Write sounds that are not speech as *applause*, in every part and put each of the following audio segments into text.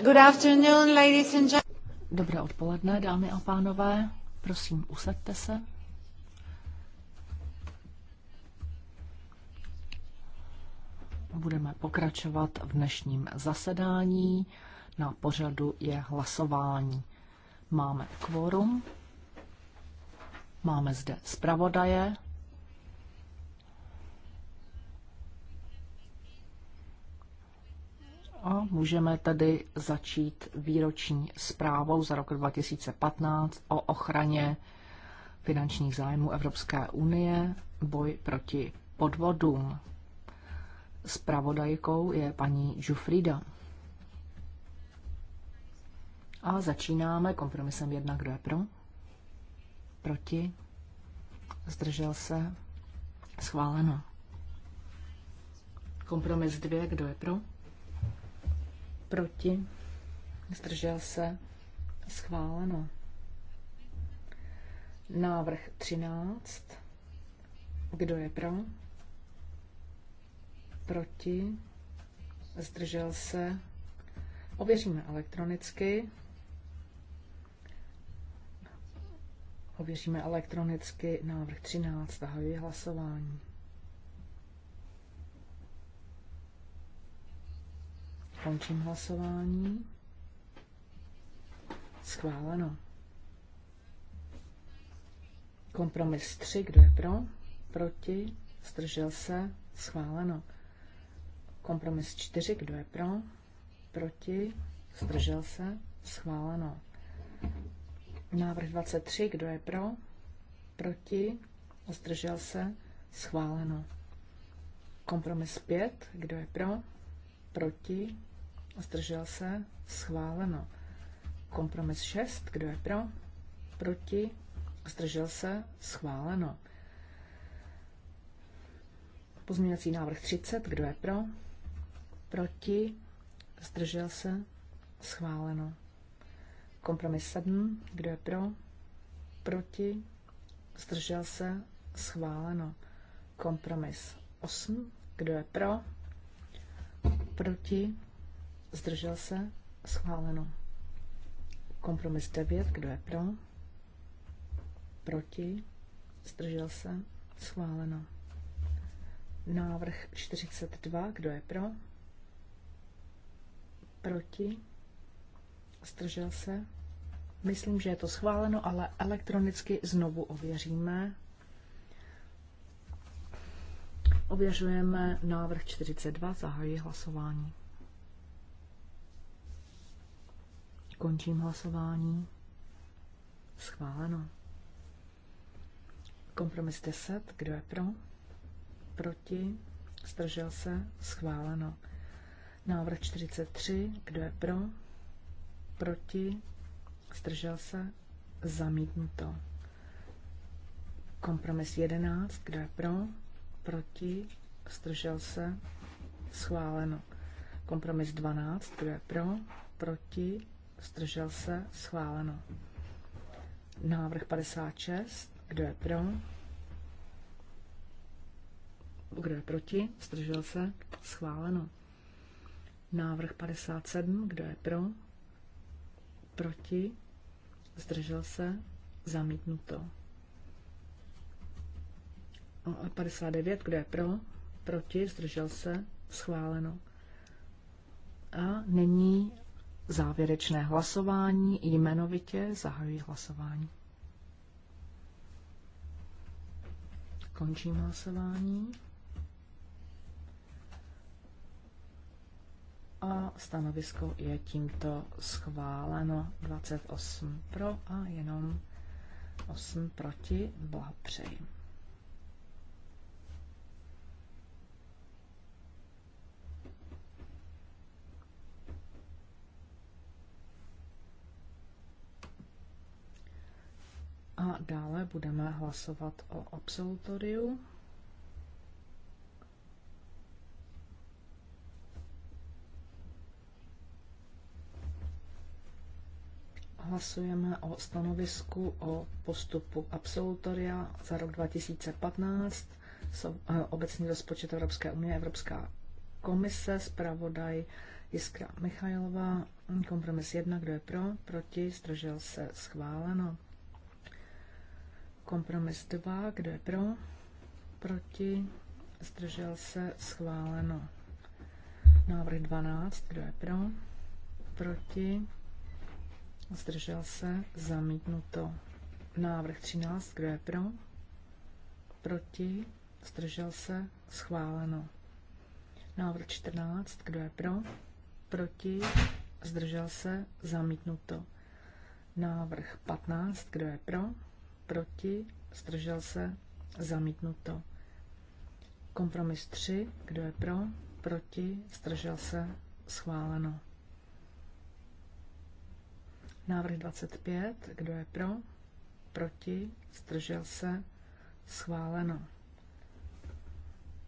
Good afternoon, ladies and gentlemen. Dobré odpoledne, dámy a pánové. Prosím, usaďte se. Budeme pokračovat v dnešním zasedání. Na pořadu je hlasování. Máme kvorum, máme zde zpravodaje, A můžeme tedy začít výroční zprávou za rok 2015 o ochraně finančních zájmů Evropské unie, boj proti podvodům. Spravodajkou je paní Jufrida. A začínáme kompromisem jedna, kdo je pro, proti, zdržel se, schváleno. Kompromis dvě, kdo je pro, Proti? Zdržel se? Schváleno. Návrh 13. Kdo je pro? Proti? Zdržel se? Ověříme elektronicky. Ověříme elektronicky návrh 13. Zahajuji hlasování. Končím hlasování. Schváleno. Kompromis 3, kdo je pro? Proti? Zdržel se? Schváleno. Kompromis 4, kdo je pro? Proti? Zdržel se? Schváleno. Návrh 23, kdo je pro? Proti? Zdržel se? Schváleno. Kompromis 5, kdo je pro? Proti? Zdržel se? Schváleno. Kompromis 6. Kdo je pro? Proti? Zdržel se? Schváleno. Pozměňovací návrh 30. Kdo je pro? Proti? Zdržel se? Schváleno. Kompromis 7. Kdo je pro? Proti? Zdržel se? Schváleno. Kompromis 8. Kdo je pro? Proti? Zdržel se? Schváleno. Kompromis 9. Kdo je pro? Proti? Zdržel se? Schváleno. Návrh 42. Kdo je pro? Proti? Zdržel se? Myslím, že je to schváleno, ale elektronicky znovu ověříme. Ověřujeme návrh 42, zahajuji hlasování. Končím hlasování. Schváleno. Kompromis 10. Kdo je pro? Proti? Zdržel se? Schváleno. Návrh 43. Kdo je pro? Proti? Zdržel se? Zamítnuto. Kompromis 11. Kdo je pro? Proti? Zdržel se? Schváleno. Kompromis 12. Kdo je pro? Proti? zdržel se, schváleno. Návrh 56, kdo je pro, kdo je proti, zdržel se, schváleno. Návrh 57, kdo je pro, proti, zdržel se, zamítnuto. 59, kdo je pro, proti, zdržel se, schváleno. A nyní závěrečné hlasování, jmenovitě zahajuji hlasování. Končím hlasování. A stanovisko je tímto schváleno 28 pro a jenom 8 proti. Blahopřeji. a dále budeme hlasovat o absolutoriu. hlasujeme o stanovisku o postupu absolutoria za rok 2015, eh, obecný rozpočet Evropské unie, Evropská komise, zpravodaj Jiskra Michajlova, kompromis 1, kdo je pro, proti, zdržel se, schváleno. Kompromis 2, kdo je pro? Proti? Zdržel se? Schváleno. Návrh 12, kdo je pro? Proti? Zdržel se? Zamítnuto. Návrh 13, kdo je pro? Proti? Zdržel se? Schváleno. Návrh 14, kdo je pro? Proti? Zdržel se? Zamítnuto. Návrh 15, kdo je pro? proti, zdržel se, zamítnuto. Kompromis 3, kdo je pro, proti, zdržel se, schváleno. Návrh 25, kdo je pro, proti, zdržel se, schváleno.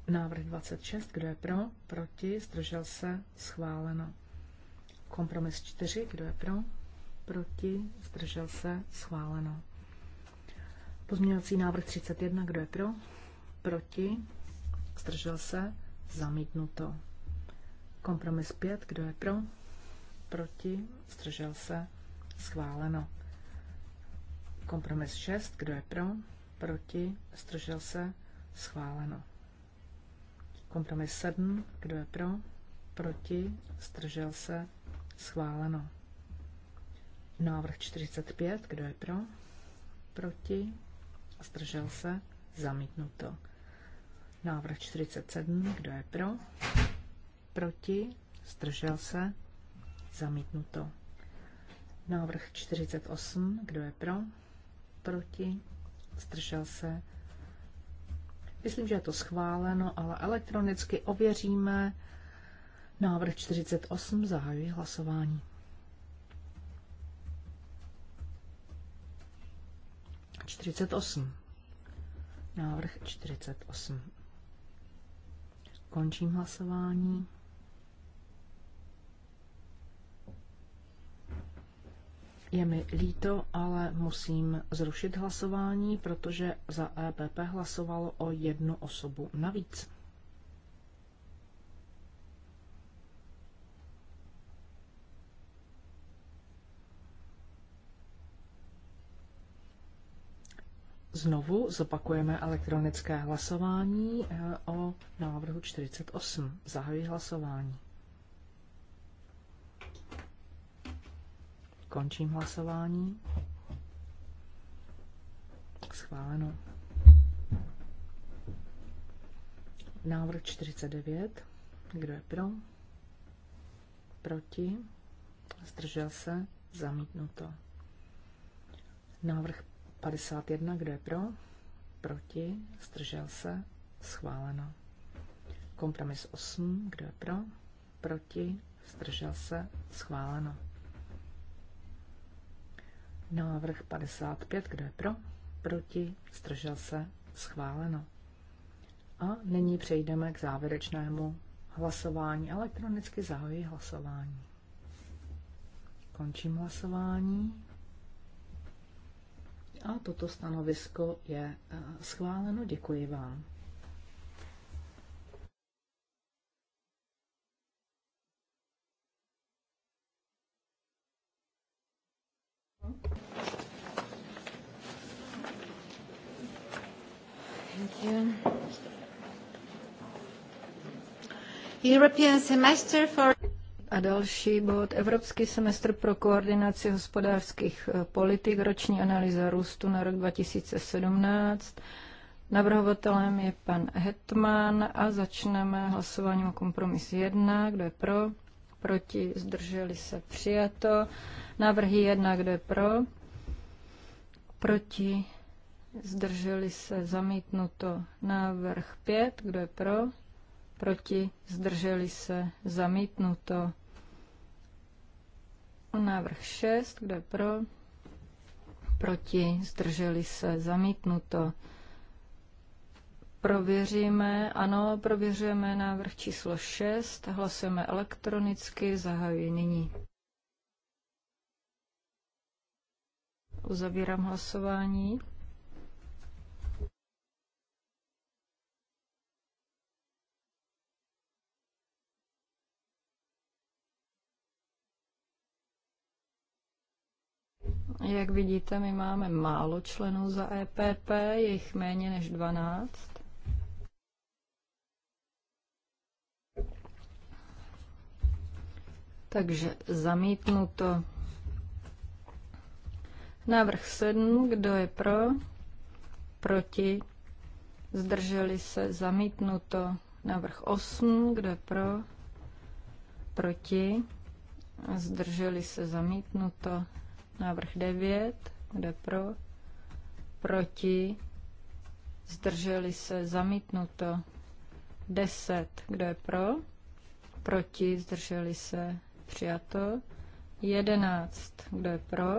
Návrh 26, kdo je pro, proti, zdržel se, schváleno. Kompromis 4, kdo je pro, proti, zdržel se, schváleno. Pozměňovací návrh 31, kdo je pro? Proti? Zdržel se? Zamítnuto. Kompromis 5, kdo je pro? Proti? Zdržel se? Schváleno. Kompromis 6, kdo je pro? Proti? Zdržel se? Schváleno. Kompromis 7, kdo je pro? Proti? Zdržel se? Schváleno. Návrh 45, kdo je pro? Proti? zdržel se, zamítnuto. Návrh 47, kdo je pro, proti, zdržel se, zamítnuto. Návrh 48, kdo je pro, proti, zdržel se. Myslím, že je to schváleno, ale elektronicky ověříme. Návrh 48 zahajuji hlasování. 48. Návrh 48. Končím hlasování. Je mi líto, ale musím zrušit hlasování, protože za EPP hlasovalo o jednu osobu navíc. Znovu zopakujeme elektronické hlasování eh, o návrhu 48. Zahajuji hlasování. Končím hlasování. Schváleno. Návrh 49. Kdo je pro? Proti? Zdržel se? Zamítnuto. Návrh 51, kdo je pro? Proti? Zdržel se? Schváleno. Kompromis 8, kdo je pro? Proti? Zdržel se? Schváleno. Návrh 55, kdo je pro? Proti? Zdržel se? Schváleno. A nyní přejdeme k závěrečnému hlasování. Elektronicky zahoji hlasování. Končím hlasování. A toto stanovisko je eh, schváleno. Děkuji vám. Thank you. European semester for a další bod. Evropský semestr pro koordinaci hospodářských eh, politik, roční analýza růstu na rok 2017. Navrhovatelem je pan Hetman a začneme hlasováním o kompromis 1. Kdo je pro? Proti? Zdrželi se? Přijato. Návrhy 1. Kdo je pro? Proti? Zdrželi se? Zamítnuto. Návrh 5. Kdo je pro? Proti? Zdrželi se? Zamítnuto. Návrh 6, kdo je pro? Proti, zdrželi se, zamítnuto. Prověříme, ano, prověřujeme návrh číslo 6, hlasujeme elektronicky, zahajuji nyní. Uzavírám hlasování. Jak vidíte, my máme málo členů za EPP, je jich méně než 12. Takže zamítnuto. Návrh 7. Kdo je pro? Proti? Zdrželi se? Zamítnuto. Návrh 8. Kdo je pro? Proti? Zdrželi se? Zamítnuto. Návrh 9, kde pro, proti, zdrželi se, zamítnuto. 10, kdo je pro, proti, zdrželi se, přijato. 11, kdo je pro,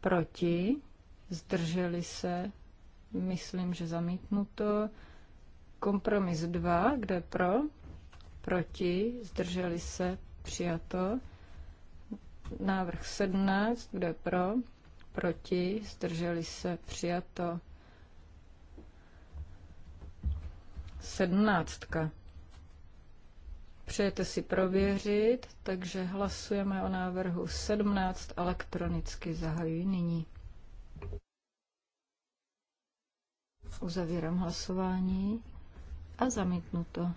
proti, zdrželi se, myslím, že zamítnuto. Kompromis 2, kdo je pro, proti, zdrželi se, přijato. Návrh 17, kdo je pro? Proti? Zdrželi se? Přijato. 17. Přejete si prověřit, takže hlasujeme o návrhu 17 elektronicky. Zahajuji nyní. Uzavírám hlasování a zamítnu to.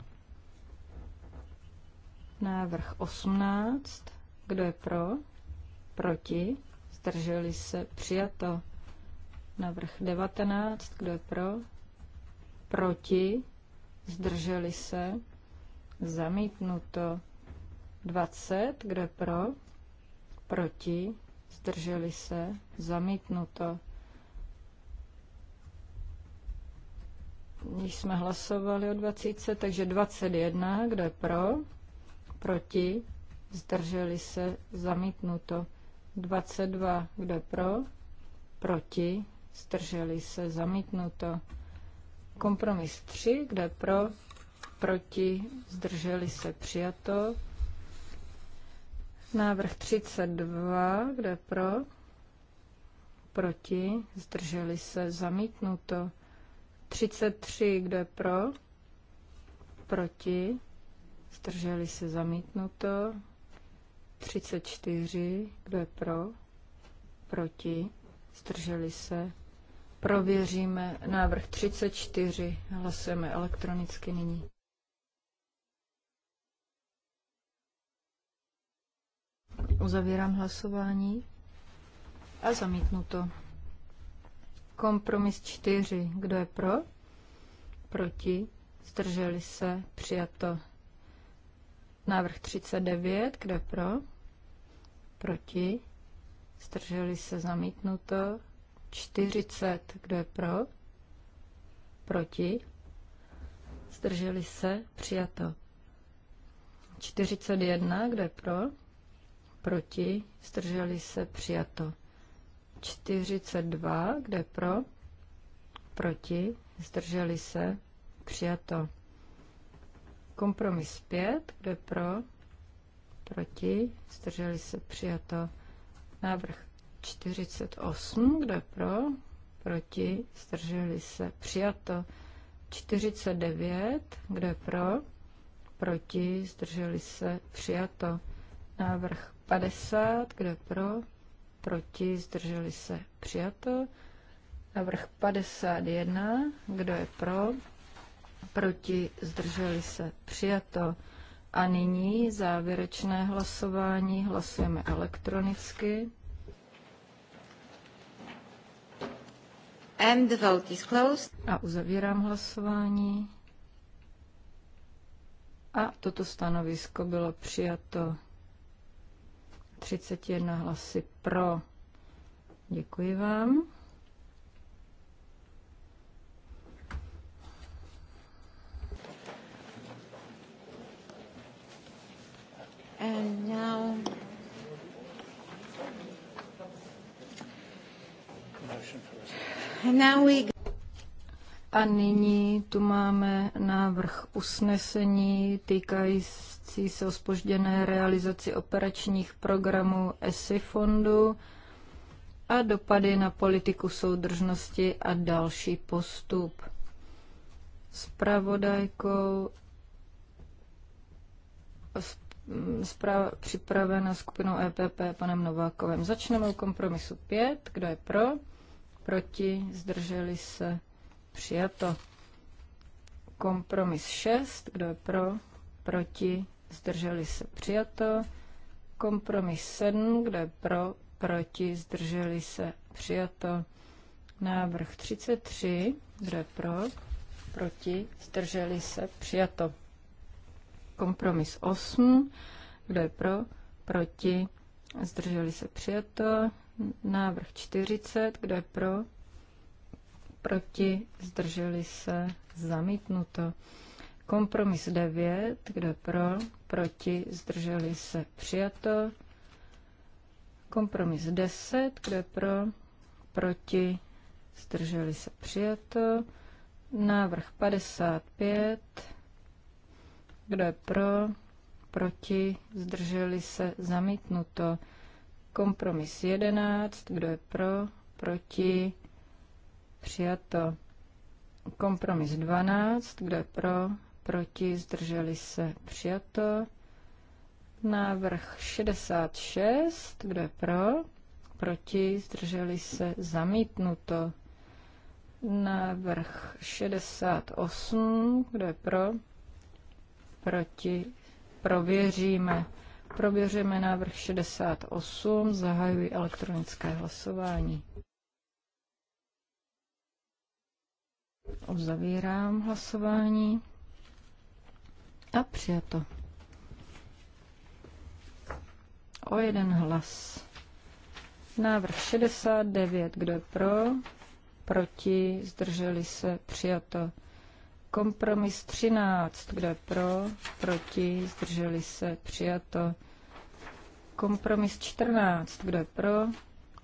Návrh 18. Kdo je pro? Proti? Zdrželi se? Přijato. Navrh 19. Kdo je pro? Proti? Zdrželi se? Zamítnuto. 20. Kdo je pro? Proti? Zdrželi se? Zamítnuto. Již jsme hlasovali o 20, takže 21. Kdo je pro? Proti? zdrželi se, zamítnuto. 22, kdo pro, proti, zdrželi se, zamítnuto. Kompromis 3, kde pro, proti, zdrželi se, přijato. Návrh 32, kde pro, proti, zdrželi se, zamítnuto. 33, kde pro, proti, zdrželi se, zamítnuto. 34, kdo je pro, proti, zdrželi se. Prověříme návrh 34, hlasujeme elektronicky nyní. Uzavírám hlasování a zamítnu to. Kompromis 4. Kdo je pro? Proti? Zdrželi se? Přijato. Návrh 39, kde pro? Proti. Zdrželi se zamítnuto. 40, kde pro? Proti. Zdrželi se přijato. 41, kde pro? Proti. Zdrželi se přijato. 42, kde pro? Proti. Zdrželi se přijato. Kompromis 5, kdo je pro, proti, zdrželi se přijato. Návrh 48, kdo je pro, proti, zdrželi se přijato. 49, kdo je pro, proti, zdrželi se přijato. Návrh 50, kdo je pro, proti, zdrželi se přijato. Návrh 51, kdo je pro, proti, zdrželi se, přijato. A nyní závěrečné hlasování hlasujeme elektronicky. And the vote is closed. A uzavírám hlasování. A toto stanovisko bylo přijato 31 hlasy pro. Děkuji vám. And now a nyní tu máme návrh usnesení týkající se ospožděné realizaci operačních programů ESI fondu a dopady na politiku soudržnosti a další postup. Spravodajkou připravena skupinou EPP panem Novákovem. Začneme u kompromisu 5. Kdo je pro? Proti? Zdrželi se? Přijato. Kompromis 6. Kdo je pro? Proti? Zdrželi se? Přijato. Kompromis 7. Kdo je pro? Proti? Zdrželi se? Přijato. Návrh 33. Kdo je pro? Proti? Zdrželi se? Přijato. Kompromis 8. Kdo je pro? Proti? Zdrželi se přijato. Návrh 40. Kdo je pro? Proti? Zdrželi se zamítnuto. Kompromis 9. Kdo je pro? Proti? Zdrželi se přijato. Kompromis 10. Kdo je pro? Proti? Zdrželi se přijato. Návrh 55 kdo je pro? Proti? Zdrželi se? Zamítnuto. Kompromis 11. Kdo je pro? Proti? Přijato. Kompromis 12. Kdo je pro? Proti? Zdrželi se? Přijato. Návrh 66. Kdo je pro? Proti? Zdrželi se? Zamítnuto. Návrh 68. Kdo je pro? proti, prověříme. Prověříme návrh 68, zahajuji elektronické hlasování. Uzavírám hlasování a přijato. O jeden hlas. Návrh 69, kdo je pro, proti, zdrželi se, přijato. Kompromis 13, kdo je pro, proti, zdrželi se, přijato. Kompromis 14, kdo je pro,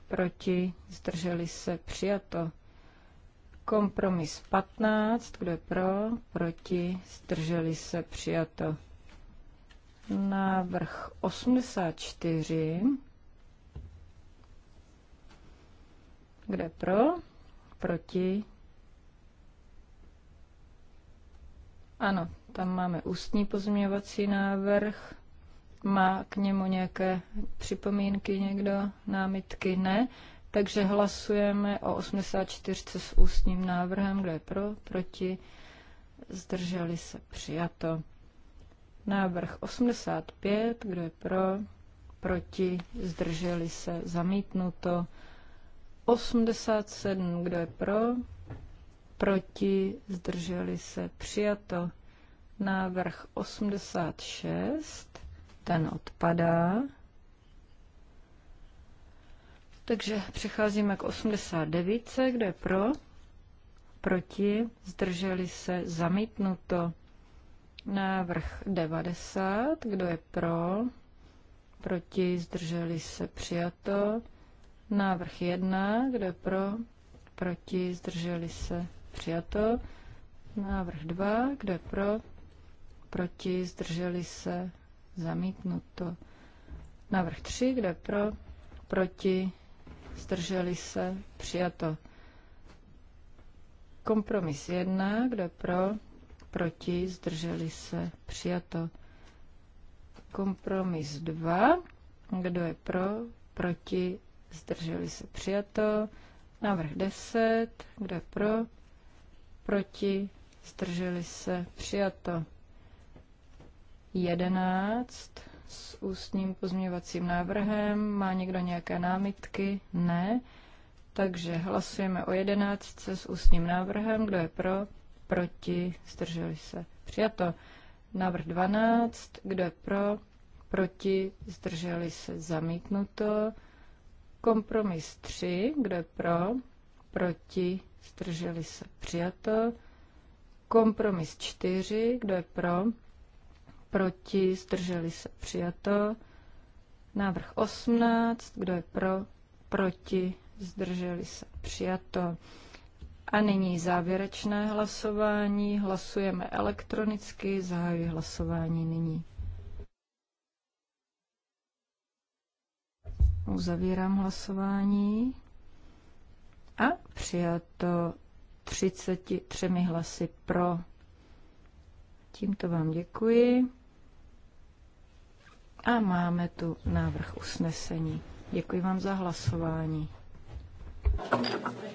proti, zdrželi se, přijato. Kompromis 15, kdo je pro, proti, zdrželi se, přijato. Návrh 84, Kdo je pro, proti, Ano, tam máme ústní pozměňovací návrh. Má k němu nějaké připomínky někdo, námitky? Ne. Takže hlasujeme o 84 s ústním návrhem, kdo je pro, proti, zdrželi se, přijato. Návrh 85, kdo je pro, proti, zdrželi se, zamítnuto. 87, kdo je pro, proti, zdrželi se, přijato. Návrh 86, ten odpadá. Takže přecházíme k 89, kde je pro, proti, zdrželi se, zamítnuto. Návrh 90, kdo je pro, proti, zdrželi se, přijato. Návrh 1, kdo je pro, proti, zdrželi se, přijato. Návrh 2, kdo je pro, proti, zdrželi se, zamítnuto. Návrh 3, kdo je pro, proti, zdrželi se, přijato. Kompromis 1, kdo je pro, proti, zdrželi se, přijato. Kompromis 2, kdo je pro, proti, zdrželi se, přijato. Návrh 10, kdo je pro, proti, zdrželi se, přijato. 11 s ústním pozměňovacím návrhem. Má někdo nějaké námitky? Ne. Takže hlasujeme o 11 s ústním návrhem. Kdo je pro? Proti, zdrželi se, přijato. Návrh 12, kdo je pro? Proti, zdrželi se, zamítnuto. Kompromis 3, kdo je pro? Proti, zdrželi se přijato. Kompromis 4, kdo je pro, proti, zdrželi se přijato. Návrh 18, kdo je pro, proti, zdrželi se přijato. A nyní závěrečné hlasování. Hlasujeme elektronicky, zahajuji hlasování nyní. Uzavírám hlasování a přijato 33 hlasy pro. Tímto vám děkuji. A máme tu návrh usnesení. Děkuji vám za hlasování. Okay.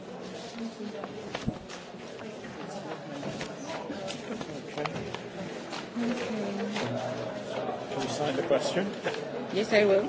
Can you sign the question? Yes, I will.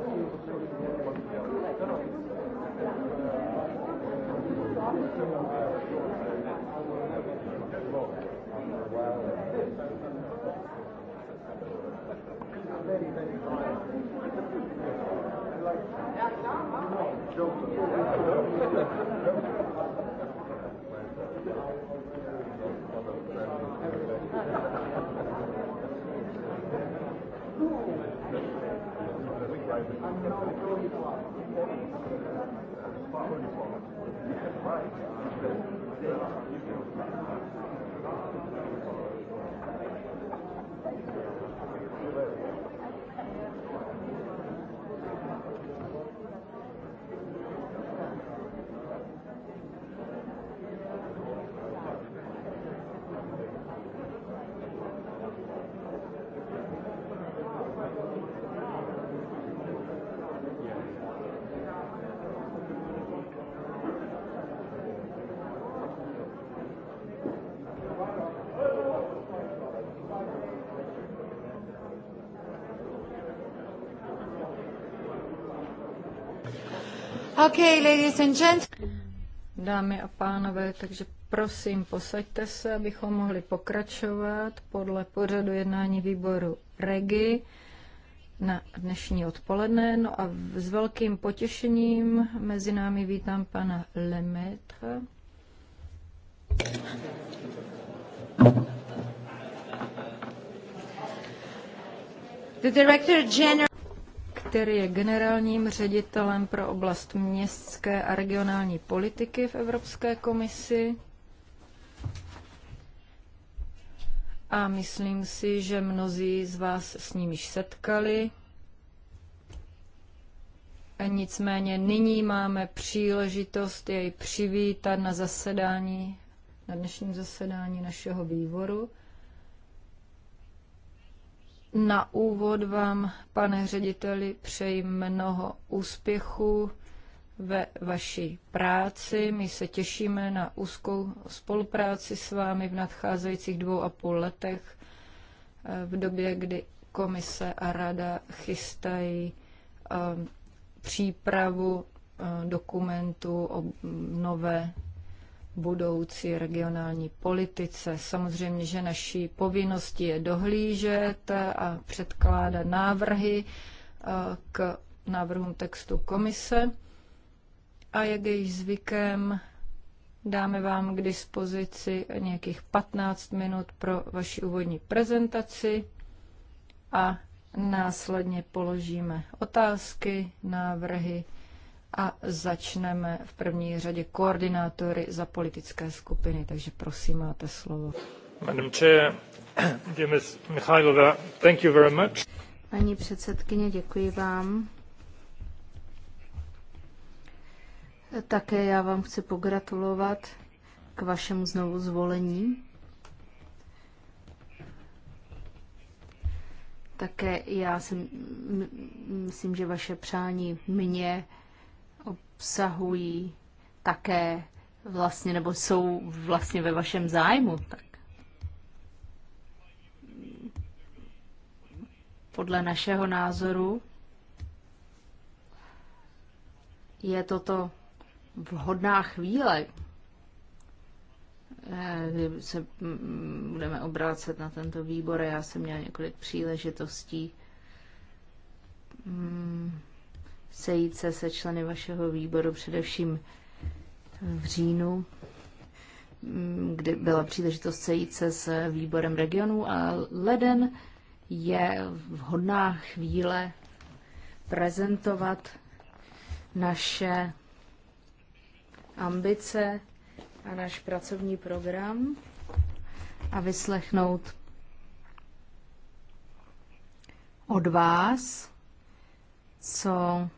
Okay, ladies and gents. Dámy a pánové, takže prosím, posaďte se, abychom mohli pokračovat podle pořadu jednání výboru REGI na dnešní odpoledne. No a s velkým potěšením mezi námi vítám pana Lemaitre. The Director General který je generálním ředitelem pro oblast městské a regionální politiky v Evropské komisi. A myslím si, že mnozí z vás s ním již setkali. Nicméně nyní máme příležitost jej přivítat na zasedání, na dnešním zasedání našeho výboru. Na úvod vám, pane řediteli, přeji mnoho úspěchu ve vaší práci. My se těšíme na úzkou spolupráci s vámi v nadcházejících dvou a půl letech, eh, v době, kdy komise a rada chystají eh, přípravu eh, dokumentu o nové budoucí regionální politice. Samozřejmě, že naší povinností je dohlížet a předkládat návrhy eh, k návrhům textu komise. A jak je již zvykem, dáme vám k dispozici nějakých 15 minut pro vaši úvodní prezentaci a následně položíme otázky, návrhy a začneme v první řadě koordinátory za politické skupiny. Takže prosím, máte slovo. Madam Chair, *clears throat* dear Ms. thank you very much. Paní předsedkyně, děkuji vám. Také já vám chci pogratulovat k vašemu znovu zvolení. Také já si myslím, že vaše přání mě obsahují také vlastně, nebo jsou vlastně ve vašem zájmu, tak podle našeho názoru je toto vhodná chvíle, eh, kdy se mm, budeme obrácet na tento výbor. Já jsem měla několik příležitostí mm sejít se se členy vašeho výboru především v říjnu, kdy byla příležitost sejít se s výborem regionů a leden je vhodná chvíle prezentovat naše ambice a náš pracovní program a vyslechnout od vás, co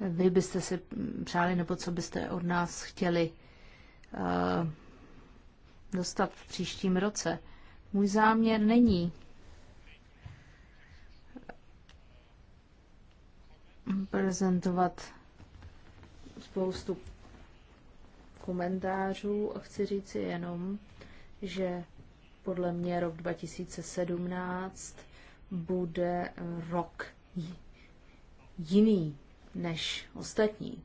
vy byste si přáli nebo co byste od nás chtěli uh, dostat v příštím roce. Můj záměr není eh, prezentovat spoustu komentářů a chci říci jenom, že podle mě rok 2017 bude rok jiný než ostatní.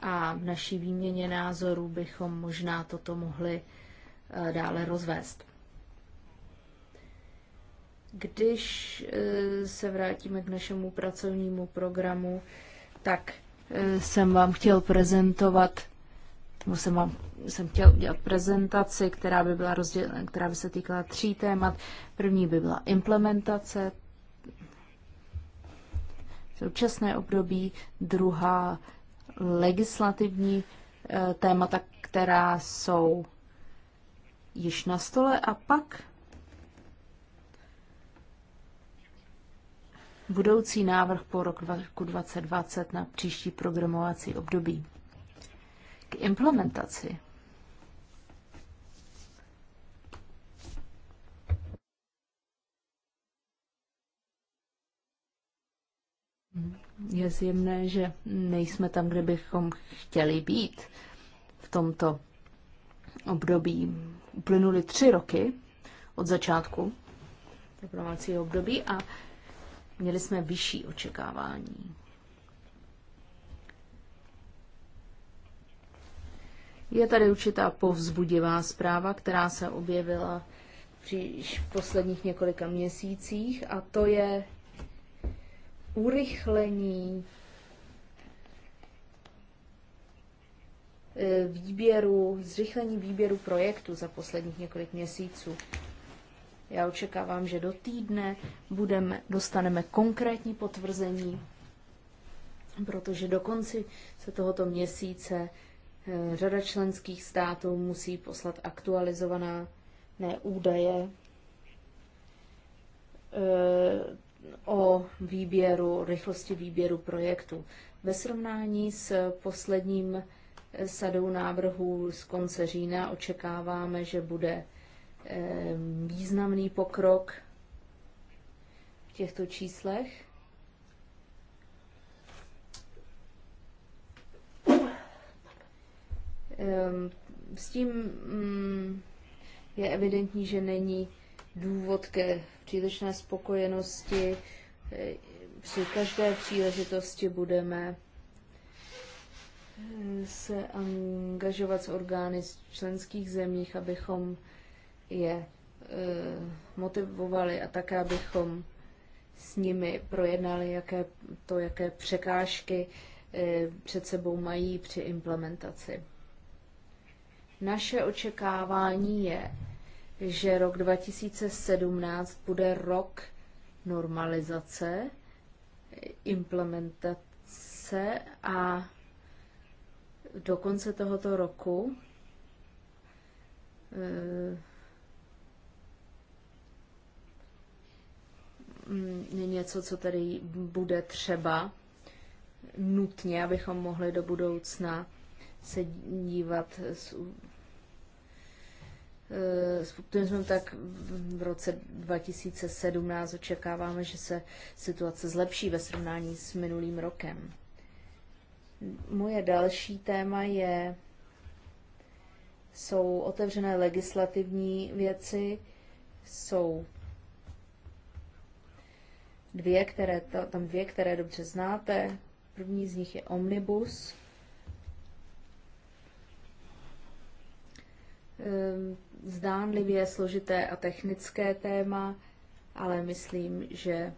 A v naší výměně názorů bychom možná toto mohli eh, dále rozvést. Když eh, se vrátíme k našemu pracovnímu programu, tak eh, jsem vám chtěl prezentovat, nebo jsem vám jsem chtěl udělat prezentaci, která by, byla rozděl, která by se týkala tří témat. První by byla implementace, současné období, druhá legislativní eh, témata, která jsou již na stole a pak budoucí návrh po roku 2020 na příští programovací období. K implementaci je zjemné, že nejsme tam, kde bychom chtěli být v tomto období. Uplynuly tři roky od začátku diplomacího období a měli jsme vyšší očekávání. Je tady určitá povzbudivá zpráva, která se objevila v posledních několika měsících a to je urychlení e, výběru, zrychlení výběru projektu za posledních několik měsíců. Já očekávám, že do týdne budeme, dostaneme konkrétní potvrzení, protože do konci se tohoto měsíce e, řada členských států musí poslat aktualizovaná ne údaje e, o výběru, rychlosti výběru projektu. Ve srovnání s posledním sadou návrhů z konce října očekáváme, že bude významný pokrok v těchto číslech. S tím mm, je evidentní, že není důvod ke přílišné spokojenosti. E, při každé příležitosti budeme e, se angažovat s orgány z členských zemích, abychom je e, motivovali a také, abychom s nimi projednali jaké, to, jaké překážky před sebou mají při implementaci. Naše očekávání je, že rok 2017 bude rok normalizace, implementace a do konce tohoto roku eh, něco, co tady bude třeba nutně, abychom mohli do budoucna se dívat s s optimismem, tak v roce 2017 očekáváme, že se situace zlepší ve srovnání s minulým rokem. Moje další téma je, jsou otevřené legislativní věci, jsou dvě, které, tam dvě, které dobře znáte. První z nich je Omnibus. Um, zdánlivě složité a technické téma, ale myslím, že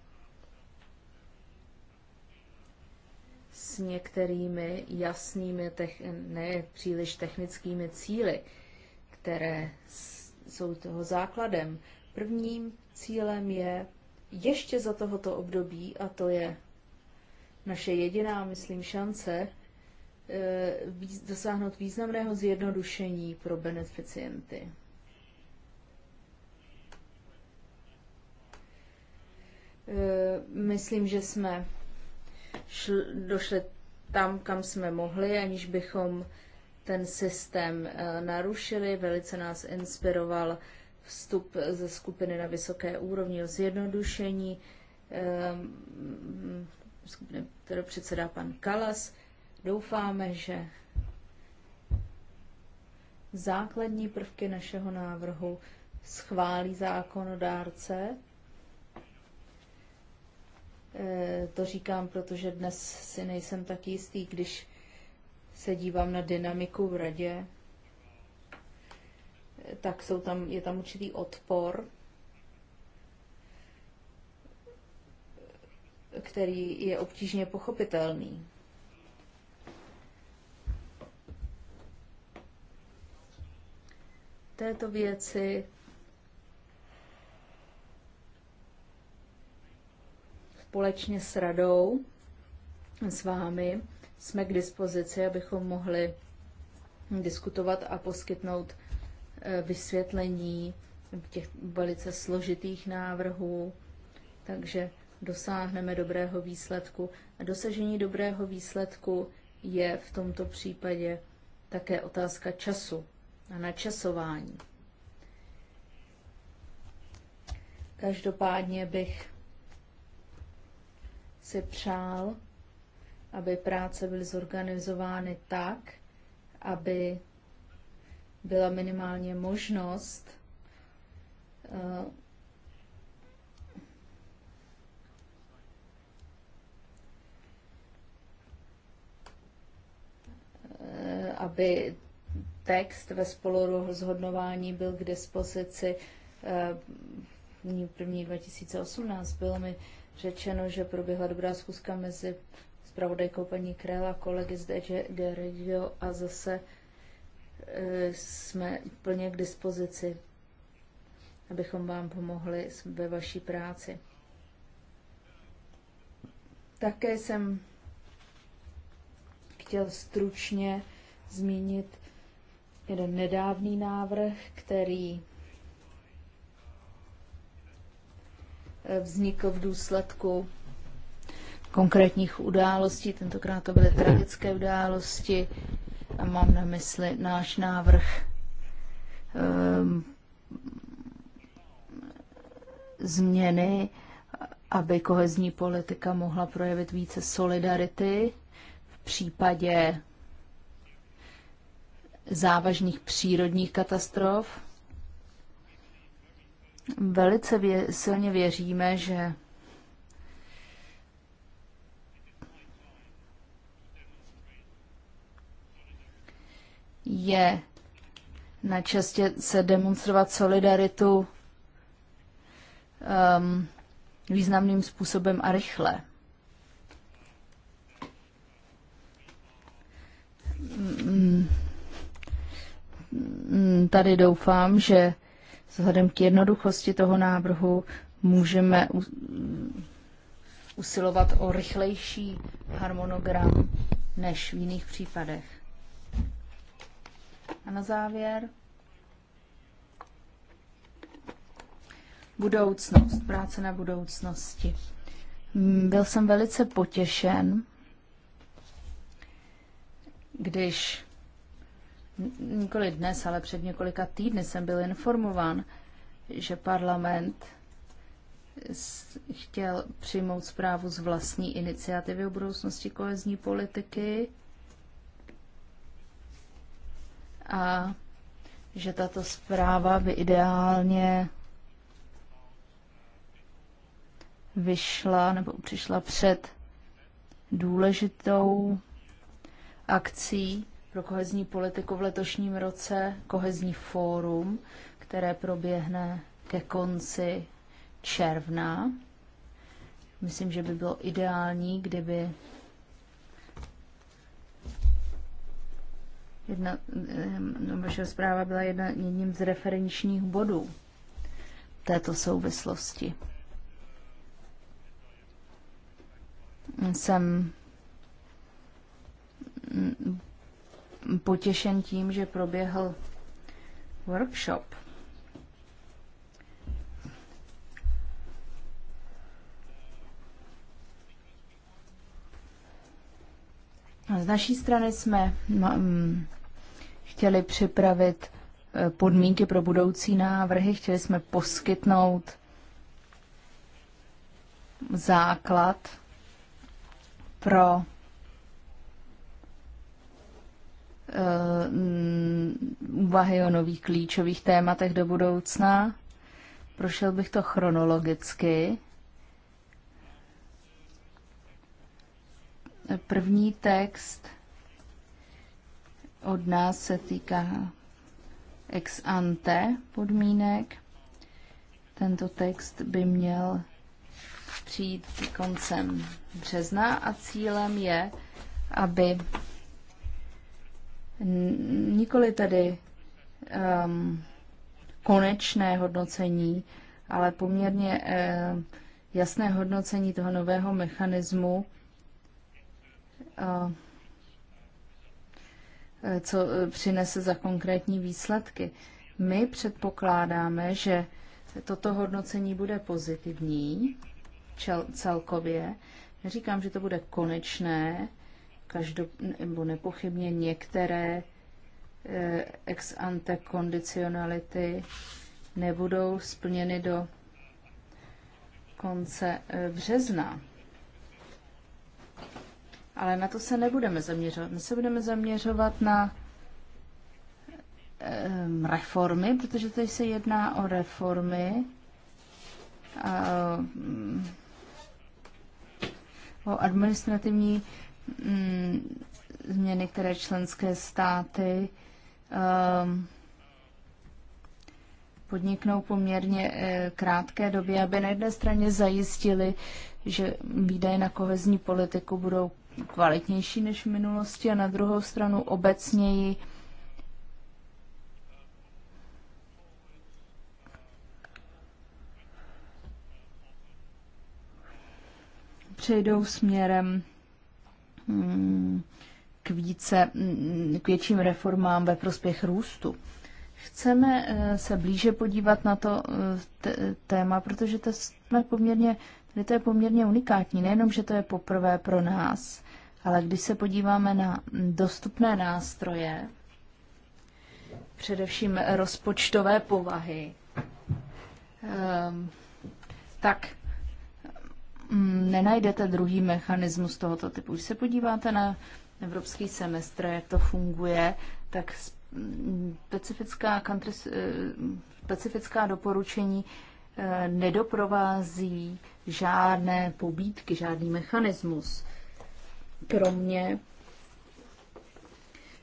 s některými jasnými, ne příliš technickými cíly, které jsou toho základem. Prvním cílem je ještě za tohoto období, a to je naše jediná, myslím, šance, e, dosáhnout významného zjednodušení pro beneficienty. Eh, myslím, že jsme šl, došli tam, kam jsme mohli, aniž bychom ten systém eh, narušili. Velice nás inspiroval vstup ze skupiny na vysoké úrovni o zjednodušení, eh, skupiny, které předsedá pan Kalas. Doufáme, že základní prvky našeho návrhu schválí zákonodárce Eh, to říkám, protože dnes si nejsem tak jistý, když se dívám na dynamiku v radě, eh, tak jsou tam, je tam určitý odpor, který je obtížně pochopitelný. této věci společně s radou, s vámi, jsme k dispozici, abychom mohli diskutovat a poskytnout eh, vysvětlení těch velice složitých návrhů, takže dosáhneme dobrého výsledku. A dosažení dobrého výsledku je v tomto případě také otázka času a načasování. Každopádně bych si přál, aby práce byly zorganizovány tak, aby byla minimálně možnost eh, aby text ve spolurozhodnování byl k dispozici eh, první 2018. Bylo mi řečeno, že proběhla dobrá schůzka mezi zpravodajkou paní Krela, kolegy z DG Regio a zase eh, jsme plně k dispozici, abychom vám pomohli ve vaší práci. Také jsem chtěl stručně zmínit jeden nedávný návrh, který Eh, vznikl v důsledku konkrétních událostí. Tentokrát to byly tragické události a mám na mysli náš návrh um, změny, aby kohezní politika mohla projevit více solidarity v případě závažných přírodních katastrof velice vě, silně věříme, že je na čestě se demonstrovat solidaritu um, významným způsobem a rychle. Mm, mm, mm, tady doufám, že Vzhledem k jednoduchosti toho návrhu můžeme usilovat o rychlejší harmonogram než v jiných případech. A na závěr budoucnost, práce na budoucnosti. Mm, byl jsem velice potěšen, když nikoli dnes, ale před několika týdny jsem byl informován, že parlament chtěl přijmout zprávu z vlastní iniciativy o budoucnosti kohezní politiky a že tato zpráva by ideálně vyšla nebo přišla před důležitou akcí pro kohezní politiku v letošním roce, kohezní fórum, které proběhne ke konci června. Myslím, že by bylo ideální, kdyby jedna, no, vaše zpráva byla jedna, jedním z referenčních bodů této souvislosti. Jsem potěšen tím, že proběhl workshop. Z naší strany jsme mm, chtěli připravit eh, podmínky pro budoucí návrhy, chtěli jsme poskytnout základ pro Eh, úvahy o nových klíčových tématech do budoucna. Prošel bych to chronologicky. První text od nás se týká ex ante podmínek. Tento text by měl přijít koncem března a cílem je, aby Nikoli tedy um, konečné hodnocení, ale poměrně um, jasné hodnocení toho nového mechanismu, um, co uh, přinese za konkrétní výsledky. My předpokládáme, že toto hodnocení bude pozitivní čel, celkově. Neříkám, že to bude konečné, každop, nebo nepochybně některé eh, ex ante kondicionality nebudou splněny do konce eh, března. Ale na to se nebudeme zaměřovat. My se budeme zaměřovat na ehm, reformy, protože teď se jedná o reformy, mm, o administrativní Mm, změny, které členské státy ehm, podniknou poměrně eh, krátké době, aby na jedné straně zajistili, že výdaje na kohezní politiku budou kvalitnější než v minulosti a na druhou stranu obecněji přejdou směrem Mm, k, více, mm, k větším reformám ve prospěch růstu. Chceme eh, se blíže podívat na to eh, téma, protože to, jsme poměrně, to je poměrně unikátní. Nejenom, že to je poprvé pro nás, ale když se podíváme na dostupné nástroje, především rozpočtové povahy, eh, tak Mm, nenajdete druhý mechanismus tohoto typu. Když se podíváte na evropský semestr, jak to funguje, tak mm, specifická, country, eh, specifická doporučení eh, nedoprovází žádné pobídky, žádný mechanismus, kromě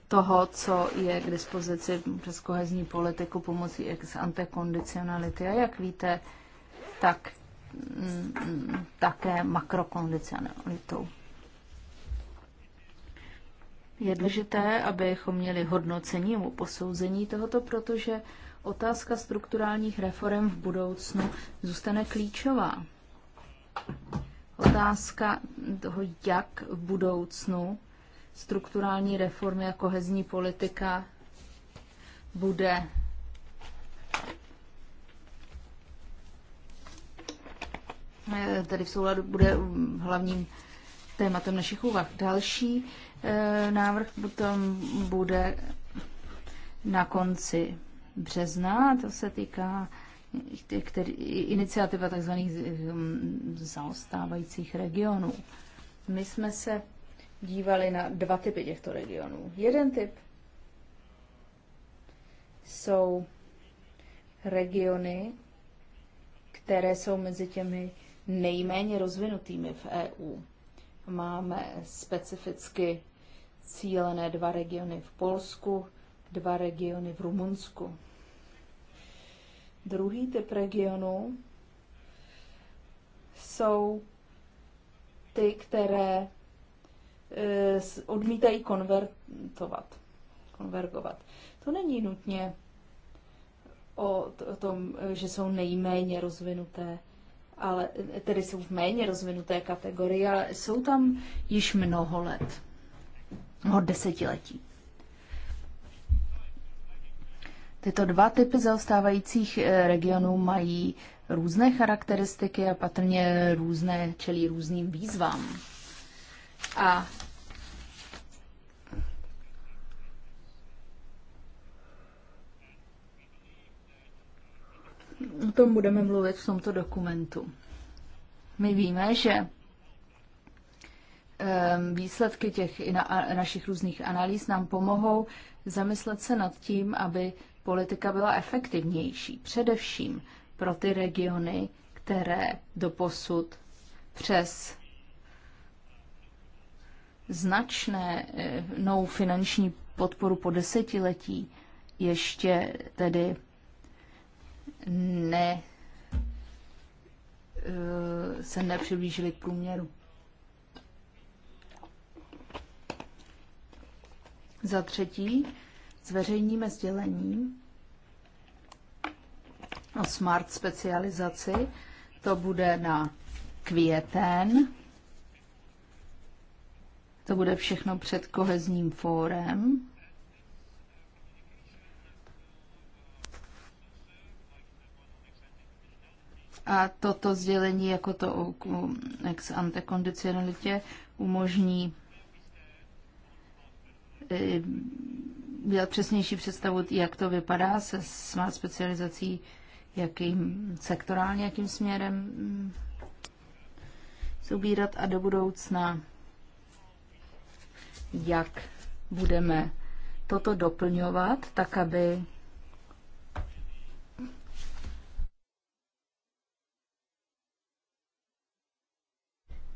toho, co je k dispozici přes kohezní politiku pomocí ex ante kondicionality. A jak víte, tak také makrokondicionalitou. Je důležité, abychom měli hodnocení nebo posouzení tohoto, protože otázka strukturálních reform v budoucnu zůstane klíčová. Otázka toho, jak v budoucnu strukturální reformy a kohezní politika bude Eh, tady v souladu bude mm, hlavním tématem našich úvah. Další eh, návrh potom bude na konci března, to se týká eh, který, iniciativa tzv. Mm, zaostávajících regionů. My jsme se dívali na dva typy těchto regionů. Jeden typ jsou regiony, které jsou mezi těmi nejméně rozvinutými v EU. Máme specificky cílené dva regiony v Polsku, dva regiony v Rumunsku. Druhý typ regionů jsou ty, které e, odmítají konvertovat, konvergovat. To není nutně o tom, že jsou nejméně rozvinuté ale tedy jsou v méně rozvinuté kategorii, ale jsou tam již mnoho let, mnoho desetiletí. Tyto dva typy zaostávajících eh, regionů mají různé charakteristiky a patrně různé čelí různým výzvám. A O tom budeme mluvit v tomto dokumentu. My víme, že ehm, výsledky těch našich různých analýz nám pomohou zamyslet se nad tím, aby politika byla efektivnější, především pro ty regiony, které doposud přes značné eh, nou finanční podporu po desetiletí ještě tedy ne, eh, se nepřiblížili k průměru. Za třetí, zveřejníme sdělení o smart specializaci. To bude na květen. To bude všechno před kohezním fórem. A toto sdělení, jako to o ex ante kondicionalitě, umožní e, dělat přesnější představu, jak to vypadá se smart specializací, jakým sektorálně, jakým směrem mm, se ubírat a do budoucna, jak budeme toto doplňovat, tak aby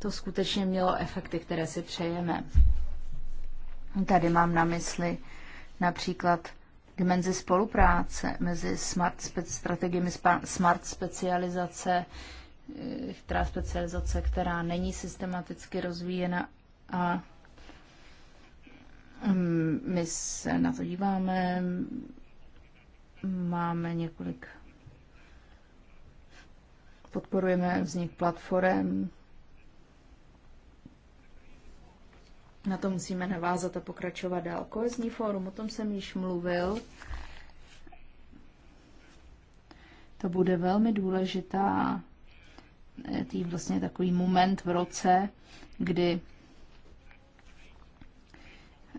to skutečně mělo efekty, které si přejeme. Tady mám na mysli například dimenzi spolupráce mezi smart speci- strategiemi smart specializace, eh, která specializace, která není systematicky rozvíjena a mm, my se na to díváme, máme několik, podporujeme vznik platform, na to musíme navázat a pokračovat dál. Kohezní fórum, o tom jsem již mluvil. To bude velmi důležitá eh, tý vlastně takový moment v roce, kdy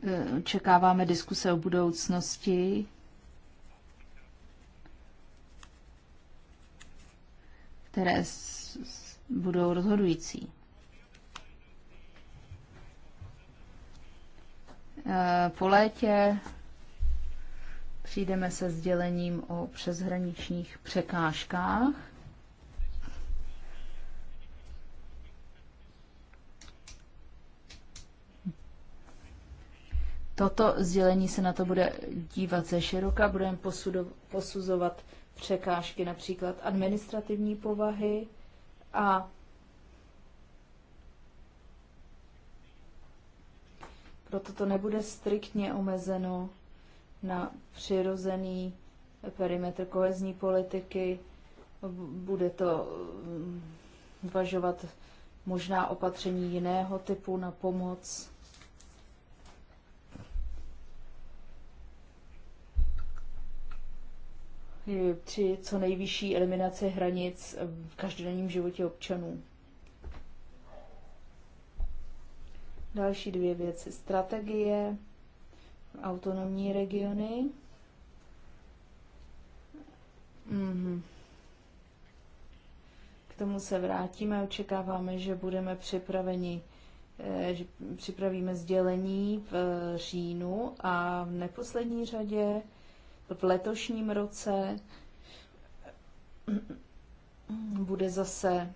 eh, čekáváme diskuse o budoucnosti, které budou rozhodující. Eh, po létě přijdeme se sdělením o přeshraničních překážkách. Toto sdělení se na to bude dívat ze široka, budeme posuzovat překážky například administrativní povahy a Proto to nebude striktně omezeno na přirozený perimetr kohezní politiky. Bude to uvažovat mm, možná opatření jiného typu na pomoc. při co nejvyšší eliminaci hranic v každodenním životě občanů. Další dvě věci. Strategie, autonomní regiony. Mm-hmm. K tomu se vrátíme. Očekáváme, že budeme připraveni, eh, že připravíme sdělení v eh, říjnu a v neposlední řadě v letošním roce bude zase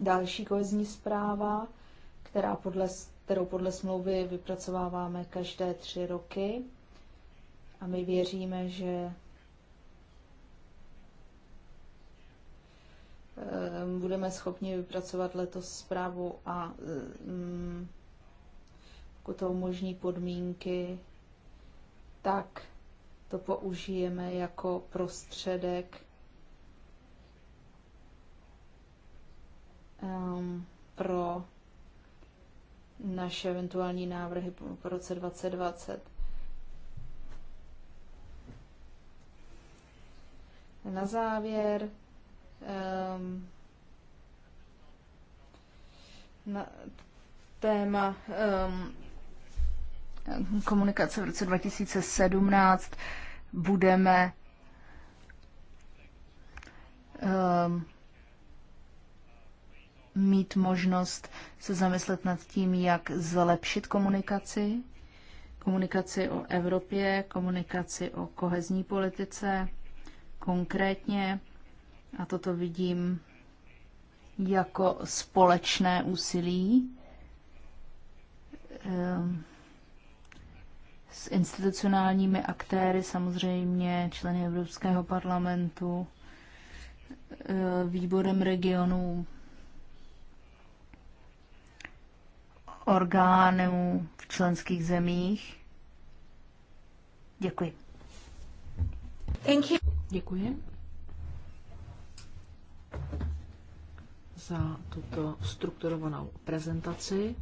další kohezní zpráva která podle, kterou podle smlouvy vypracováváme každé tři roky. A my věříme, že eh, budeme schopni vypracovat letos zprávu a mm, pokud to umožní podmínky, tak to použijeme jako prostředek um, pro naše eventuální návrhy po roce 2020. Na závěr um, na téma um, komunikace v roce 2017 budeme um, mít možnost se zamyslet nad tím, jak zlepšit komunikaci, komunikaci o Evropě, komunikaci o kohezní politice konkrétně. A toto vidím jako společné úsilí ehm, s institucionálními aktéry, samozřejmě členy Evropského parlamentu, ehm, výborem regionů, orgánů v členských zemích. Děkuji. Thank you. Děkuji za tuto strukturovanou prezentaci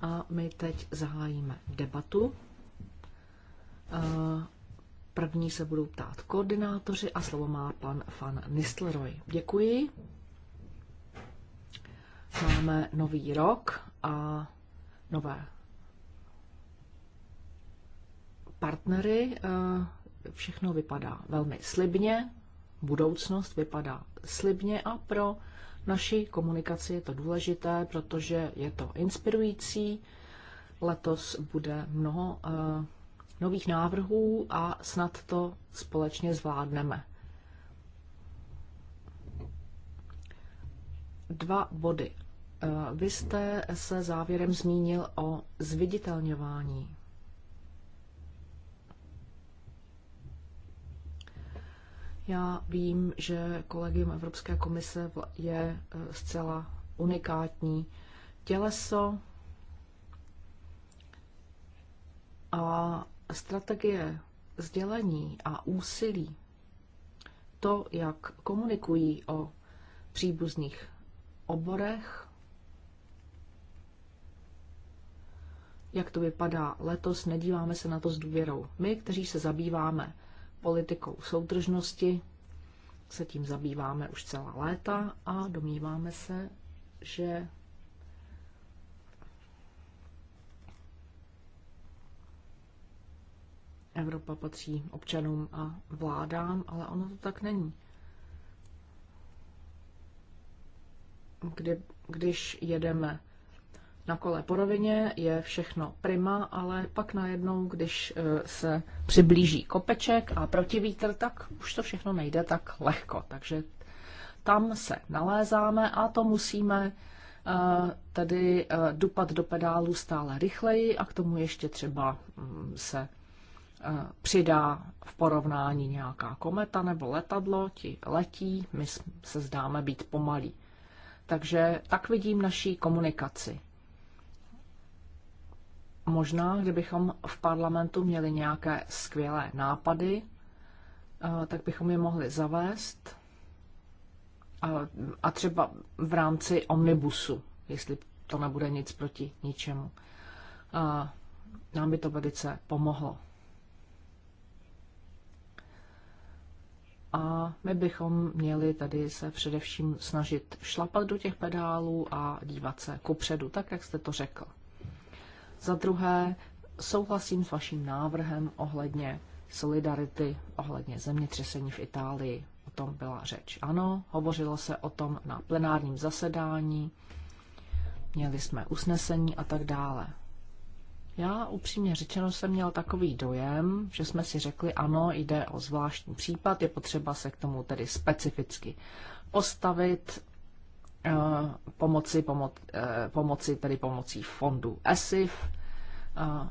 a my teď zahájíme debatu. První se budou ptát koordinátoři a slovo má pan Fan Nistleroy. Děkuji. Máme nový rok a nové partnery. Eh, všechno vypadá velmi slibně, budoucnost vypadá slibně a pro naší komunikaci je to důležité, protože je to inspirující. Letos bude mnoho eh, nových návrhů a snad to společně zvládneme. Dva body Eh, vy jste se závěrem zmínil o zviditelňování. Já vím, že kolegium Evropské komise je eh, zcela unikátní těleso a strategie sdělení a úsilí, to, jak komunikují o příbuzných oborech, jak to vypadá letos, nedíváme se na to s důvěrou. My, kteří se zabýváme politikou soudržnosti, se tím zabýváme už celá léta a domníváme se, že Evropa patří občanům a vládám, ale ono to tak není. Kdy, když jedeme na kole po rovině je všechno prima, ale pak najednou, když e, se přiblíží kopeček a protivítr, tak už to všechno nejde tak lehko. Takže tam se nalézáme a to musíme e, tedy e, dupat do pedálu stále rychleji a k tomu ještě třeba mm, se přidá v porovnání nějaká kometa nebo letadlo, ti letí, my se zdáme být pomalí. Takže tak vidím naší komunikaci. Možná, kdybychom v parlamentu měli nějaké skvělé nápady, eh, tak bychom je mohli zavést eh, a třeba v rámci omnibusu, jestli to nebude nic proti ničemu. Eh, nám by to velice pomohlo. A my bychom měli tady se především snažit šlapat do těch pedálů a dívat se kupředu, tak jak jste to řekl. Za druhé, souhlasím s vaším návrhem ohledně solidarity, ohledně zemětřesení v Itálii. O tom byla řeč. Ano, hovořilo se o tom na plenárním zasedání, měli jsme usnesení a tak dále. Já upřímně řečeno jsem měl takový dojem, že jsme si řekli, ano, jde o zvláštní případ, je potřeba se k tomu tedy specificky postavit Eh, pomoci, pomo, eh, pomoci tedy pomocí fondu ESIF. Eh,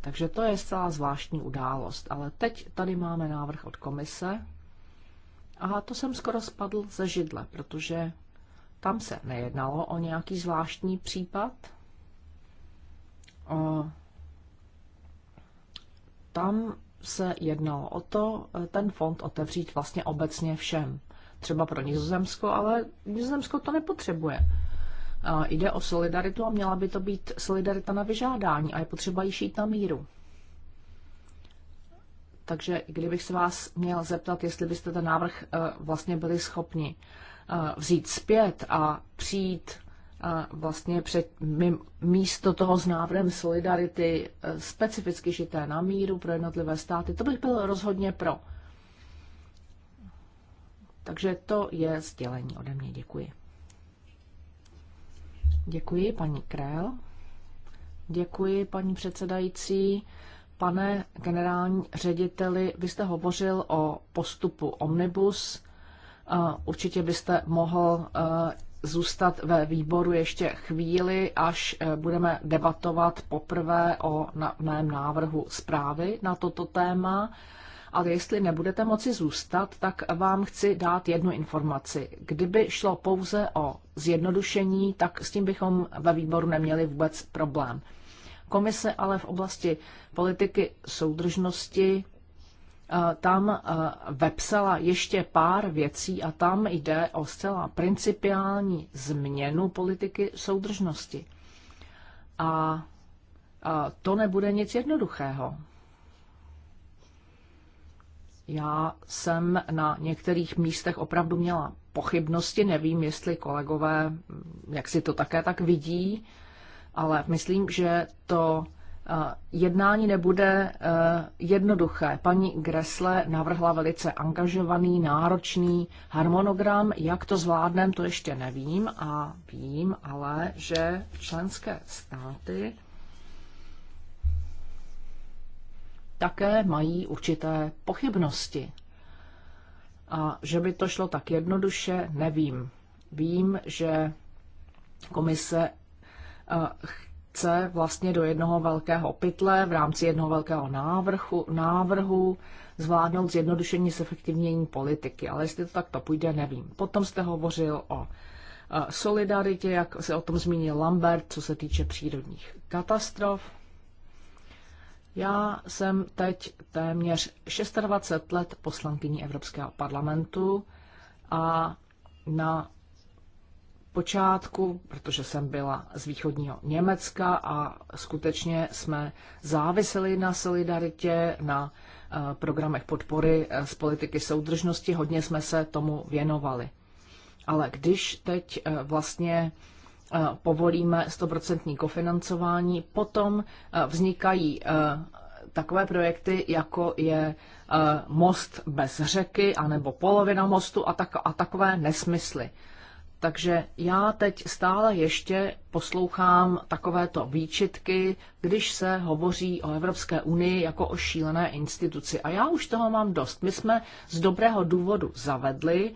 takže to je zcela zvláštní událost. Ale teď tady máme návrh od komise a to jsem skoro spadl ze židle, protože tam se nejednalo o nějaký zvláštní případ. tam se jednalo o to, ten fond otevřít vlastně obecně všem třeba pro Nizozemsko, ale Nizozemsko to nepotřebuje. Jde o solidaritu a měla by to být solidarita na vyžádání a je potřeba ji šít na míru. Takže kdybych se vás měl zeptat, jestli byste ten návrh eh, vlastně byli schopni eh, vzít zpět a přijít eh, vlastně před, místo toho s návrhem solidarity specificky šité na míru pro jednotlivé státy, to bych byl rozhodně pro. Takže to je sdělení ode mě. Děkuji. Děkuji, paní Král. Děkuji, paní předsedající. Pane generální řediteli, vy jste hovořil o postupu Omnibus. Určitě byste mohl e, zůstat ve výboru ještě chvíli, až e, budeme debatovat poprvé o mém návrhu zprávy na toto téma ale jestli nebudete moci zůstat, tak vám chci dát jednu informaci. Kdyby šlo pouze o zjednodušení, tak s tím bychom ve výboru neměli vůbec problém. Komise ale v oblasti politiky soudržnosti eh, tam eh, vepsala ještě pár věcí a tam jde o zcela principiální změnu politiky soudržnosti. A eh, to nebude nic jednoduchého. Já jsem na některých místech opravdu měla pochybnosti, nevím, jestli kolegové, jak si to také tak vidí, ale myslím, že to eh, jednání nebude eh, jednoduché. Paní Gresle navrhla velice angažovaný, náročný harmonogram. Jak to zvládnem, to ještě nevím a vím ale, že členské státy také mají určité pochybnosti. A že by to šlo tak jednoduše, nevím. Vím, že komise eh, chce vlastně do jednoho velkého pytle v rámci jednoho velkého návrhu, návrhu zvládnout zjednodušení zefektivnění politiky. Ale jestli to takto půjde, nevím. Potom jste hovořil o eh, solidaritě, jak se o tom zmínil Lambert, co se týče přírodních katastrof. Já jsem teď téměř 26 let poslankyní Evropského parlamentu a na počátku, protože jsem byla z východního Německa a skutečně jsme záviseli na solidaritě, na eh, programech podpory eh, z politiky soudržnosti, hodně jsme se tomu věnovali. Ale když teď eh, vlastně Eh, povolíme 100% kofinancování. Potom eh, vznikají eh, takové projekty, jako je most bez řeky, anebo polovina mostu a, tak, a takové nesmysly. Takže já teď stále ještě poslouchám takovéto výčitky, když se hovoří o Evropské unii jako o šílené instituci. A já už toho mám dost. My jsme z dobrého důvodu zavedli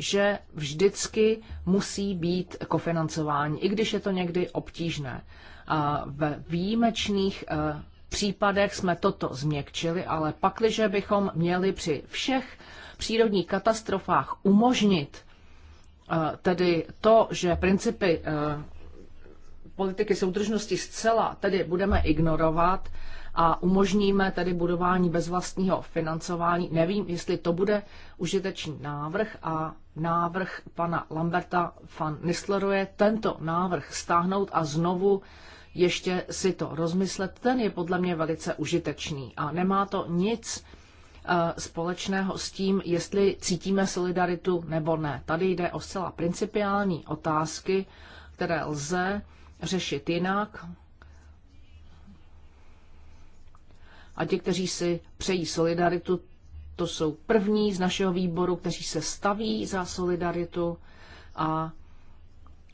že vždycky musí být kofinancování, i když je to někdy obtížné. A ve výjimečných eh, případech jsme toto změkčili, ale pakliže bychom měli při všech přírodních katastrofách umožnit eh, tedy to, že principy eh, politiky soudržnosti zcela tedy budeme ignorovat, a umožníme tedy budování bez vlastního financování. Nevím, jestli to bude užitečný návrh a návrh pana Lamberta van Nistleroje tento návrh stáhnout a znovu ještě si to rozmyslet, ten je podle mě velice užitečný a nemá to nic eh, společného s tím, jestli cítíme solidaritu nebo ne. Tady jde o zcela principiální otázky, které lze řešit jinak, a ti, kteří si přejí solidaritu, to jsou první z našeho výboru, kteří se staví za solidaritu a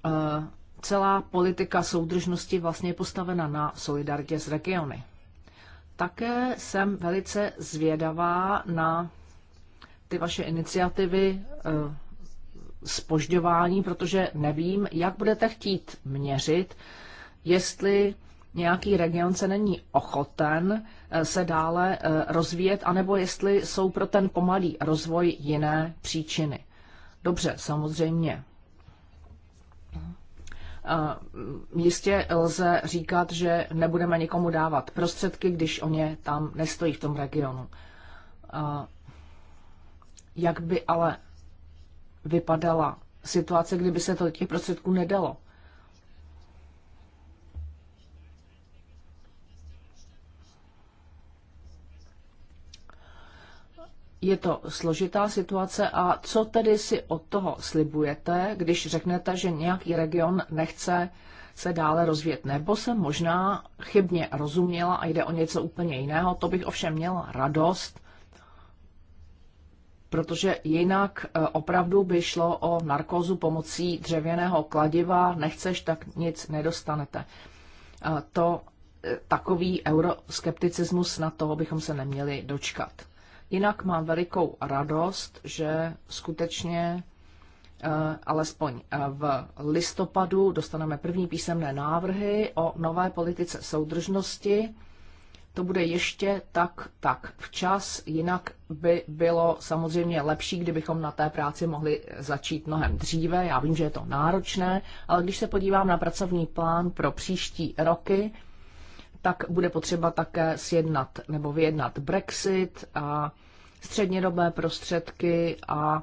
e, celá politika soudržnosti vlastně je postavena na solidaritě s regiony. Také jsem velice zvědavá na ty vaše iniciativy spožďování, e, protože nevím, jak budete chtít měřit, jestli nějaký region se není ochoten eh, se dále eh, rozvíjet, anebo jestli jsou pro ten pomalý rozvoj jiné příčiny. Dobře, samozřejmě. Eh, jistě lze říkat, že nebudeme nikomu dávat prostředky, když o ně tam nestojí v tom regionu. Jak by ale vypadala situace, kdyby se to těch prostředků nedalo? je to složitá situace a co tedy si od toho slibujete, když řeknete, že nějaký region nechce se dále rozvíjet. Nebo se možná chybně rozuměla a jde o něco úplně jiného, to bych ovšem měla radost, protože jinak e, opravdu by šlo o narkózu pomocí dřevěného kladiva, nechceš, tak nic nedostanete. E, to e, takový euroskepticismus, na toho bychom se neměli dočkat. Jinak mám velikou radost, že skutečně eh, alespoň eh, v listopadu dostaneme první písemné návrhy o nové politice soudržnosti. To bude ještě tak, tak včas, jinak by bylo samozřejmě lepší, kdybychom na té práci mohli začít mnohem dříve. Já vím, že je to náročné, ale když se podívám na pracovní plán pro příští roky, tak bude potřeba také sjednat nebo vyjednat Brexit a střednědobé prostředky a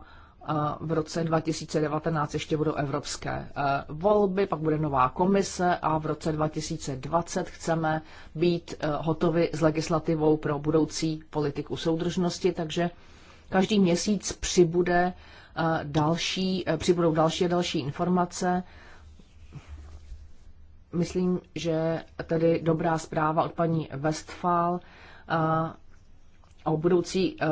v roce 2019 ještě budou evropské e, volby, pak bude nová komise a v roce 2020 chceme být e, hotovi s legislativou pro budoucí politiku soudržnosti, takže každý měsíc přibude e, další, přibudou další a další informace Myslím, že tedy dobrá zpráva od paní Westphal eh, o budoucí eh,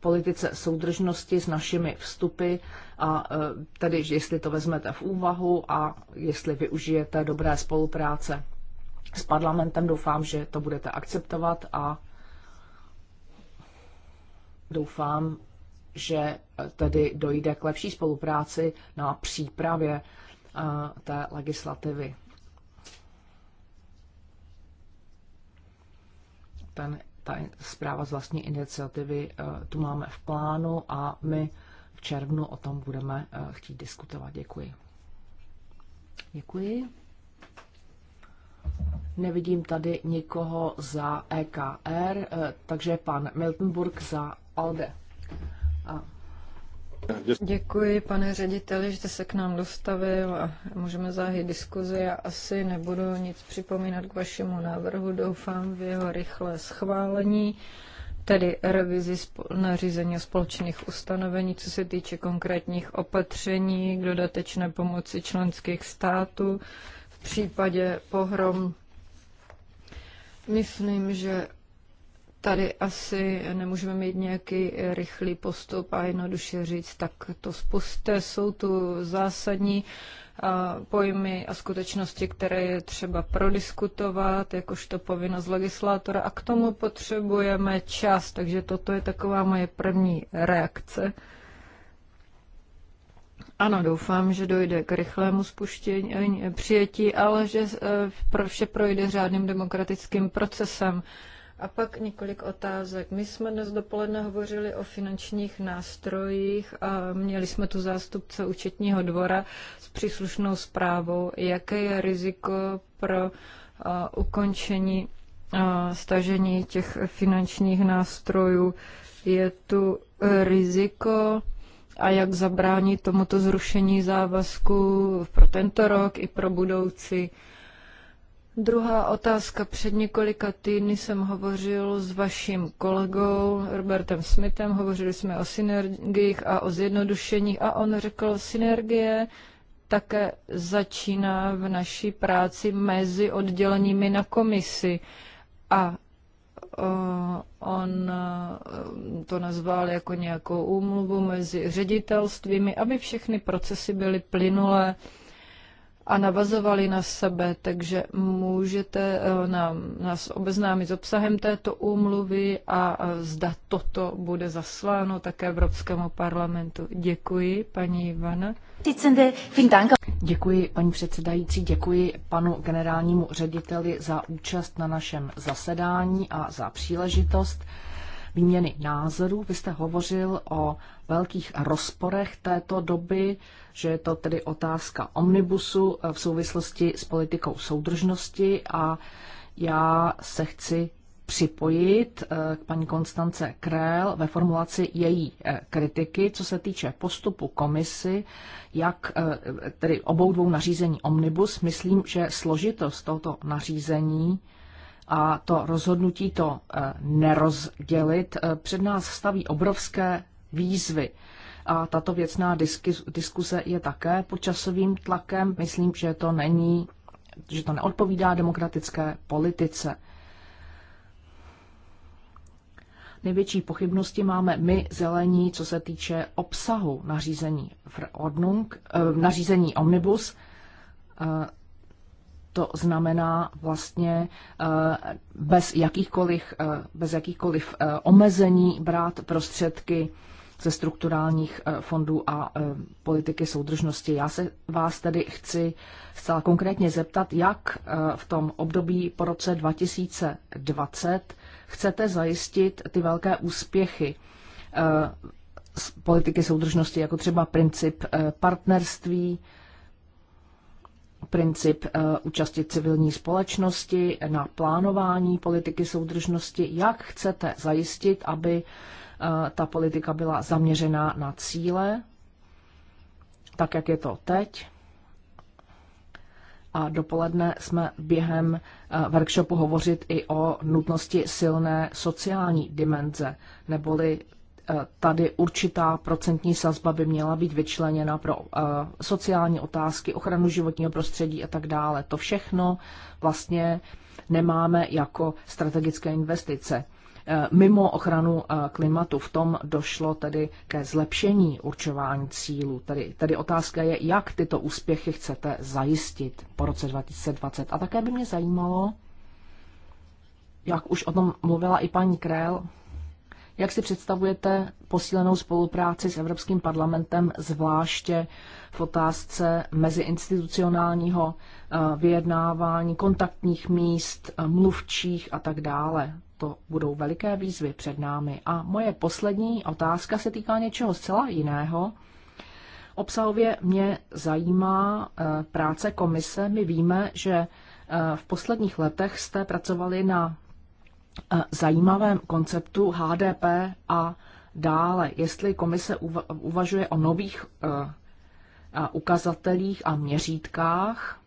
politice soudržnosti s našimi vstupy a eh, tedy, jestli to vezmete v úvahu a jestli využijete dobré spolupráce s parlamentem, doufám, že to budete akceptovat a doufám, že tedy dojde k lepší spolupráci na přípravě té legislativy. ten, ta zpráva z vlastní iniciativy eh, tu máme v plánu a my v červnu o tom budeme eh, chtít diskutovat. Děkuji. Děkuji. Nevidím tady nikoho za EKR, eh, takže pan Miltenburg za ALDE. A Děkuji, pane řediteli, že jste se k nám dostavil a můžeme zahájit diskuzi. Já asi nebudu nic připomínat k vašemu návrhu, doufám v jeho rychlé schválení, tedy revizi nařízení společných ustanovení, co se týče konkrétních opatření k dodatečné pomoci členských států v případě pohrom Myslím, že tady asi nemůžeme mít nějaký rychlý postup a jednoduše říct, tak to spuste, jsou tu zásadní pojmy a skutečnosti, které je třeba prodiskutovat, jakožto povinnost legislátora a k tomu potřebujeme čas, takže toto je taková moje první reakce. Ano, doufám, že dojde k rychlému spuštění, přijetí, ale že e, vše projde řádným demokratickým procesem. A pak několik otázek. My jsme dnes dopoledne hovořili o finančních nástrojích a měli jsme tu zástupce účetního dvora s příslušnou zprávou, jaké je riziko pro a, ukončení a, stažení těch finančních nástrojů. Je tu riziko a jak zabránit tomuto zrušení závazku pro tento rok i pro budoucí Druhá otázka. Před několika týdny jsem hovořil s vaším kolegou Robertem Smithem, hovořili jsme o synergiích a o zjednodušení a on řekl, synergie také začíná v naší práci mezi odděleními na komisi a on eh, to nazval jako nějakou úmluvu mezi ředitelstvími, aby všechny procesy byly plynulé a navazovali na sebe, takže můžete eh, nám, nás obeznámit s obsahem této úmluvy a eh, zda toto bude zasláno také Evropskému parlamentu. Děkuji, paní Ivana. Děkuji, paní předsedající, děkuji panu generálnímu řediteli za účast na našem zasedání a za příležitost výměny názorů. Vy jste hovořil o velkých rozporech této doby, že je to tedy otázka omnibusu eh, v souvislosti s politikou soudržnosti a já se chci připojit eh, k paní Konstance Krél ve formulaci její eh, kritiky, co se týče postupu komisy, jak tedy obou dvou nařízení Omnibus. Myslím, že složitost tohoto nařízení a to rozhodnutí to eh, nerozdělit eh, před nás staví obrovské výzvy. A tato věcná diskuse je také pod časovým tlakem. Myslím, že to není, že to neodpovídá demokratické politice. Největší pochybnosti máme my zelení, co se týče obsahu nařízení, Ordnung, eh, nařízení Omnibus, to znamená vlastně eh, bez jakýchkoliv, eh, bez jakýchkoliv eh, omezení brát prostředky ze strukturálních fondů a politiky soudržnosti. Já se vás tedy chci zcela konkrétně zeptat, jak v tom období po roce 2020 chcete zajistit ty velké úspěchy z politiky soudržnosti, jako třeba princip partnerství, princip eh, účasti civilní společnosti na plánování politiky soudržnosti, jak chcete zajistit, aby eh, ta politika byla zaměřená na cíle, tak jak je to teď. A dopoledne jsme během eh, workshopu hovořit i o nutnosti silné sociální dimenze, neboli tady určitá procentní sazba by měla být vyčleněna pro eh, sociální otázky, ochranu životního prostředí a tak dále. To všechno vlastně nemáme jako strategické investice. Eh, mimo ochranu eh, klimatu v tom došlo tedy ke zlepšení určování cílů. Tedy, tedy otázka je, jak tyto úspěchy chcete zajistit po roce 2020. A také by mě zajímalo, jak už o tom mluvila i paní Krell, jak si představujete posílenou spolupráci s Evropským parlamentem, zvláště v otázce meziinstitucionálního eh, vyjednávání, kontaktních míst, eh, mluvčích a tak dále? To budou veliké výzvy před námi. A moje poslední otázka se týká něčeho zcela jiného. Obsahově mě zajímá eh, práce komise. My víme, že v posledních letech jste pracovali na zajímavém konceptu HDP a dále, jestli komise uvažuje o nových eh, ukazatelích a měřítkách.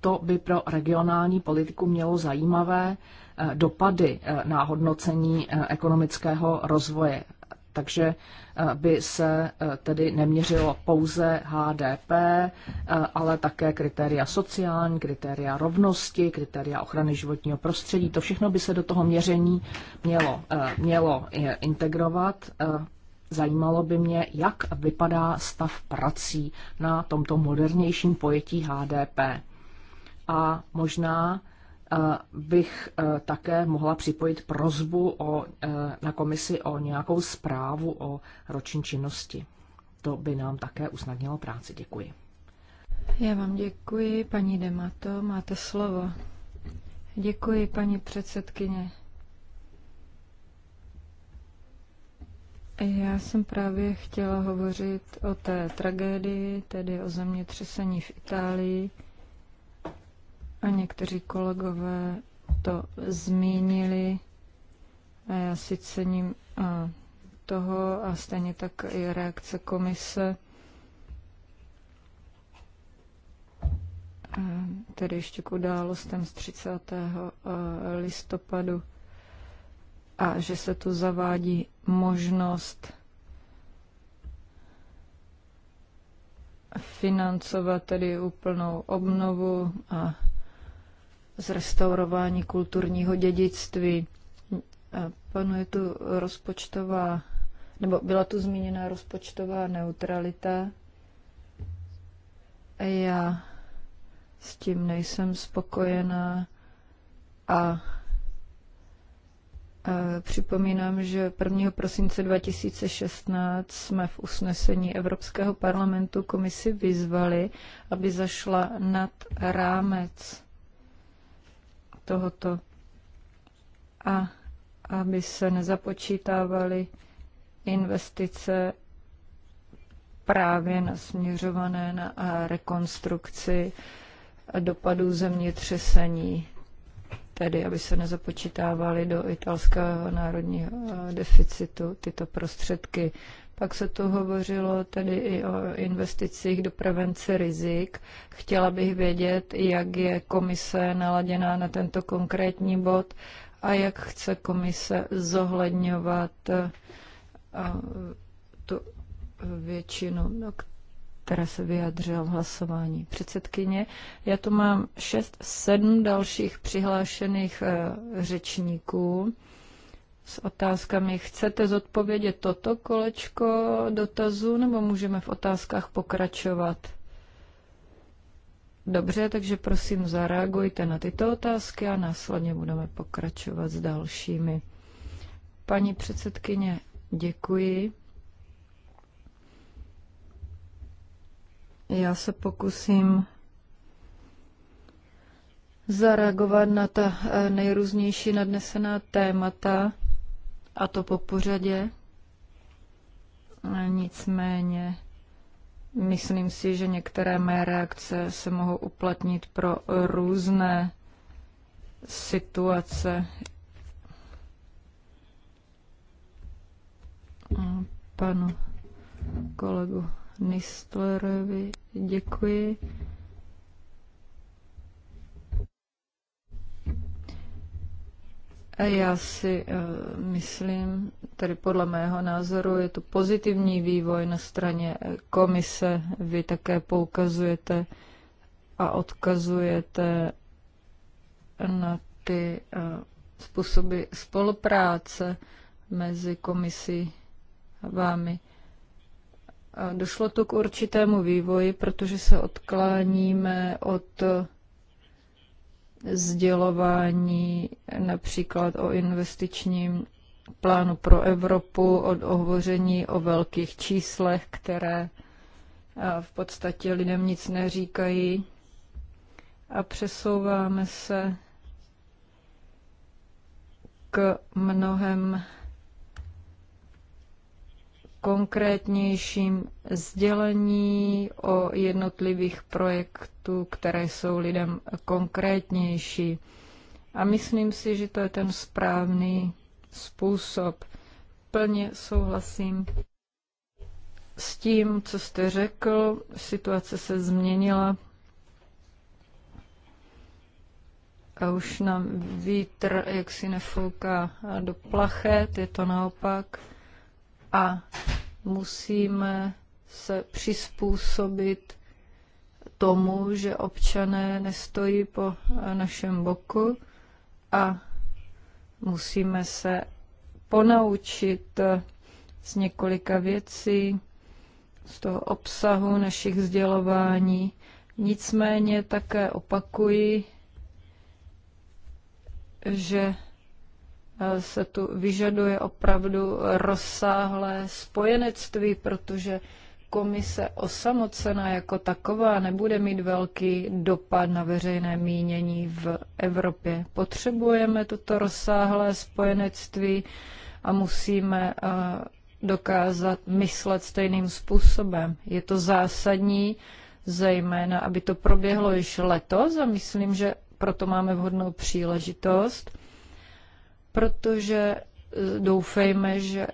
To by pro regionální politiku mělo zajímavé eh, dopady eh, na hodnocení ekonomického rozvoje takže eh, by se eh, tedy neměřilo pouze HDP, eh, ale také kritéria sociální, kritéria rovnosti, kritéria ochrany životního prostředí. To všechno by se do toho měření mělo, mělo integrovat. Zajímalo by mě, jak vypadá stav prací na tomto modernějším pojetí HDP. A možná bych eh, také mohla připojit prozbu o, eh, na komisi o nějakou zprávu o roční činnosti. To by nám také usnadnilo práci. Děkuji. Já vám děkuji, paní Demato. Máte slovo. Děkuji, paní předsedkyně. Já jsem právě chtěla hovořit o té tragédii, tedy o zemětřesení v Itálii. A někteří kolegové to zmínili a já si cením a toho a stejně tak i reakce komise. tedy ještě k událostem z 30. listopadu a že se tu zavádí možnost financovat tedy úplnou obnovu a zrestaurování kulturního dědictví. Panuje tu rozpočtová, nebo byla tu zmíněna rozpočtová neutralita. Já s tím nejsem spokojená a Připomínám, že 1. prosince 2016 jsme v usnesení Evropského parlamentu komisi vyzvali, aby zašla nad rámec tohoto a aby se nezapočítávaly investice právě nasměřované na rekonstrukci dopadů zemětřesení, tedy aby se nezapočítávaly do italského národního eh, deficitu tyto prostředky. Pak se tu hovořilo tedy i o investicích do prevence rizik. Chtěla bych vědět, jak je komise naladěná na tento konkrétní bod a jak chce komise zohledňovat eh, tu většinu, která se vyjadřila v hlasování předsedkyně. Já tu mám šest, sedm dalších přihlášených eh, řečníků s otázkami. Chcete zodpovědět toto kolečko dotazu, nebo můžeme v otázkách pokračovat? Dobře, takže prosím zareagujte na tyto otázky a následně budeme pokračovat s dalšími. Paní předsedkyně, děkuji. Já se pokusím zareagovat na ta eh, nejrůznější nadnesená témata a to po pořadě. Nicméně myslím si, že některé mé reakce se mohou uplatnit pro různé situace. Panu kolegu Nistlerovi děkuji. Já si eh, myslím, tedy podle mého názoru je to pozitivní vývoj na straně eh, komise. Vy také poukazujete a odkazujete na ty eh, způsoby spolupráce mezi komisí a vámi. Došlo to k určitému vývoji, protože se odkláníme od sdělování například o investičním plánu pro Evropu, od hovoření o velkých číslech, které eh, v podstatě lidem nic neříkají. A přesouváme se k mnohem konkrétnějším sdělení o jednotlivých projektů, které jsou lidem konkrétnější. A myslím si, že to je ten správný způsob. Plně souhlasím s tím, co jste řekl. Situace se změnila. A už nám vítr jaksi nefouká do plachet, je to naopak a musíme se přizpůsobit tomu, že občané nestojí po eh, našem boku a musíme se ponaučit eh, z několika věcí, z toho obsahu našich sdělování. Nicméně také opakuji, že Eh, se tu vyžaduje opravdu rozsáhlé spojenectví, protože komise osamocená jako taková nebude mít velký dopad na veřejné mínění v Evropě. Potřebujeme toto rozsáhlé spojenectví a musíme eh, dokázat myslet stejným způsobem. Je to zásadní, zejména, aby to proběhlo již letos a myslím, že proto máme vhodnou příležitost protože eh, doufejme, že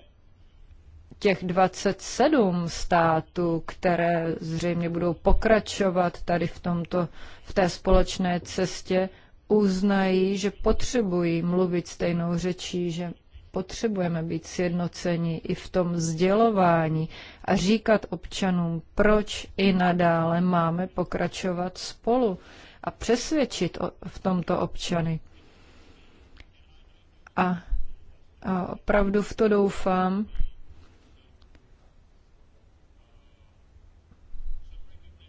těch 27 států, které zřejmě budou pokračovat tady v, tomto, v té společné cestě, uznají, že potřebují mluvit stejnou řečí, že potřebujeme být sjednoceni i v tom sdělování a říkat občanům, proč i nadále máme pokračovat spolu a přesvědčit v tomto občany. A, a opravdu v to doufám.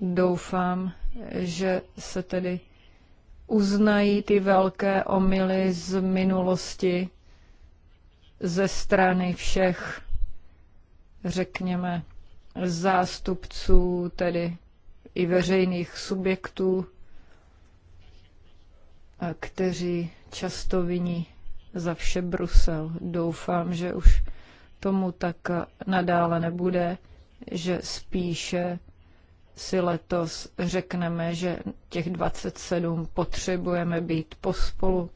Doufám, že se tedy uznají ty velké omily z minulosti ze strany všech, řekněme, zástupců, tedy i veřejných subjektů, kteří často viní za vše Brusel. Doufám, že už tomu tak nadále nebude, že spíše si letos řekneme, že těch 27 potřebujeme být pospolu.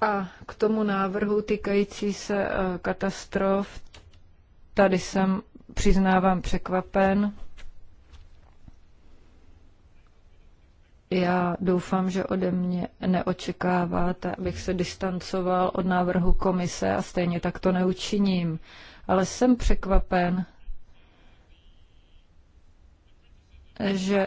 A k tomu návrhu týkající se eh, katastrof, tady jsem, přiznávám, překvapen. Já doufám, že ode mě neočekáváte, abych se distancoval od návrhu komise a stejně tak to neučiním. Ale jsem překvapen, že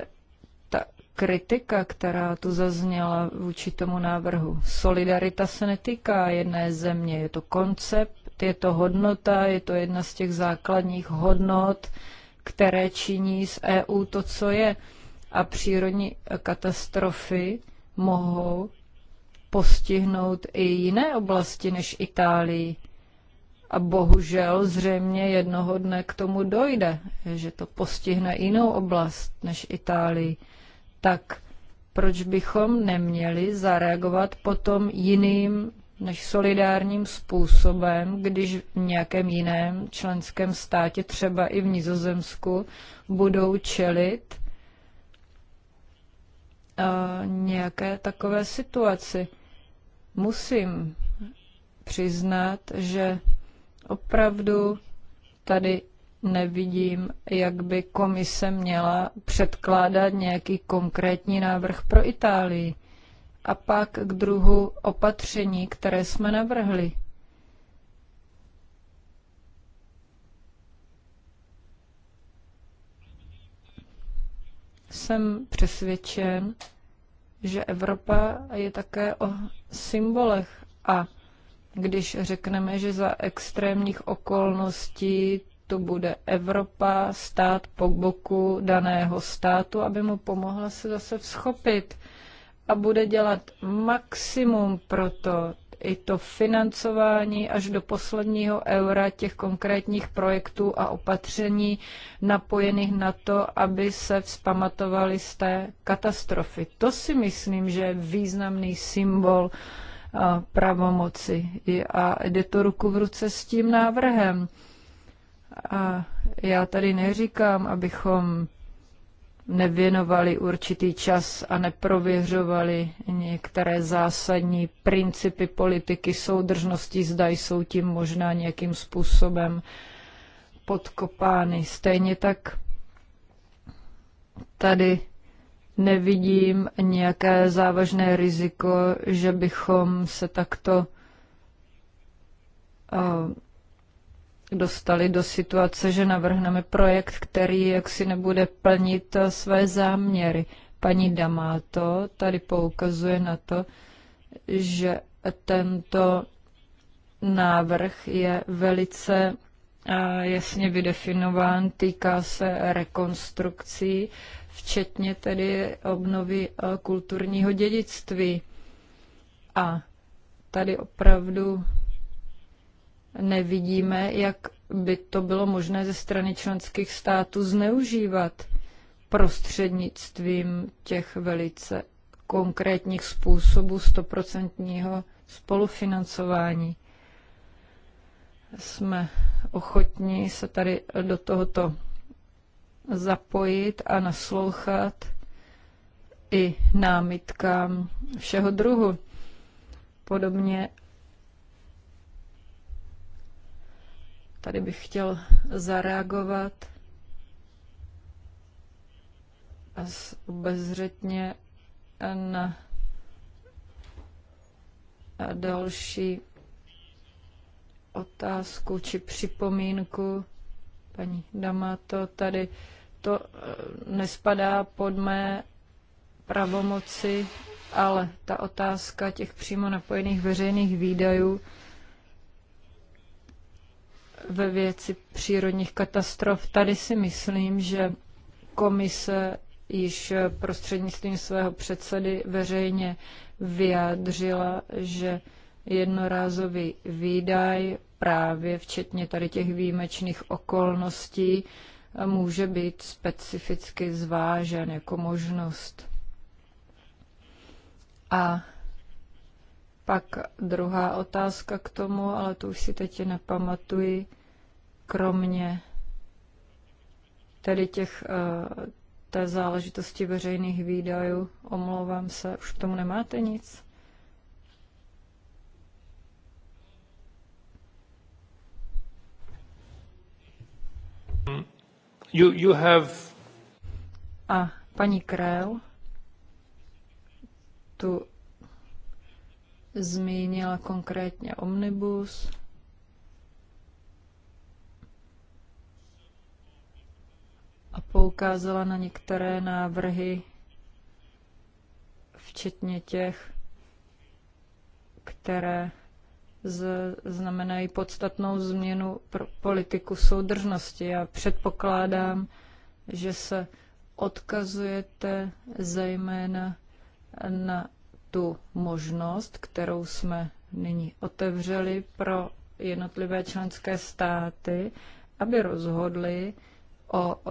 ta kritika, která tu zazněla vůči tomu návrhu, solidarita se netýká jedné země. Je to koncept, je to hodnota, je to jedna z těch základních hodnot, které činí z EU to, co je a přírodní katastrofy mohou postihnout i jiné oblasti než Itálii. A bohužel zřejmě jednoho dne k tomu dojde, že to postihne jinou oblast než Itálii. Tak proč bychom neměli zareagovat potom jiným než solidárním způsobem, když v nějakém jiném členském státě, třeba i v Nizozemsku, budou čelit nějaké takové situaci. Musím přiznat, že opravdu tady nevidím, jak by komise měla předkládat nějaký konkrétní návrh pro Itálii. A pak k druhu opatření, které jsme navrhli. Jsem přesvědčen, že Evropa je také o symbolech a když řekneme, že za extrémních okolností to bude Evropa stát po boku daného státu, aby mu pomohla se zase vzchopit a bude dělat maximum pro to, i to financování až do posledního eura těch konkrétních projektů a opatření napojených na to, aby se vzpamatovali z té katastrofy. To si myslím, že je významný symbol pravomoci a jde to ruku v ruce s tím návrhem. A já tady neříkám, abychom nevěnovali určitý čas a neprověřovali některé zásadní principy politiky soudržnosti, zda jsou tím možná nějakým způsobem podkopány. Stejně tak tady nevidím nějaké závažné riziko, že bychom se takto eh, dostali do situace, že navrhneme projekt, který jaksi nebude plnit eh, své záměry. Paní Damato tady poukazuje na to, že tento návrh je velice eh, jasně vydefinován, týká se rekonstrukcí, včetně tedy obnovy eh, kulturního dědictví. A tady opravdu nevidíme, jak by to bylo možné ze strany členských států zneužívat prostřednictvím těch velice konkrétních způsobů stoprocentního spolufinancování. Jsme ochotní se tady do tohoto zapojit a naslouchat i námitkám všeho druhu. Podobně Tady bych chtěl zareagovat a obezřetně na další otázku či připomínku paní Damato. Tady to e, nespadá pod mé pravomoci, ale ta otázka těch přímo napojených veřejných výdajů ve věci přírodních katastrof. Tady si myslím, že komise již prostřednictvím svého předsedy veřejně vyjádřila, že jednorázový výdaj právě včetně tady těch výjimečných okolností může být specificky zvážen jako možnost. A pak druhá otázka k tomu, ale tu už si teď nepamatuji, kromě tedy těch, eh, té záležitosti veřejných výdajů, omlouvám se, už k tomu nemáte nic? You, you have... A paní Krell, tu zmínila konkrétně Omnibus. A poukázala na některé návrhy, včetně těch, které znamenají podstatnou změnu pro politiku soudržnosti. Já předpokládám, že se odkazujete zejména na tu možnost, kterou jsme nyní otevřeli pro jednotlivé členské státy, aby rozhodli o, o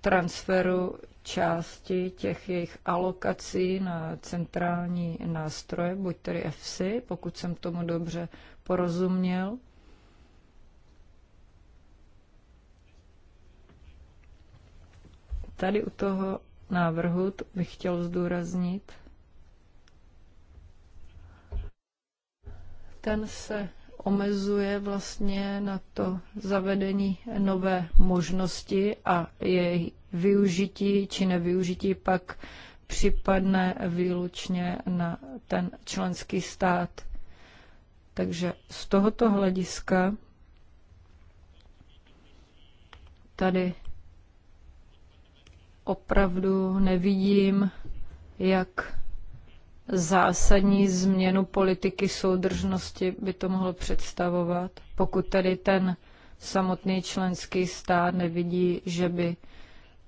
transferu části těch jejich alokací na centrální nástroje, buď tedy EFSI, pokud jsem tomu dobře porozuměl. Tady u toho návrhu bych chtěl zdůraznit, ten se omezuje vlastně na to zavedení nové možnosti a její využití či nevyužití pak připadne výlučně na ten členský stát. Takže z tohoto hlediska tady opravdu nevidím, jak zásadní změnu politiky soudržnosti by to mohlo představovat, pokud tedy ten samotný členský stát nevidí, že by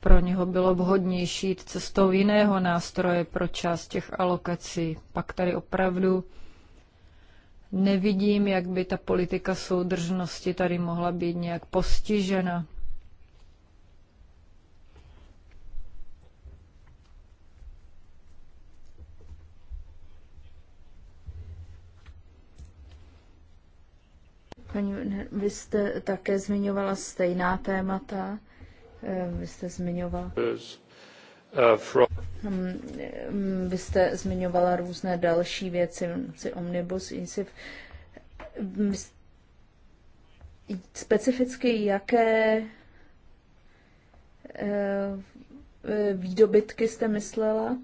pro něho bylo vhodnější jít cestou jiného nástroje pro část těch alokací. Pak tady opravdu nevidím, jak by ta politika soudržnosti tady mohla být nějak postižena. Paní, vy jste také zmiňovala stejná témata. Eh, vy jste zmiňovala... Eh, hmm, hmm, vy jste zmiňovala různé další věci, omnibus, insif. Hmm, specificky jaké eh, výdobytky jste myslela,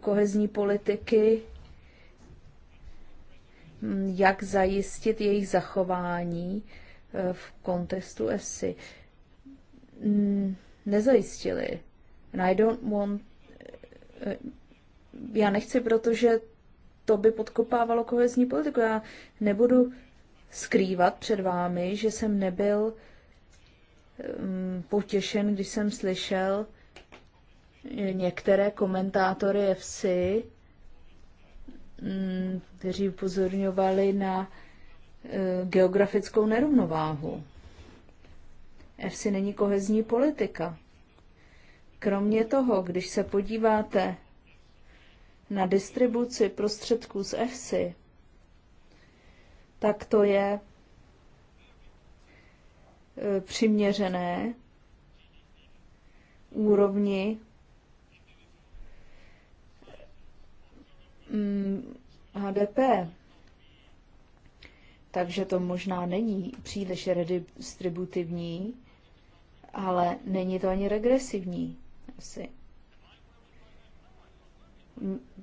kohezní politiky, jak zajistit jejich zachování eh, v kontextu ESI. Mm, nezajistili. I don't want, eh, já nechci, protože to by podkopávalo kohezní politiku. Já nebudu skrývat před vámi, že jsem nebyl mm, potěšen, když jsem slyšel eh, některé komentátory FC, Mm, kteří upozorňovali na e, geografickou nerovnováhu. EFSI není kohezní politika. Kromě toho, když se podíváte na distribuci prostředků z EFSI, tak to je e, přiměřené úrovni Mm, HDP. Takže to možná není příliš redistributivní, ale není to ani regresivní. Asi.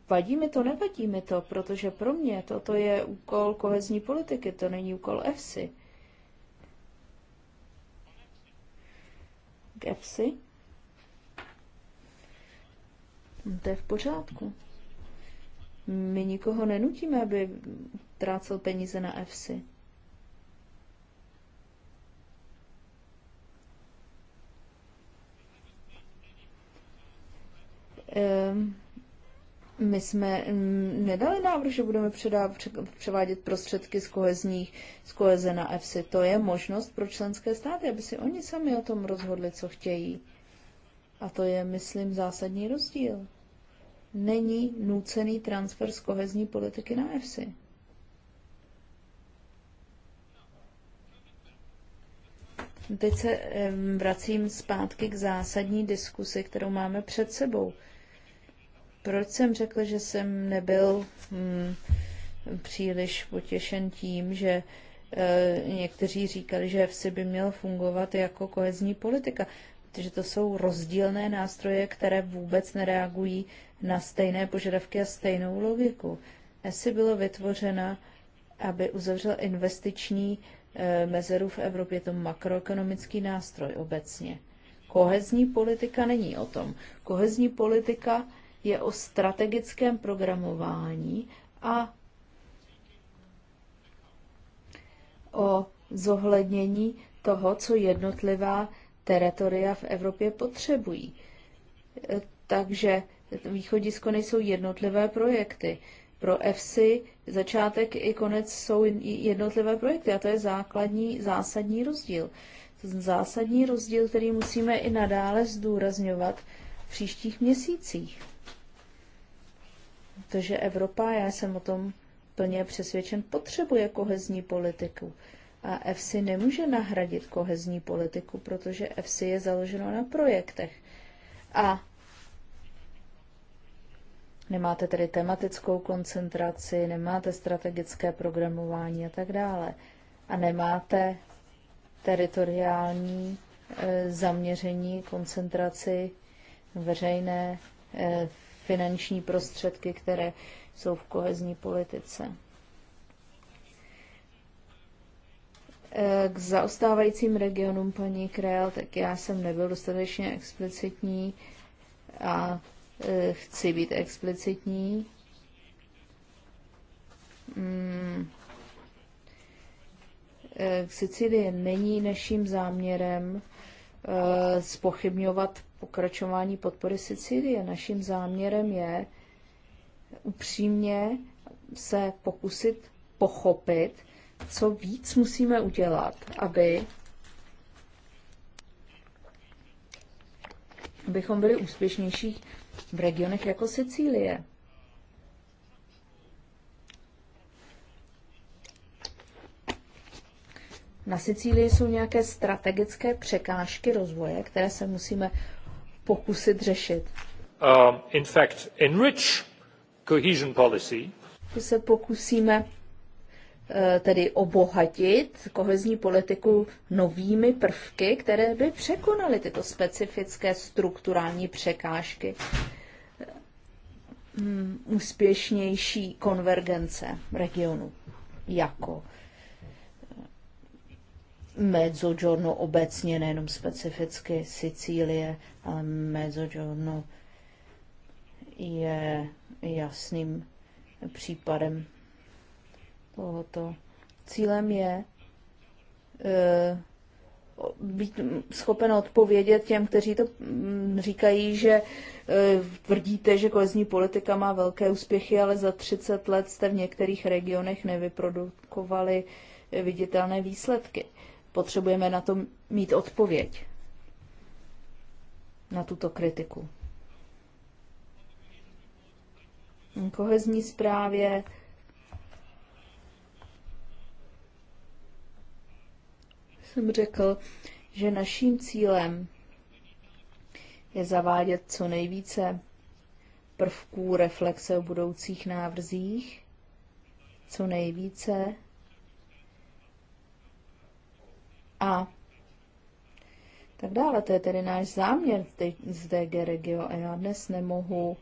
Vadí mi to, nevadí mi to, protože pro mě toto je úkol kohezní politiky, to není úkol EFSI. K EFSI? Hm, to je v pořádku. My nikoho nenutíme, aby trácel peníze na EFSI. Ehm, my jsme mm, nedali návrh, že budeme převádět prostředky z, kohezních, z koheze na EFSI. To je možnost pro členské státy, aby si oni sami o tom rozhodli, co chtějí. A to je, myslím, zásadní rozdíl není nucený transfer z kohezní politiky na EFSI. Teď se vracím zpátky k zásadní diskusi, kterou máme před sebou. Proč jsem řekl, že jsem nebyl hm, příliš potěšen tím, že e, někteří říkali, že EFSI by měl fungovat jako kohezní politika, protože to jsou rozdílné nástroje, které vůbec nereagují na stejné požadavky a stejnou logiku. ESI bylo vytvořena, aby uzavřel investiční eh, mezeru v Evropě, to makroekonomický nástroj obecně. Kohezní politika není o tom. Kohezní politika je o strategickém programování a o zohlednění toho, co jednotlivá teritoria v Evropě potřebují. Eh, takže východisko nejsou jednotlivé projekty. Pro EFSI začátek i konec jsou jednotlivé projekty a to je základní, zásadní rozdíl. Zásadní rozdíl, který musíme i nadále zdůrazňovat v příštích měsících. Protože Evropa, já jsem o tom plně přesvědčen, potřebuje kohezní politiku. A EFSI nemůže nahradit kohezní politiku, protože EFSI je založeno na projektech. A Nemáte tedy tematickou koncentraci, nemáte strategické programování a tak dále. A nemáte teritoriální eh, zaměření, koncentraci veřejné eh, finanční prostředky, které jsou v kohezní politice. Eh, k zaostávajícím regionům paní Krel, tak já jsem nebyl dostatečně explicitní a Eh, chci být explicitní. K hmm. eh, Sicílii není naším záměrem eh, spochybňovat pokračování podpory Sicílie. Naším záměrem je upřímně se pokusit pochopit, co víc musíme udělat, aby abychom byli úspěšnější v regionech jako Sicílie. Na Sicílii jsou nějaké strategické překážky rozvoje, které se musíme pokusit řešit. Um, in fact, enrich cohesion policy. Se pokusíme Eh, tedy obohatit kohezní politiku novými prvky, které by překonaly tyto specifické strukturální překážky hmm, úspěšnější konvergence regionu, jako Mezzogiorno obecně, nejenom specificky Sicílie, ale Mezzogiorno je jasným případem tohoto. Cílem je e, být schopen odpovědět těm, kteří to mm, říkají, že e, tvrdíte, že kohezní politika má velké úspěchy, ale za 30 let jste v některých regionech nevyprodukovali viditelné výsledky. Potřebujeme na to mít odpověď na tuto kritiku. Kohezní zprávě jsem řekl, že naším cílem je zavádět co nejvíce prvků reflexe o budoucích návrzích, co nejvíce a tak dále. To je tedy náš záměr z DG Regio a já dnes nemohu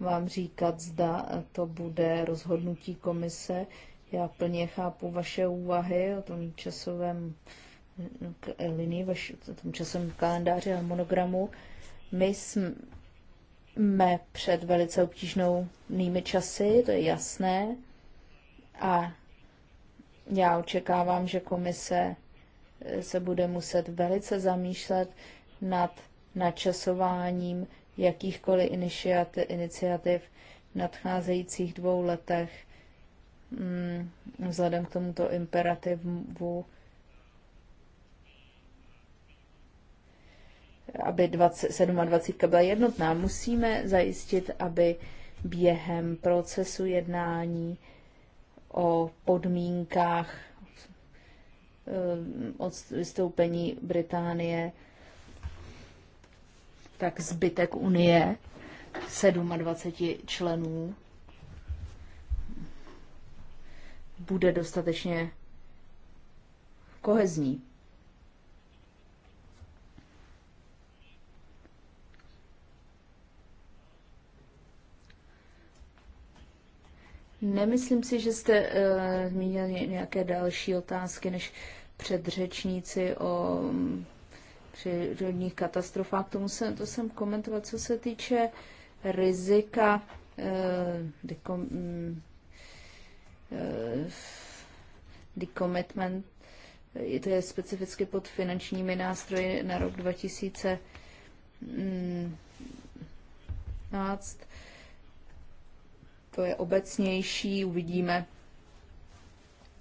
vám říkat, zda to bude rozhodnutí komise. Já plně chápu vaše úvahy o tom časovém k linii v tom časovém kalendáři a monogramu. My jsme před velice obtížnou nými časy, to je jasné. A já očekávám, že komise se bude muset velice zamýšlet nad načasováním jakýchkoliv iniciativ, iniciativ v nadcházejících dvou letech hmm, vzhledem k tomuto imperativu aby 27 20 byla jednotná. Musíme zajistit, aby během procesu jednání o podmínkách eh, od vystoupení Británie, tak zbytek Unie 27 členů bude dostatečně kohezní. Nemyslím si, že jste uh, eh, zmínil nějaké další otázky než předřečníci o mm, přírodních katastrofách. K tomu jsem, to jsem komentoval, co se týče rizika uh, eh, dekom, uh, mm, eh, decommitment. To je specificky pod finančními nástroji na rok 2015 to je obecnější, uvidíme,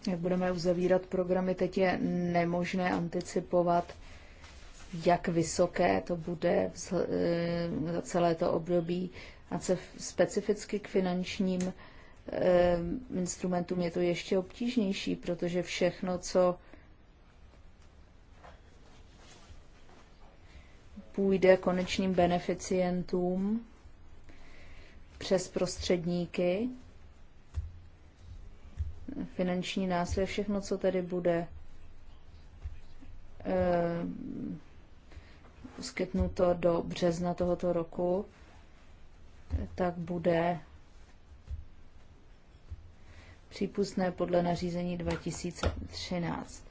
jak budeme uzavírat programy. Teď je nemožné anticipovat, jak vysoké to bude eh, za celé to období a se specificky k finančním eh, instrumentům je to ještě obtížnější, protože všechno, co půjde konečným beneficientům, přes prostředníky, finanční nástroje, všechno, co tedy bude eh, skytnuto do března tohoto roku, tak bude přípustné podle nařízení 2013.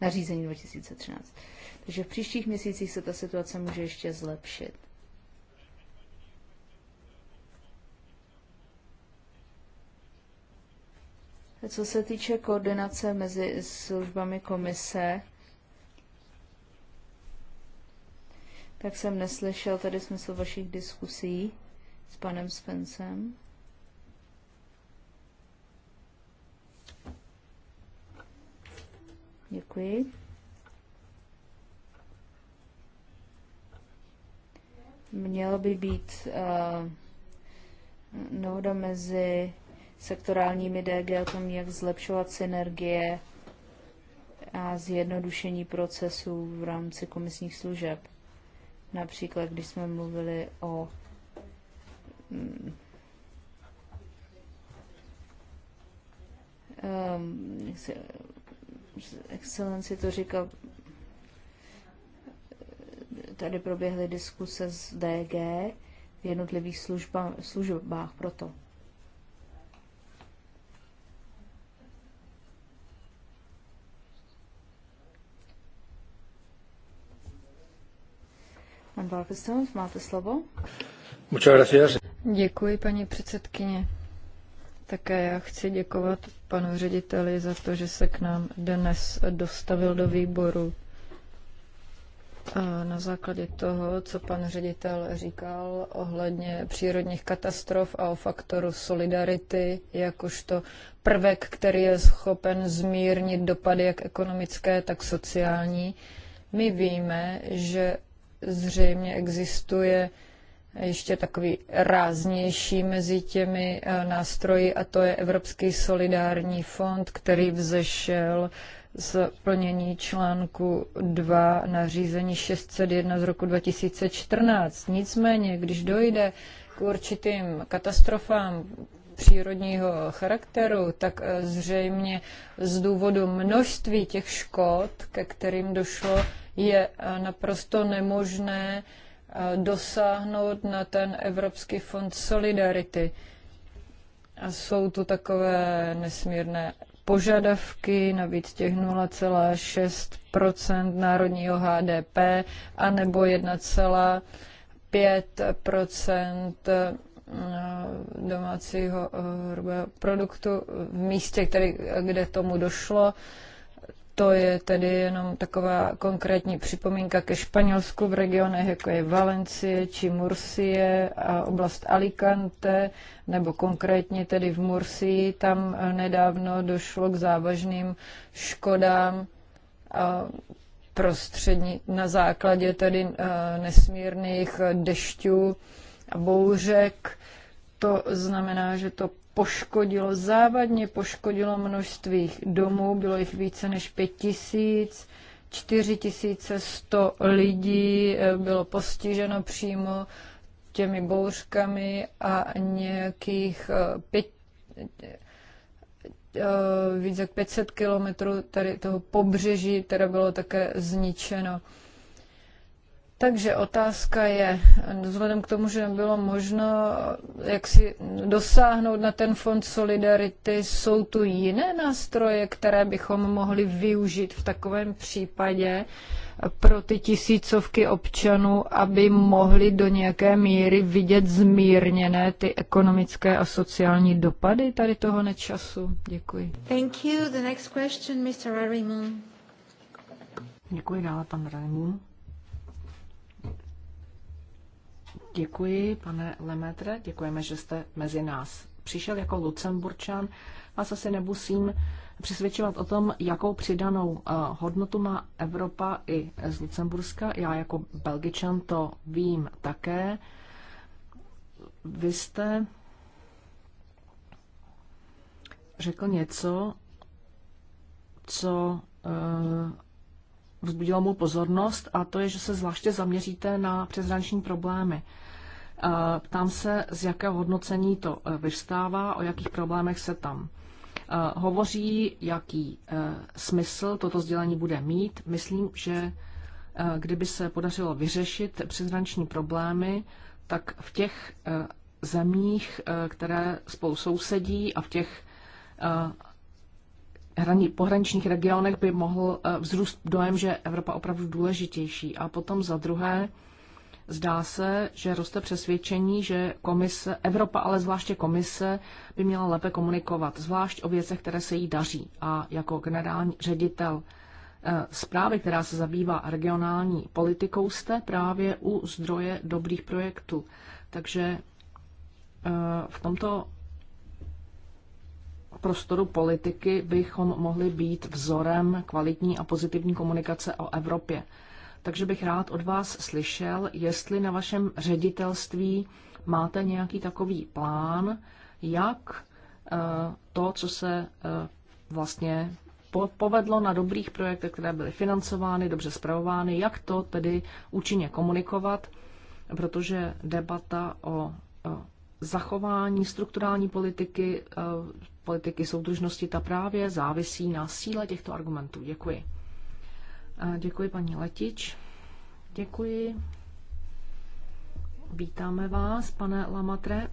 Nařízení 2013. Takže v příštích měsících se ta situace může ještě zlepšit. Co se týče koordinace mezi službami komise, tak jsem neslyšel tady smysl vašich diskusí s panem Spencem. Děkuji. Mělo by být uh, dohoda mezi sektorálními DG o tom, jak zlepšovat synergie a zjednodušení procesů v rámci komisních služeb. Například, když jsme mluvili o um, um, excelenci to říkal tady proběhly diskuse s DG v jednotlivých služba, službách proto. Pan Valkeston, máte slovo. Děkuji, paní předsedkyně. Také já chci děkovat panu řediteli za to, že se k nám dnes dostavil do výboru. Na základě toho, co pan ředitel říkal ohledně přírodních katastrof a o faktoru solidarity, jakožto prvek, který je schopen zmírnit dopady jak ekonomické, tak sociální, my víme, že zřejmě existuje ještě takový ráznější mezi těmi eh, nástroji a to je Evropský solidární fond, který vzešel z plnění článku 2 nařízení 601 z roku 2014. Nicméně, když dojde k určitým katastrofám, přírodního charakteru, tak eh, zřejmě z důvodu množství těch škod, ke kterým došlo, je eh, naprosto nemožné eh, dosáhnout na ten Evropský fond solidarity. A jsou tu takové nesmírné požadavky, navíc těch 0,6 národního HDP, anebo 1,5 eh, domácího eh, hrubého produktu v místě, který, kde tomu došlo. To je tedy jenom taková konkrétní připomínka ke Španělsku v regionech, jako je Valencie či Mursie a oblast Alicante, nebo konkrétně tedy v Mursii. Tam eh, nedávno došlo k závažným škodám prostřední, na základě tedy eh, nesmírných eh, dešťů a bouřek. To znamená, že to poškodilo, závadně poškodilo množství domů, bylo jich více než pět tisíc, 4100 lidí eh, bylo postiženo přímo těmi bouřkami a nějakých eh, pět, eh, více jak 500 kilometrů tady toho pobřeží teda bylo také zničeno. Takže otázka je, vzhledem k tomu, že bylo možno jak si dosáhnout na ten fond solidarity, jsou tu jiné nástroje, které bychom mohli využít v takovém případě pro ty tisícovky občanů, aby mohli do nějaké míry vidět zmírněné ty ekonomické a sociální dopady tady toho nečasu. Děkuji. Thank you. The next question, Mr. Děkuji dále, pan Rarimun. Děkuji, pane Lemetre, děkujeme, že jste mezi nás přišel jako Lucemburčan. Vás asi nemusím přesvědčovat o tom, jakou přidanou eh, hodnotu má Evropa i z Lucemburska. Já jako Belgičan to vím také. Vy jste řekl něco, co eh, vzbudilo mou pozornost a to je, že se zvláště zaměříte na přeshraniční problémy. Ptám se, z jakého hodnocení to e, vystává, o jakých problémech se tam e, hovoří, jaký e, smysl toto sdělení bude mít. Myslím, že kdyby se podařilo vyřešit přeshraniční problémy, tak v těch zemích, které spolu sousedí a v těch hraní, pohraničních regionech by mohl vzrůst dojem, že Evropa opravdu důležitější. A potom za druhé, Zdá se, že roste přesvědčení, že komise, Evropa, ale zvláště komise, by měla lépe komunikovat, zvlášť o věcech, které se jí daří. A jako generální ředitel eh, zprávy, která se zabývá regionální politikou, jste právě u zdroje dobrých projektů. Takže eh, v tomto prostoru politiky bychom mohli být vzorem kvalitní a pozitivní komunikace o Evropě. Takže bych rád od vás slyšel, jestli na vašem ředitelství máte nějaký takový plán, jak eh, to, co se eh, vlastně povedlo na dobrých projektech, které byly financovány, dobře zpravovány, jak to tedy účinně komunikovat, protože debata o zachování strukturální politiky, eh, politiky soudržnosti, ta právě závisí na síle těchto argumentů. Děkuji. Děkuji paní Letič. Děkuji. Vítáme vás, pane Lamatre.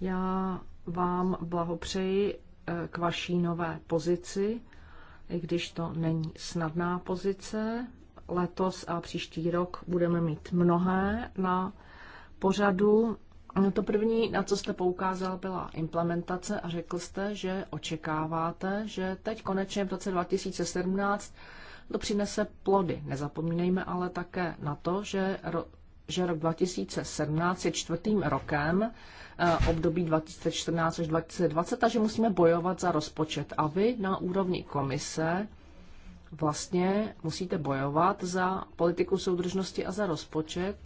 Já vám blahopřeji eh, k vaší nové pozici, i když to není snadná pozice. Letos a příští rok budeme mít mnohé na pořadu to první, na co jste poukázal, byla implementace a řekl jste, že očekáváte, že teď konečně v roce 2017 to přinese plody. Nezapomínejme ale také na to, že, ro, že rok 2017 je čtvrtým rokem eh, období 2014 až 2020 a že musíme bojovat za rozpočet. A vy na úrovni komise vlastně musíte bojovat za politiku soudržnosti a za rozpočet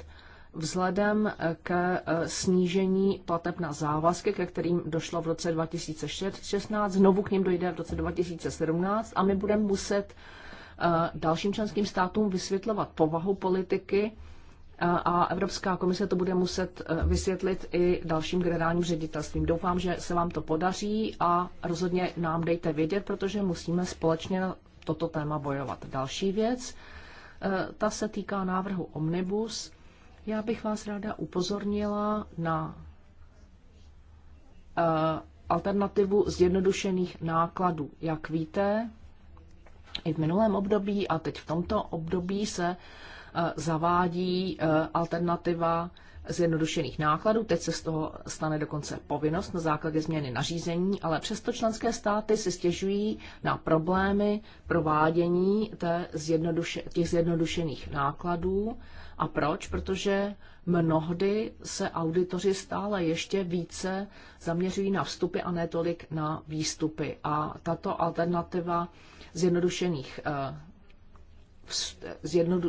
Vzhledem k e, snížení plateb na závazky, ke kterým došlo v roce 2016, znovu k ním dojde v roce 2017 a my budeme muset e, dalším členským státům vysvětlovat povahu politiky e, a Evropská komise to bude muset vysvětlit i dalším generálním ředitelstvím. Doufám, že se vám to podaří a rozhodně nám dejte vědět, protože musíme společně na toto téma bojovat. Další věc, ta se týká návrhu Omnibus. Já bych vás ráda upozornila na eh, alternativu zjednodušených nákladů. Jak víte, i v minulém období a teď v tomto období se eh, zavádí eh, alternativa zjednodušených nákladů. Teď se z toho stane dokonce povinnost na základě změny nařízení, ale přesto členské státy si stěžují na problémy provádění té zjednoduše, těch zjednodušených nákladů a proč? Protože mnohdy se auditoři stále ještě více zaměřují na vstupy a ne tolik na výstupy. A tato alternativa zjednodušených eh,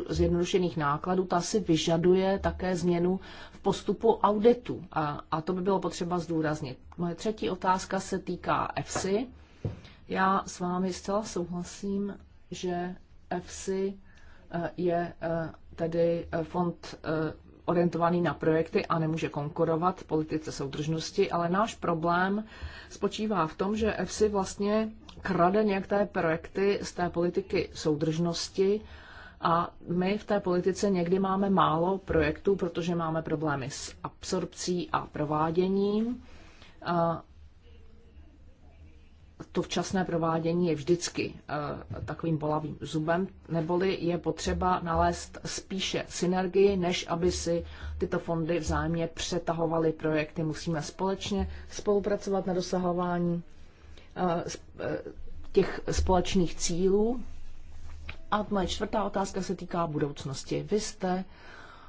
zjednodušených nákladů, ta si vyžaduje také změnu v postupu auditu. A, a to by bylo potřeba zdůraznit. Moje třetí otázka se týká EFSI. Já s vámi zcela souhlasím, že EFSI eh, je eh, tedy eh, fond eh, orientovaný na projekty a nemůže konkurovat politice soudržnosti, ale náš problém spočívá v tom, že EFSI vlastně krade některé projekty z té politiky soudržnosti a my v té politice někdy máme málo projektů, protože máme problémy s absorpcí a prováděním to včasné provádění je vždycky eh, takovým bolavým zubem, neboli je potřeba nalézt spíše synergii, než aby si tyto fondy vzájemně přetahovaly projekty. Musíme společně spolupracovat na dosahování eh, eh, těch společných cílů. A moje čtvrtá otázka se týká budoucnosti. Vy jste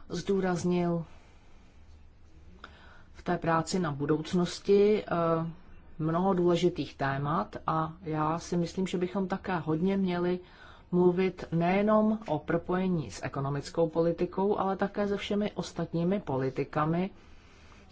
zdůraznil v té práci na budoucnosti mnoho důležitých témat a já si myslím, že bychom také hodně měli mluvit nejenom o propojení s ekonomickou politikou, ale také se všemi ostatními politikami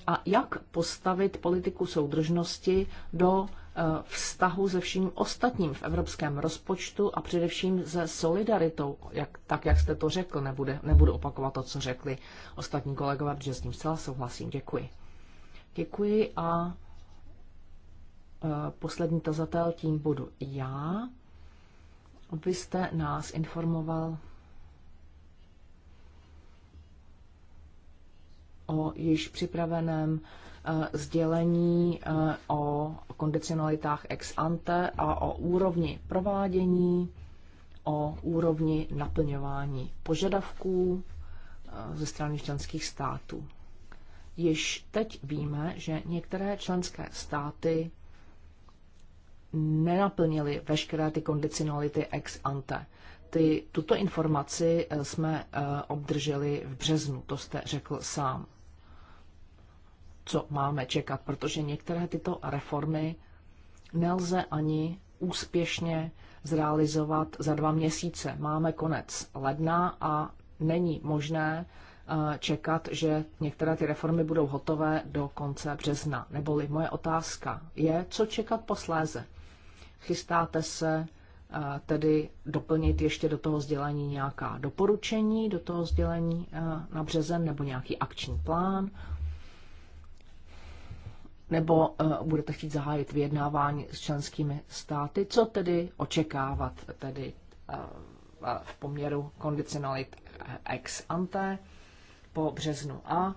a jak postavit politiku soudržnosti do eh, vztahu se vším ostatním v evropském rozpočtu a především se solidaritou, jak, tak jak jste to řekl, nebude, nebudu opakovat to, co řekli ostatní kolegové, protože s tím zcela souhlasím. Děkuji. Děkuji a Eh, poslední tazatel, tím budu já. abyste nás informoval o již připraveném eh, sdělení eh, o kondicionalitách ex ante a o úrovni provádění, o úrovni naplňování požadavků ze strany členských států. Již teď víme, že některé členské státy nenaplnili veškeré ty kondicionality ex ante. Ty, tuto informaci eh, jsme eh, obdrželi v březnu, to jste řekl sám. Co máme čekat, protože některé tyto reformy nelze ani úspěšně zrealizovat za dva měsíce. Máme konec ledna a není možné eh, čekat, že některé ty reformy budou hotové do konce března. Neboli moje otázka je, co čekat posléze. Chystáte se eh, tedy doplnit ještě do toho sdělení nějaká doporučení, do toho sdělení eh, na březen nebo nějaký akční plán? Nebo eh, budete chtít zahájit vyjednávání s členskými státy? Co tedy očekávat tedy v poměru kondicionalit ex ante po březnu A?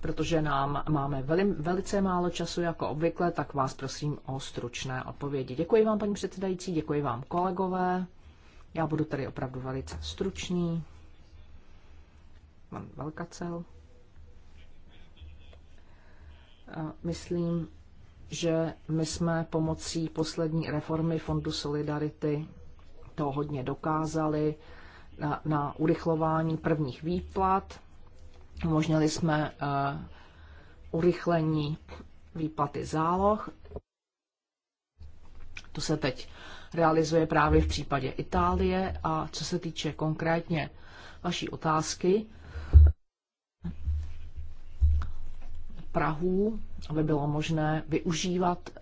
protože nám máme veli, velice málo času jako obvykle, tak vás prosím o stručné odpovědi. Děkuji vám, paní předsedající, děkuji vám, kolegové. Já budu tady opravdu velice stručný. Mám velkacel. Myslím, že my jsme pomocí poslední reformy Fondu Solidarity to hodně dokázali na, na urychlování prvních výplat Umožnili jsme eh, urychlení výplaty záloh. To se teď realizuje právě v případě Itálie. A co se týče konkrétně vaší otázky, Prahu, aby bylo možné využívat eh,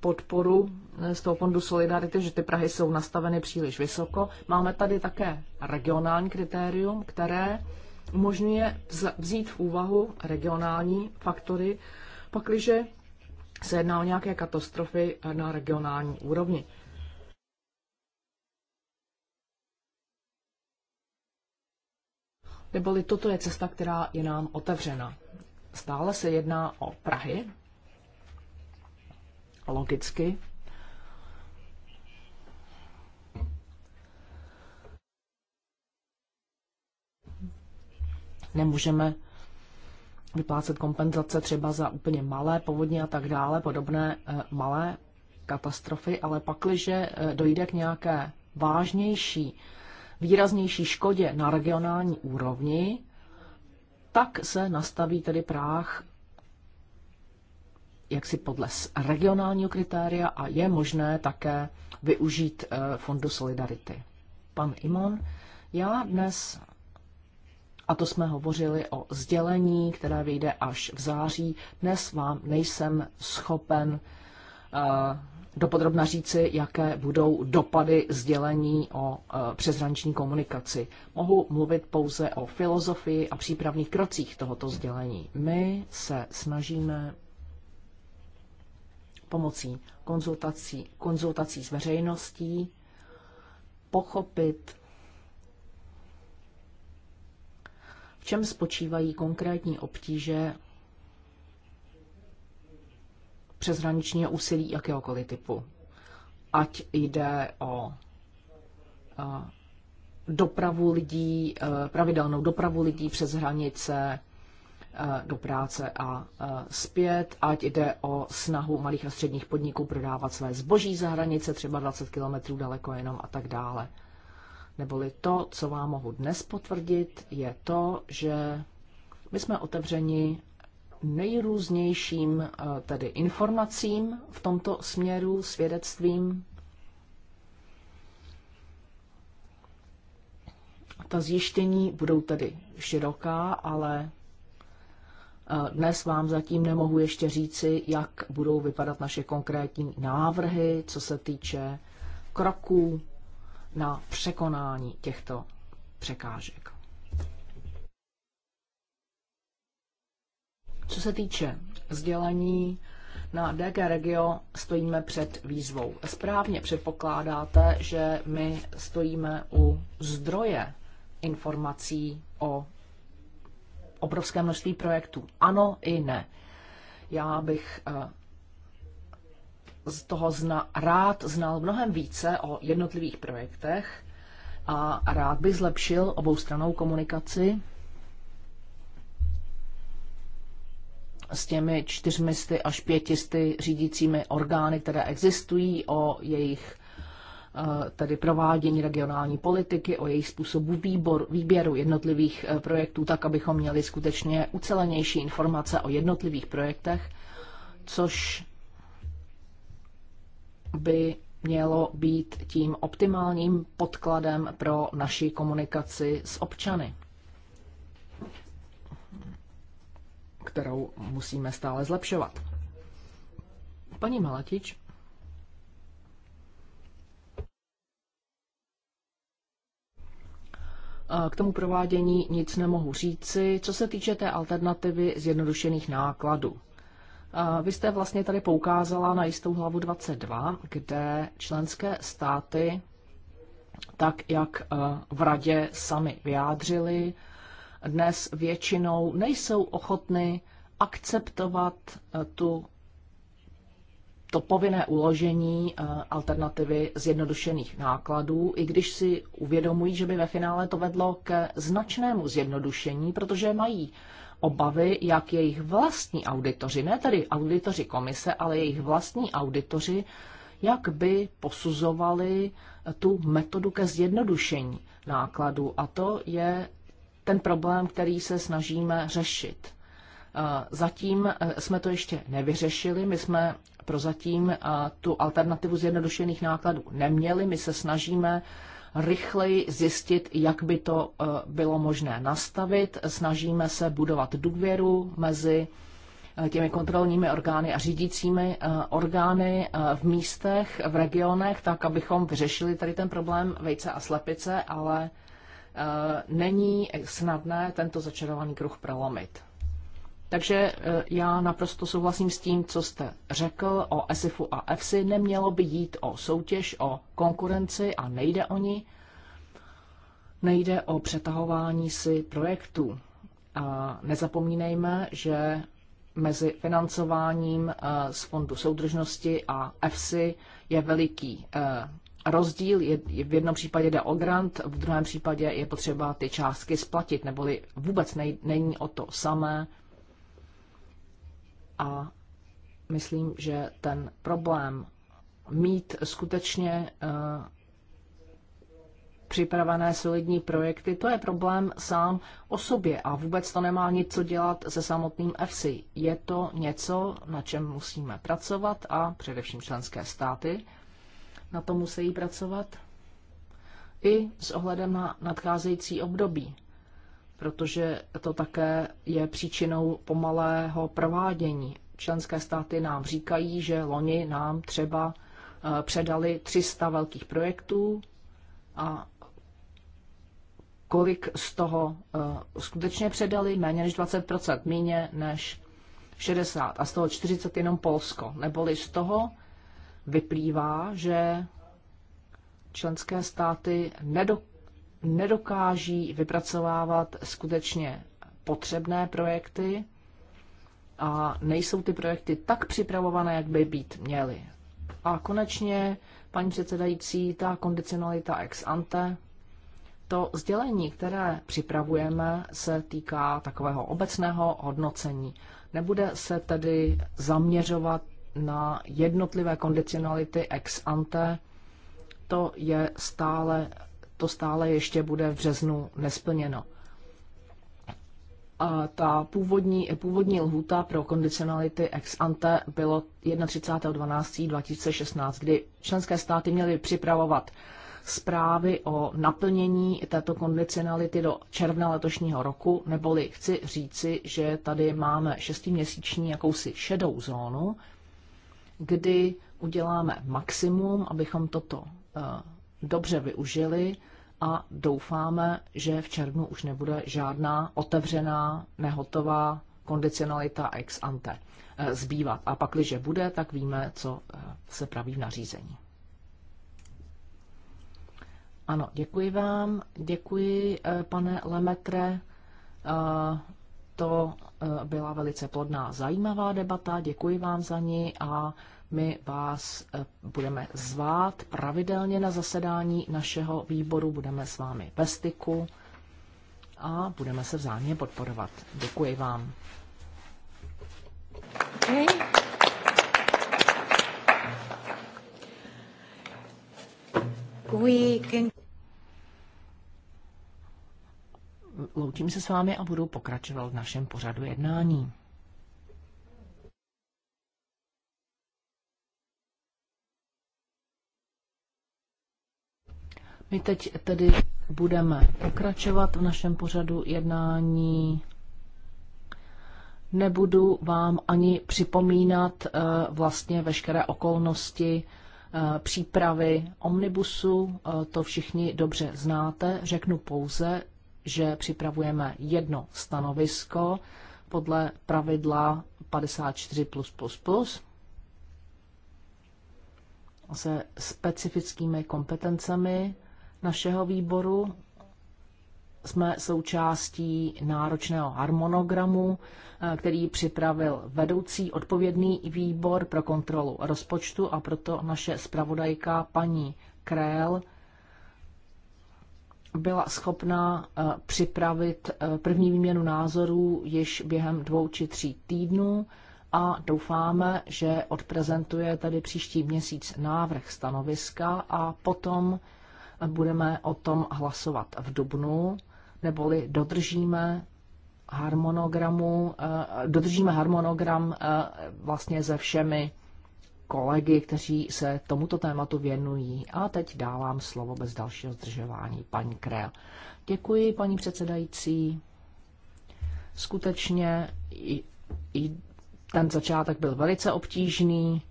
podporu eh, z toho fondu Solidarity, že ty Prahy jsou nastaveny příliš vysoko. Máme tady také regionální kritérium, které umožňuje vzít v úvahu regionální faktory, pakliže se jedná o nějaké katastrofy na regionální úrovni. Neboli toto je cesta, která je nám otevřena. Stále se jedná o Prahy, logicky Nemůžeme vyplácet kompenzace třeba za úplně malé povodně a tak dále, podobné eh, malé katastrofy, ale pakliže eh, dojde k nějaké vážnější, výraznější škodě na regionální úrovni, tak se nastaví tedy práh jaksi podle regionálního kritéria a je možné také využít eh, Fondu Solidarity. Pan Imon, já dnes a to jsme hovořili o sdělení, které vyjde až v září. Dnes vám nejsem schopen eh, dopodrobna říci, jaké budou dopady sdělení o eh, přeshraniční komunikaci. Mohu mluvit pouze o filozofii a přípravných krocích tohoto sdělení. My se snažíme pomocí konzultací, konzultací s veřejností pochopit čem spočívají konkrétní obtíže přeshraničního úsilí jakéhokoliv typu. Ať jde o eh, dopravu lidí, eh, pravidelnou dopravu lidí přes hranice eh, do práce a zpět, ať jde o snahu malých a středních podniků prodávat své zboží za hranice, třeba 20 kilometrů daleko jenom a tak dále. Neboli to, co vám mohu dnes potvrdit, je to, že my jsme otevřeni nejrůznějším eh, tedy informacím v tomto směru, svědectvím. Ta zjištění budou tedy široká, ale eh, dnes vám zatím nemohu ještě říci, jak budou vypadat naše konkrétní návrhy, co se týče kroků, na překonání těchto překážek. Co se týče sdělení, na DG Regio stojíme před výzvou. Správně předpokládáte, že my stojíme u zdroje informací o obrovské množství projektů. Ano i ne. Já bych eh, z toho zna, rád znal mnohem více o jednotlivých projektech a rád by zlepšil oboustranou komunikaci s těmi čtyřmisty až pětisty řídícími orgány, které existují, o jejich eh, tedy provádění regionální politiky, o jejich způsobu výbor, výběru jednotlivých eh, projektů, tak abychom měli skutečně ucelenější informace o jednotlivých projektech, což by mělo být tím optimálním podkladem pro naši komunikaci s občany, kterou musíme stále zlepšovat. Paní Malatič. K tomu provádění nic nemohu říci. Co se týče té alternativy zjednodušených nákladů, vy jste vlastně tady poukázala na jistou hlavu 22, kde členské státy, tak jak e, v radě sami vyjádřili, dnes většinou nejsou ochotny akceptovat e, tu, to povinné uložení e, alternativy zjednodušených nákladů, i když si uvědomují, že by ve finále to vedlo ke značnému zjednodušení, protože mají obavy, jak jejich vlastní auditoři, ne tedy auditoři komise, ale jejich vlastní auditoři, jak by posuzovali eh, tu metodu ke zjednodušení nákladů. A to je ten problém, který se snažíme řešit. Eh, zatím eh, jsme to ještě nevyřešili, my jsme prozatím tu alternativu zjednodušených nákladů neměli, my se snažíme rychleji zjistit, jak by to eh, bylo možné nastavit. Snažíme se budovat důvěru mezi eh, těmi kontrolními orgány a řídícími eh, orgány v místech, v regionech, tak abychom vyřešili tady ten problém vejce a slepice, ale není snadné tento začarovaný kruh prolomit. Takže e, já naprosto souhlasím s tím, co jste řekl o ESIFu a EFSI. Nemělo by jít o soutěž, o konkurenci a nejde o ní. Nejde o přetahování si projektů. A nezapomínejme, že mezi financováním e, z Fondu soudržnosti a EFSI je veliký e, rozdíl. v jednom případě jde o grant, v druhém případě je potřeba ty částky splatit, neboli vůbec není o to samé a myslím, že ten problém mít skutečně eh, připravené solidní projekty, to je problém sám o sobě a vůbec to nemá nic co dělat se samotným EFSI. Je to něco, na čem musíme pracovat a především členské státy na to musí pracovat i s ohledem na nadcházející období protože to také je příčinou pomalého provádění. Členské státy nám říkají, že loni nám třeba eh, předali 300 velkých projektů a kolik z toho eh, skutečně předali, méně než 20%, méně než 60 a z toho 40 jenom Polsko. Neboli z toho vyplývá, že členské státy nedokážou nedokáží vypracovávat skutečně potřebné projekty a nejsou ty projekty tak připravované, jak by být měly. A konečně, paní předsedající, ta kondicionalita ex ante, to sdělení, které připravujeme, se týká takového obecného hodnocení. Nebude se tedy zaměřovat na jednotlivé kondicionality ex ante, to je stále to stále ještě bude v březnu nesplněno. A ta původní, původní lhůta pro kondicionality ex ante bylo 31.12.2016, kdy členské státy měly připravovat zprávy o naplnění této kondicionality do června letošního roku, neboli chci říci, že tady máme šestiměsíční jakousi šedou zónu, kdy uděláme maximum, abychom toto eh, dobře využili a doufáme, že v červnu už nebude žádná otevřená, nehotová kondicionalita ex ante eh, zbývat. A pak, když bude, tak víme, co eh, se praví v nařízení. Ano, děkuji vám, děkuji, eh, pane Lemetre. To byla velice plodná, zajímavá debata, děkuji vám za ní a my vás eh, budeme zvát pravidelně na zasedání našeho výboru, budeme s vámi ve styku a budeme se vzájemně podporovat. Děkuji vám. Okay. can... Loučím se s vámi a budu pokračovat v našem pořadu jednání. My teď tedy budeme pokračovat v našem pořadu jednání. Nebudu vám ani připomínat eh, vlastně veškeré okolnosti eh, přípravy omnibusu, eh, to všichni dobře znáte. Řeknu pouze, že připravujeme jedno stanovisko podle pravidla 54 se specifickými kompetencemi našeho výboru. Jsme součástí náročného harmonogramu, eh, který připravil vedoucí odpovědný výbor pro kontrolu rozpočtu a proto naše zpravodajka paní Krél byla schopna eh, připravit eh, první výměnu názorů již během dvou či tří týdnů a doufáme, že odprezentuje tady příští měsíc návrh stanoviska a potom budeme o tom hlasovat v dubnu, neboli dodržíme harmonogramu, eh, dodržíme harmonogram eh, vlastně se všemi kolegy, kteří se tomuto tématu věnují. A teď dávám slovo bez dalšího zdržování paní Krel. Děkuji, paní předsedající. Skutečně i, i ten začátek byl velice obtížný.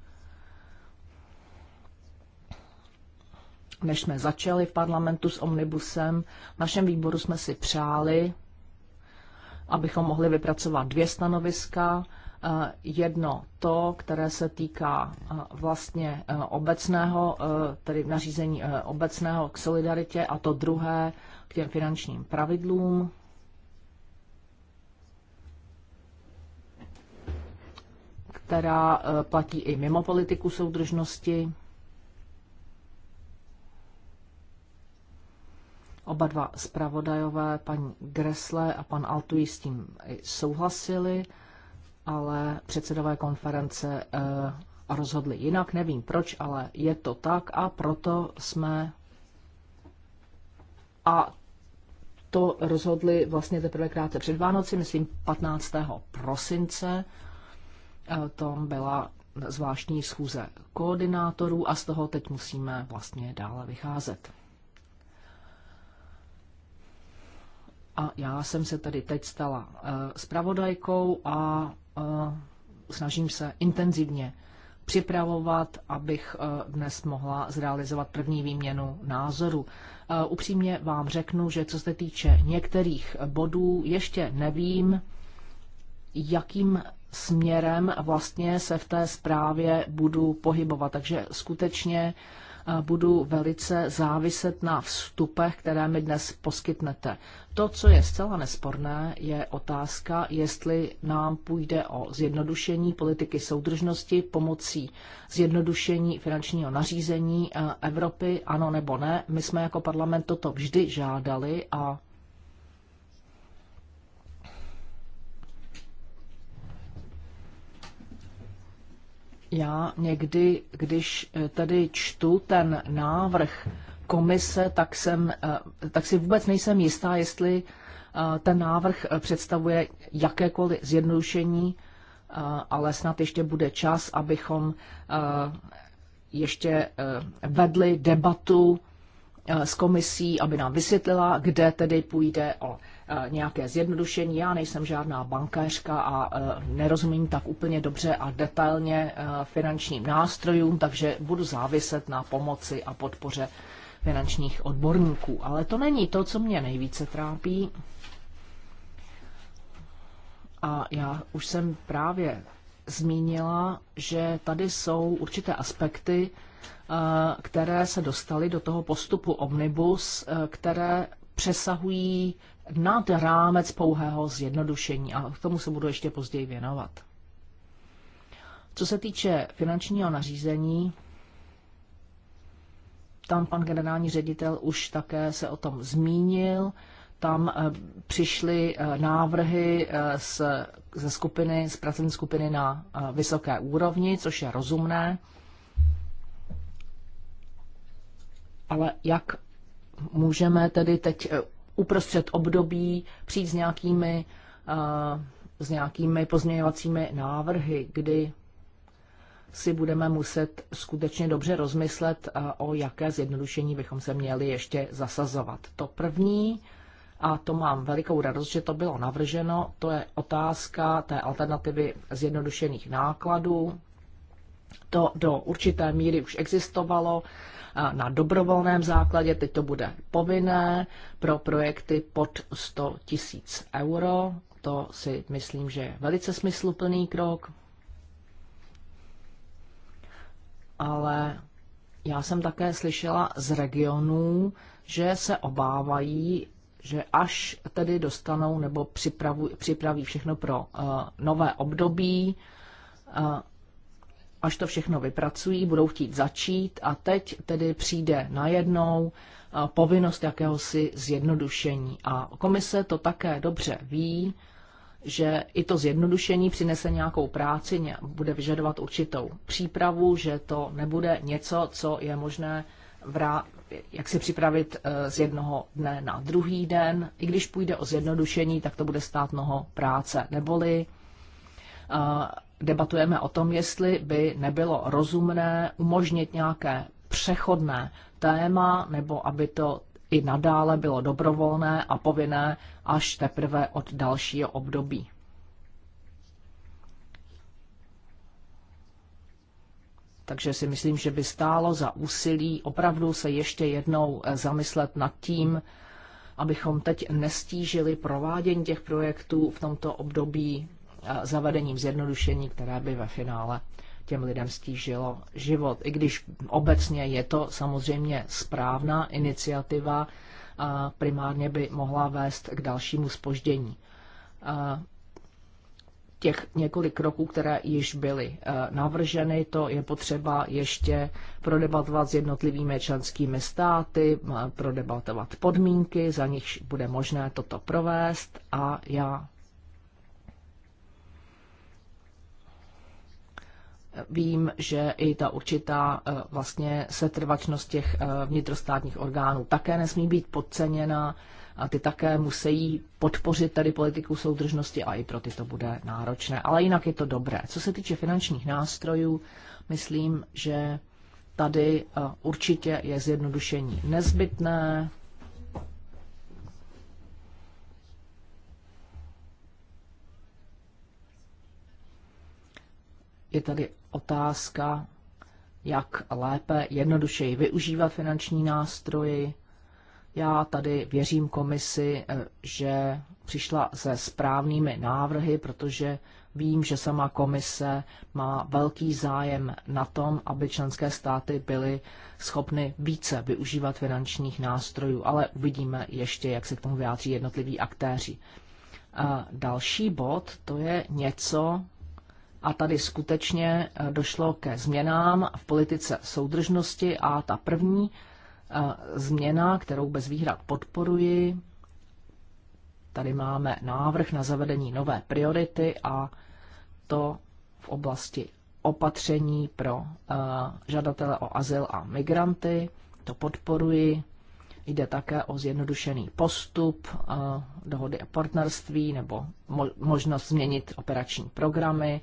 než jsme začali v parlamentu s omnibusem, v našem výboru jsme si přáli, abychom mohli vypracovat dvě stanoviska. Eh, jedno to, které se týká eh, vlastně eh, obecného, tedy nařízení obecného k solidaritě, a to druhé k těm finančním pravidlům. která platí i mimo politiku soudržnosti. Oba dva zpravodajové, paní Gresle a pan Altuji s tím souhlasili, ale předsedové konference eh, rozhodli jinak, nevím proč, ale je to tak a proto jsme a to rozhodli vlastně teprve krátce před Vánoci, myslím 15. prosince. Eh, Tom byla zvláštní schůze koordinátorů a z toho teď musíme vlastně dále vycházet. A já jsem se tady teď stala spravodajkou eh, a eh, snažím se intenzivně připravovat, abych eh, dnes mohla zrealizovat první výměnu názoru. Upřímně vám řeknu, že co se týče některých bodů, ještě nevím, jakým směrem vlastně se v té zprávě budu pohybovat. Takže skutečně budu velice záviset na vstupech, které mi dnes poskytnete. To, co je zcela nesporné, je otázka, jestli nám půjde o zjednodušení politiky soudržnosti pomocí zjednodušení finančního nařízení eh, Evropy, ano nebo ne. My jsme jako parlament toto vždy žádali a Já někdy, když eh, tady čtu ten návrh komise, tak, jsem, eh, tak si vůbec nejsem jistá, jestli eh, ten návrh představuje jakékoliv zjednodušení, ale snad ještě bude čas, abychom ještě vedli debatu s komisí, aby nám vysvětlila, kde tedy půjde o Eh, nějaké zjednodušení. Já nejsem žádná bankéřka a eh, nerozumím tak úplně dobře a detailně eh, finančním nástrojům, takže budu záviset na pomoci a podpoře finančních odborníků. Ale to není to, co mě nejvíce trápí. A já už jsem právě zmínila, že tady jsou určité aspekty, které se dostaly do toho postupu Omnibus, které přesahují nad rámec pouhého zjednodušení a k tomu se budu ještě později věnovat. Co se týče finančního nařízení, tam pan generální ředitel už také se o tom zmínil. Tam eh, přišly eh, návrhy z, eh, ze skupiny, z pracovní skupiny na vysoké úrovni, což je rozumné. Ale jak můžeme tedy teď uprostřed období přijít s nějakými, eh, s nějakými pozměňovacími návrhy, kdy si budeme muset skutečně dobře rozmyslet, eh, o jaké zjednodušení bychom se měli ještě zasazovat. To první, a to mám velikou radost, že to bylo navrženo, to je otázka té alternativy zjednodušených nákladů. To do určité míry už existovalo na dobrovolném základě, teď to bude povinné pro projekty pod 100 tisíc euro. To si myslím, že je velice smysluplný krok. Ale já jsem také slyšela z regionů, že se obávají, že až tedy dostanou nebo připravují, připraví všechno pro uh, nové období, uh, až to všechno vypracují, budou chtít začít a teď tedy přijde najednou povinnost jakéhosi zjednodušení. A komise to také dobře ví, že i to zjednodušení přinese nějakou práci, bude vyžadovat určitou přípravu, že to nebude něco, co je možné vrá- jak si připravit e, z jednoho dne na druhý den. I když půjde o zjednodušení, tak to bude stát mnoho práce. Neboli debatujeme o tom, jestli by nebylo rozumné umožnit nějaké přechodné téma, nebo aby to i nadále bylo dobrovolné a povinné až teprve od dalšího období. Takže si myslím, že by stálo za úsilí opravdu se ještě jednou zamyslet nad tím, abychom teď nestížili provádění těch projektů v tomto období zavedením zjednodušení, které by ve finále těm lidem stížilo život. I když obecně je to samozřejmě správná iniciativa, primárně by mohla vést k dalšímu spoždění. Těch několik kroků, které již byly e, navrženy, to je potřeba ještě prodebatovat s jednotlivými členskými státy, prodebatovat podmínky, za nich bude možné toto provést a já Vím, že i ta určitá eh, vlastně setrvačnost těch eh, vnitrostátních orgánů také nesmí být podceněna a ty také musí podpořit tady politiku soudržnosti a i pro ty to bude náročné. Ale jinak je to dobré. Co se týče finančních nástrojů, myslím, že tady eh, určitě je zjednodušení nezbytné. Je tady otázka, jak lépe, jednodušeji využívat finanční nástroji. Já tady věřím komisi, eh, že přišla se správnými návrhy, protože vím, že sama komise má velký zájem na tom, aby členské státy byly schopny více využívat finančních nástrojů, ale uvidíme ještě, jak se k tomu vyjádří jednotliví aktéři. A eh, další bod, to je něco, a tady skutečně eh, došlo ke změnám v politice soudržnosti a ta první eh, změna, kterou bez výhrad podporuji, tady máme návrh na zavedení nové priority a to v oblasti opatření pro eh, žadatele o azyl a migranty. To podporuji. Jde také o zjednodušený postup, dohody o partnerství nebo možnost změnit operační programy,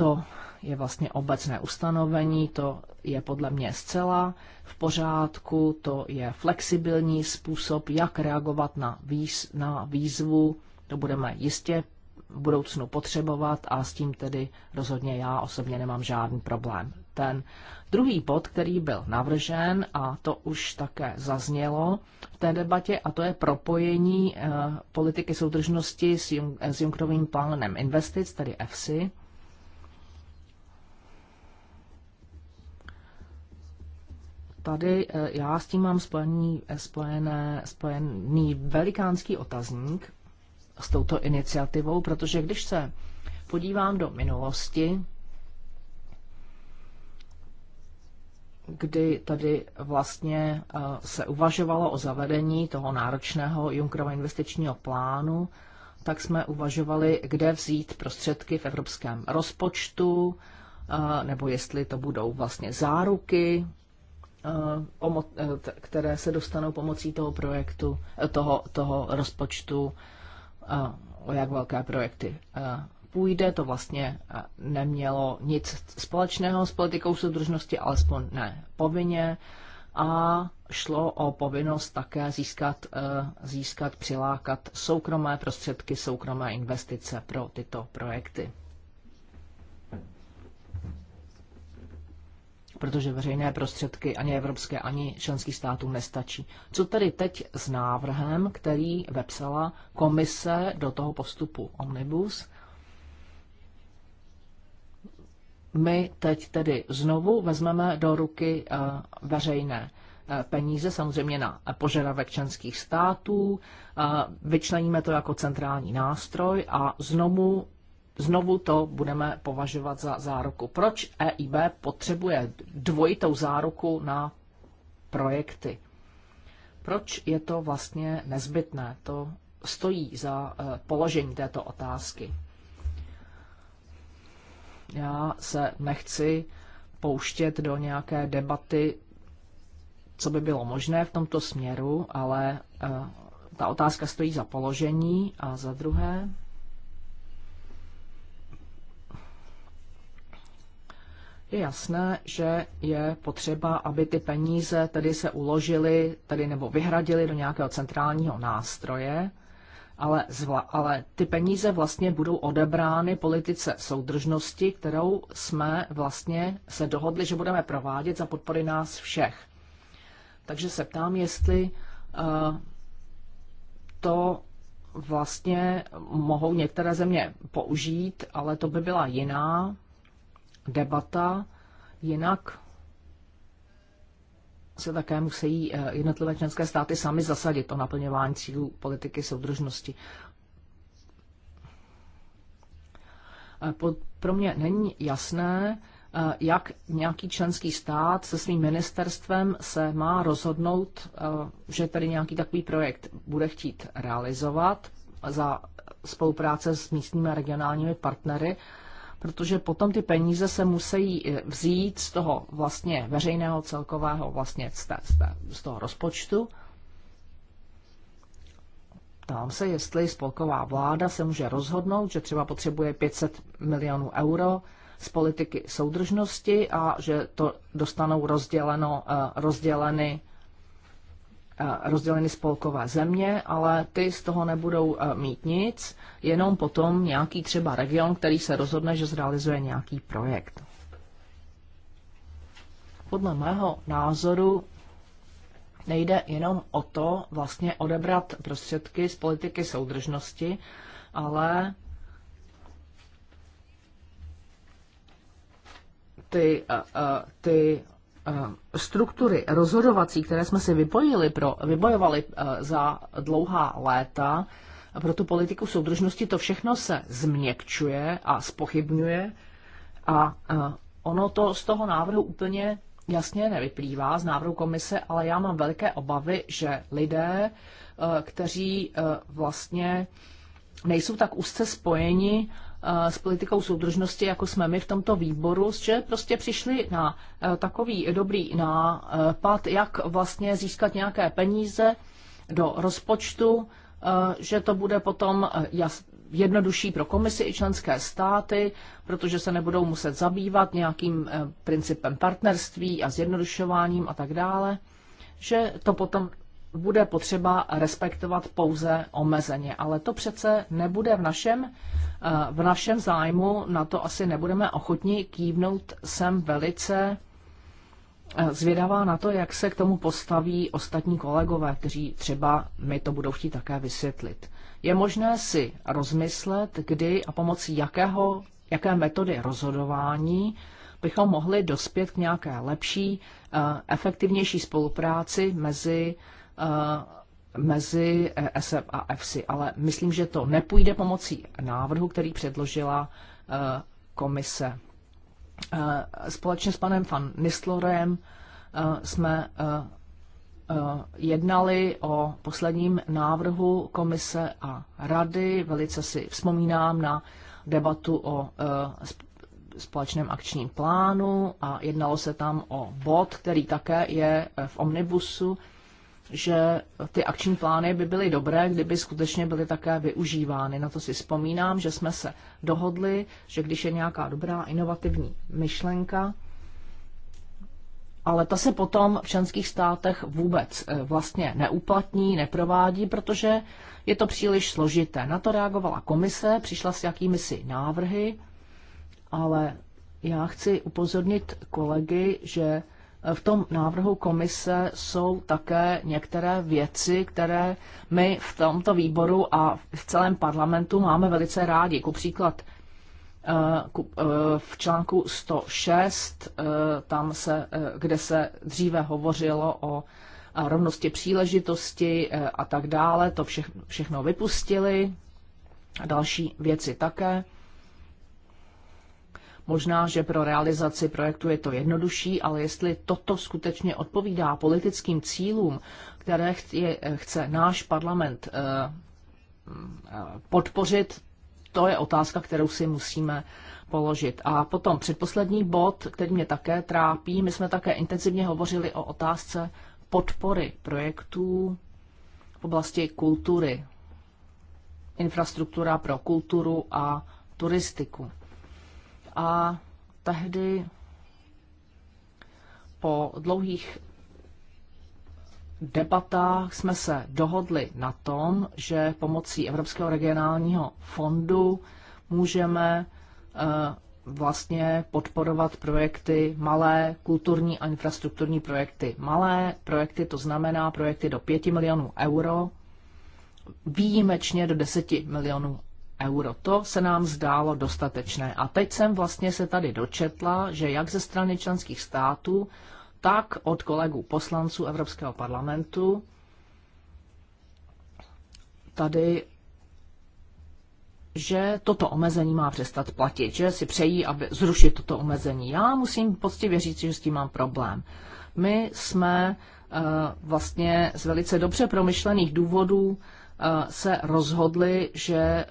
to je vlastně obecné ustanovení, to je podle mě zcela v pořádku, to je flexibilní způsob, jak reagovat na, výz, na výzvu, to budeme jistě v budoucnu potřebovat a s tím tedy rozhodně já osobně nemám žádný problém. Ten druhý bod, který byl navržen, a to už také zaznělo v té debatě, a to je propojení eh, politiky soudržnosti s, jung, eh, s Junkrovým plánem investic, tedy EFSI, tady eh, já s tím mám spojený, eh, spojené, spojený velikánský otazník s touto iniciativou, protože když se podívám do minulosti, kdy tady vlastně eh, se uvažovalo o zavedení toho náročného Junckerova investičního plánu, tak jsme uvažovali, kde vzít prostředky v evropském rozpočtu, nebo jestli to budou vlastně záruky Eh, eh, které se dostanou pomocí toho projektu, eh, toho, toho rozpočtu, o jak velké projekty půjde. To vlastně nemělo nic společného s politikou soudržnosti, alespoň ne povinně. A šlo o povinnost také získat, získat, přilákat soukromé prostředky, soukromé investice pro tyto projekty. protože veřejné prostředky ani evropské, ani členských států nestačí. Co tedy teď s návrhem, který vepsala komise do toho postupu Omnibus? My teď tedy znovu vezmeme do ruky eh, veřejné eh, peníze, samozřejmě na požadavek členských států, eh, vyčleníme to jako centrální nástroj a znovu znovu to budeme považovat za záruku. Proč EIB potřebuje dvojitou záruku na projekty? Proč je to vlastně nezbytné? To stojí za eh, položení této otázky. Já se nechci pouštět do nějaké debaty, co by bylo možné v tomto směru, ale eh, ta otázka stojí za položení a za druhé je jasné, že je potřeba, aby ty peníze tedy se uložily, tedy nebo vyhradily do nějakého centrálního nástroje, ale, zvla, ale ty peníze vlastně budou odebrány politice soudržnosti, kterou jsme vlastně se dohodli, že budeme provádět za podpory nás všech. Takže se ptám, jestli uh, to vlastně mohou některé země použít, ale to by byla jiná debata, jinak se také musí eh, jednotlivé členské státy sami zasadit o naplňování cílů politiky soudržnosti. Eh, pro mě není jasné, eh, jak nějaký členský stát se svým ministerstvem se má rozhodnout, že tady nějaký takový projekt bude chtít realizovat za spolupráce s místními a regionálními partnery protože potom ty peníze se musí eh, vzít z toho vlastně veřejného celkového vlastně z toho rozpočtu. Ptám se, jestli spolková vláda se může rozhodnout, že třeba potřebuje 500 milionů euro z politiky soudržnosti a že to dostanou rozděleno, eh, rozděleny rozděleny spolkové země, ale ty z toho nebudou e, mít nic, jenom potom nějaký třeba region, který se rozhodne, že zrealizuje nějaký projekt. Podle mého názoru nejde jenom o to vlastně odebrat prostředky z politiky soudržnosti, ale ty, e, e, ty Eh, struktury rozhodovací, které jsme si vypojili pro, vybojovali eh, za dlouhá léta, pro tu politiku soudržnosti to všechno se změkčuje a spochybňuje a eh, ono to z toho návrhu úplně jasně nevyplývá z návrhu komise, ale já mám velké obavy, že lidé, kteří vlastně nejsou tak úzce spojeni Eh, s politikou soudržnosti, jako jsme my v tomto výboru, že prostě přišli na eh, takový dobrý nápad, jak vlastně získat nějaké peníze do rozpočtu, eh, že to bude potom jednodušší pro komisi i členské státy, protože se nebudou muset zabývat nějakým principem partnerství a zjednodušováním a tak dále, že to potom bude potřeba respektovat pouze omezeně. Ale to přece nebude v našem, eh, v našem zájmu, na to asi nebudeme ochotni kývnout. sem velice eh, zvědavá na to, jak se k tomu postaví ostatní kolegové, kteří třeba mi to budou chtít také vysvětlit. Je možné si rozmyslet, kdy a pomocí jakého, jaké metody rozhodování bychom mohli dospět k nějaké lepší, eh, efektivnější spolupráci mezi Eh, mezi e SF a EFSI, ale myslím, že to nepůjde pomocí návrhu, který předložila eh, komise. Eh, společně s panem Van Nistlorem jsme jednali o posledním návrhu komise a rady. Velice si vzpomínám na debatu o společném akčním plánu a jednalo se tam o bod, který také je v omnibusu že ty akční plány by byly dobré, kdyby skutečně byly také využívány. Na to si vzpomínám, že jsme se dohodli, že když je nějaká dobrá inovativní myšlenka, ale ta se potom v členských státech vůbec eh, vlastně neuplatní, neprovádí, protože je to příliš složité. Na to reagovala komise, přišla s jakými si návrhy, ale já chci upozornit kolegy, že v tom návrhu komise jsou také některé věci, které my v tomto výboru a v celém parlamentu máme velice rádi. Ku příklad eh, eh, v článku 106, eh, tam se, kde se dříve hovořilo o rovnosti příležitosti a tak dále, to vše, všechno vypustili, další věci také. Možná, že pro realizaci projektu je to jednodušší, ale jestli toto skutečně odpovídá politickým cílům, které chce náš parlament eh, eh, podpořit, to je otázka, kterou si musíme položit. A potom předposlední bod, který mě také trápí, my jsme také intenzivně hovořili o otázce podpory projektů v oblasti kultury, infrastruktura pro kulturu a turistiku a tehdy po dlouhých debatách jsme se dohodli na tom, že pomocí Evropského regionálního fondu můžeme eh, vlastně podporovat projekty malé, kulturní a infrastrukturní projekty. Malé projekty, to znamená projekty do 5 milionů euro, výjimečně do 10 milionů euro. To se nám zdálo dostatečné. A teď jsem vlastně se tady dočetla, že jak ze strany členských států, tak od kolegů poslanců Evropského parlamentu tady že toto omezení má přestat platit, že si přejí, aby zrušit toto omezení. Já musím poctivě říct, že s tím mám problém. My jsme uh, vlastně z velice dobře promyšlených důvodů Eh, se rozhodli, že eh,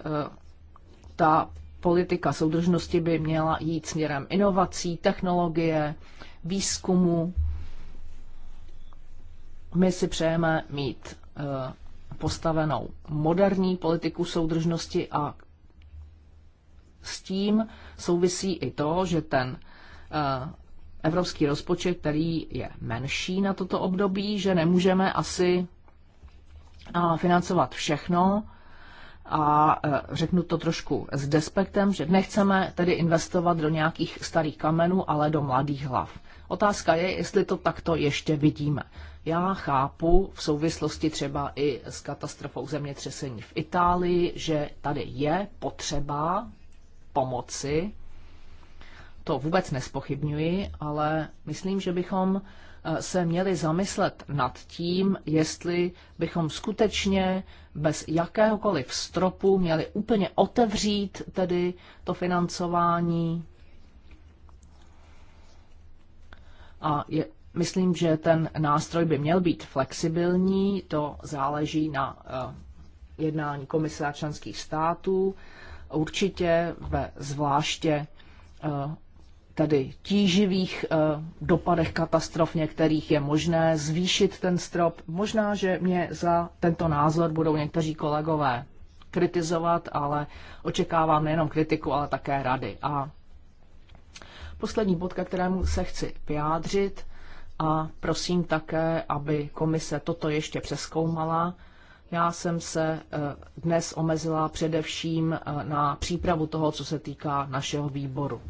ta politika soudržnosti by měla jít směrem inovací, technologie, výzkumu. My si přejeme mít eh, postavenou moderní politiku soudržnosti a s tím souvisí i to, že ten evropský rozpočet, který je menší na toto období, že nemůžeme asi a financovat všechno. A e, řeknu to trošku s despektem, že nechceme tedy investovat do nějakých starých kamenů, ale do mladých hlav. Otázka je, jestli to takto ještě vidíme. Já chápu v souvislosti třeba i s katastrofou zemětřesení v Itálii, že tady je potřeba pomoci. To vůbec nespochybňuji, ale myslím, že bychom se měli zamyslet nad tím, jestli bychom skutečně bez jakéhokoliv stropu měli úplně otevřít tedy to financování. A je, myslím, že ten nástroj by měl být flexibilní, to záleží na uh, jednání komise a členských států. Určitě ve zvláště uh, tedy tíživých eh, dopadech katastrof některých je možné zvýšit ten strop. Možná, že mě za tento názor budou někteří kolegové kritizovat, ale očekávám nejenom kritiku, ale také rady. A poslední bod, ke kterému se chci vyjádřit, a prosím také, aby komise toto ještě přeskoumala. Já jsem se eh, dnes omezila především eh, na přípravu toho, co se týká našeho výboru.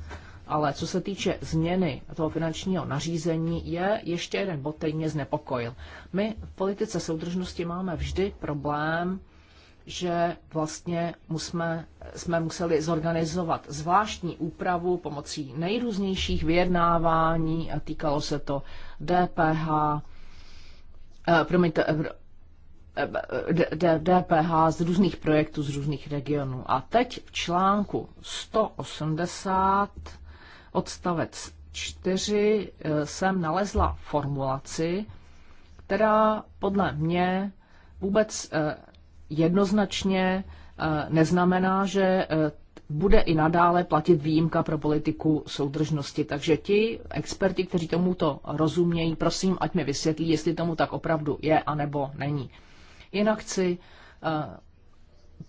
Ale co se týče změny toho finančního nařízení, je ještě jeden bod, který mě znepokojil. My v politice soudržnosti máme vždy problém, že vlastně musme, jsme museli zorganizovat zvláštní úpravu pomocí nejrůznějších vyjednávání a týkalo se to DPH, eh, promiňte, DPH eh, eh, z různých projektů, z různých regionů. A teď v článku 180 odstavec 4 eh, jsem nalezla formulaci, která podle mě vůbec eh, jednoznačně eh, neznamená, že bude i nadále platit výjimka pro politiku soudržnosti. Takže ti experti, kteří tomuto rozumějí, prosím, ať mi vysvětlí, jestli tomu tak opravdu je, anebo není. Jinak chci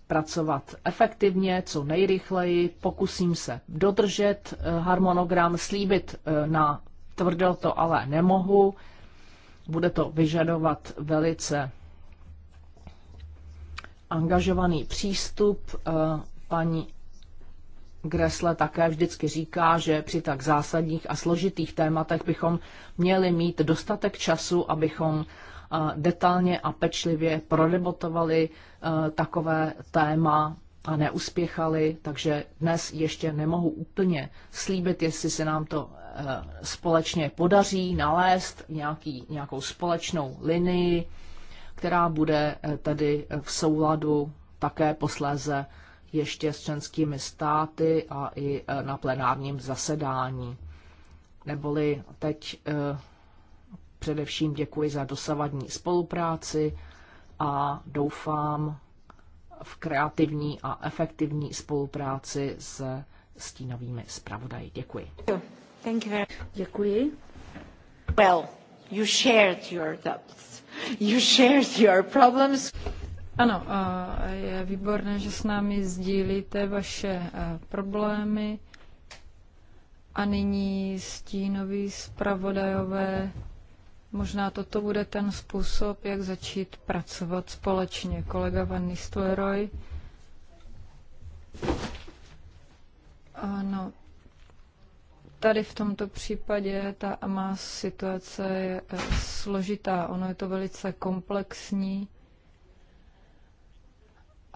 pracovat efektivně, co nejrychleji, pokusím se dodržet eh, harmonogram, slíbit eh, na tvrdo to ale nemohu. Bude to vyžadovat velice angažovaný přístup. Eh, paní Gresle také vždycky říká, že při tak zásadních a složitých tématech bychom měli mít dostatek času, abychom detailně a pečlivě prodebatovali Eh, takové téma a neuspěchali, takže dnes ještě nemohu úplně slíbit, jestli se nám to eh, společně podaří nalézt nějaký, nějakou společnou linii, která bude eh, tedy v souladu také posléze ještě s členskými státy a i na plenárním zasedání. Neboli teď především děkuji za dosavadní spolupráci a doufám v kreativní a efektivní spolupráci s stínovými zpravodaji. Děkuji. Thank you. Děkuji. Well, you shared your doubts. You shared your problems. Ano, je výborné, že s námi sdílíte vaše e, problémy. A nyní stínoví zpravodajové Možná toto bude ten způsob, jak začít pracovat společně. Kolega Van Nistelrooy. Ano, tady v tomto případě ta má situace je eh, složitá. Ono je to velice komplexní.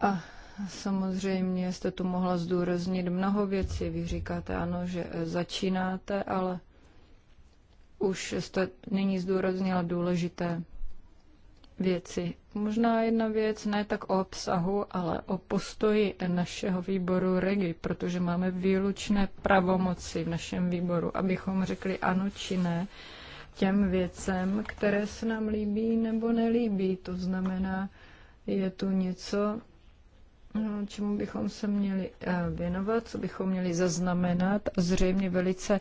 A samozřejmě jste tu mohla zdůraznit mnoho věcí. Vy říkáte ano, že eh, začínáte, ale už jste nyní zdůraznila důležité věci. Možná jedna věc, ne tak o obsahu, ale o postoji našeho výboru REGI, protože máme výlučné pravomoci v našem výboru, abychom řekli ano či ne těm věcem, které se nám líbí nebo nelíbí. To znamená, je tu něco, čemu bychom se měli eh, věnovat, co bychom měli zaznamenat a zřejmě velice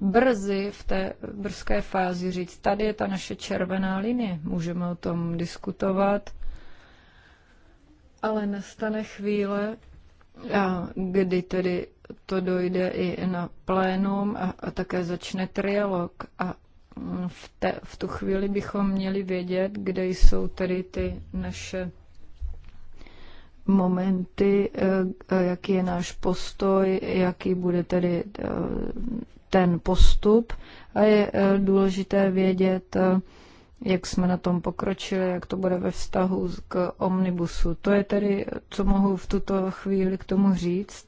brzy v té brzké fázi říct, tady je ta naše červená linie, můžeme o tom diskutovat, ale nastane chvíle, kdy tedy to dojde i na plénum a, a také začne trialog a mm, v, te, v tu chvíli bychom měli vědět, kde jsou tedy ty naše momenty, eh, jaký je náš postoj, jaký bude tedy eh, ten postup. A je eh, důležité vědět, jak jsme na tom pokročili, jak to bude ve vztahu k omnibusu. To je tedy, co mohu v tuto chvíli k tomu říct.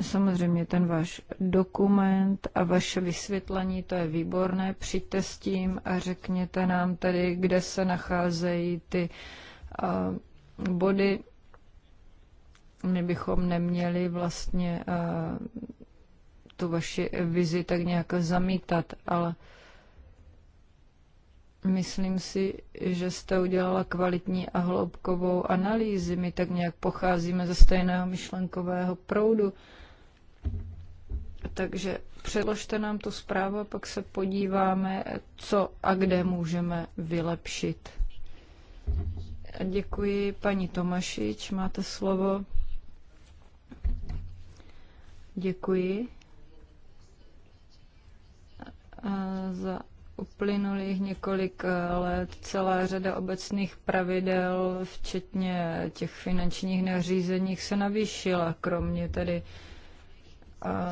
Samozřejmě ten váš dokument a vaše vysvětlení, to je výborné. Přijďte s tím a řekněte nám tedy, kde se nacházejí ty uh, body. My bychom neměli vlastně tu vaši vizi tak nějak zamítat, ale Myslím si, že jste udělala kvalitní a hloubkovou analýzi. My tak nějak pocházíme ze stejného myšlenkového proudu. Takže předložte nám tu zprávu a pak se podíváme, co a kde můžeme vylepšit. Děkuji, paní Tomašič, máte slovo. Děkuji za uplynulých několik let celá řada obecných pravidel, včetně těch finančních nařízeních, se navýšila, kromě tedy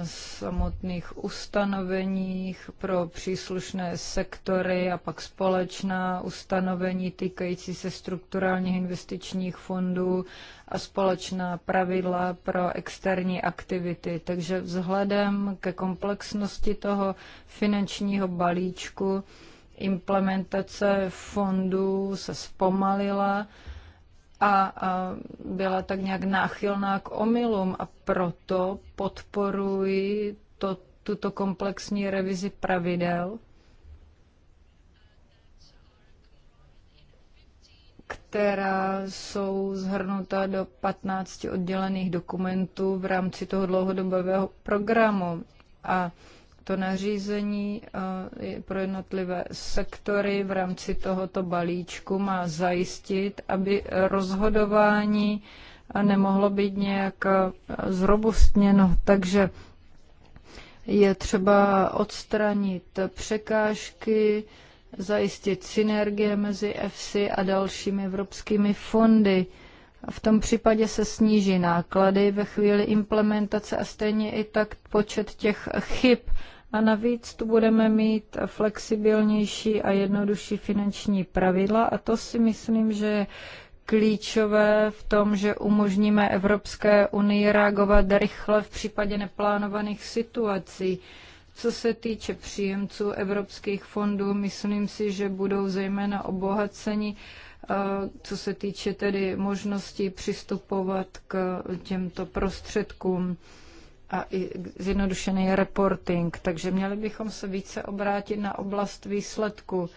samotných ustanoveních pro příslušné sektory a pak společná ustanovení týkající se strukturálních investičních fondů a společná pravidla pro externí aktivity. Takže vzhledem ke komplexnosti toho finančního balíčku implementace fondů se zpomalila a, byla tak nějak náchylná k omylům a proto podporuji to, tuto komplexní revizi pravidel, která jsou zhrnuta do 15 oddělených dokumentů v rámci toho dlouhodobého programu. A to nařízení eh, pro jednotlivé sektory v rámci tohoto balíčku má zajistit, aby rozhodování eh, nemohlo být nějak eh, zrobustněno. Takže je třeba odstranit překážky, zajistit synergie mezi EFSI a dalšími evropskými fondy. V tom případě se sníží náklady ve chvíli implementace a stejně i tak počet těch chyb. A navíc tu budeme mít flexibilnější a jednodušší finanční pravidla a to si myslím, že je klíčové v tom, že umožníme Evropské unii reagovat rychle v případě neplánovaných situací. Co se týče příjemců evropských fondů, myslím si, že budou zejména obohaceni, eh, co se týče tedy možností přistupovat k těmto prostředkům a i zjednodušený reporting. Takže měli bychom se více obrátit na oblast výsledku.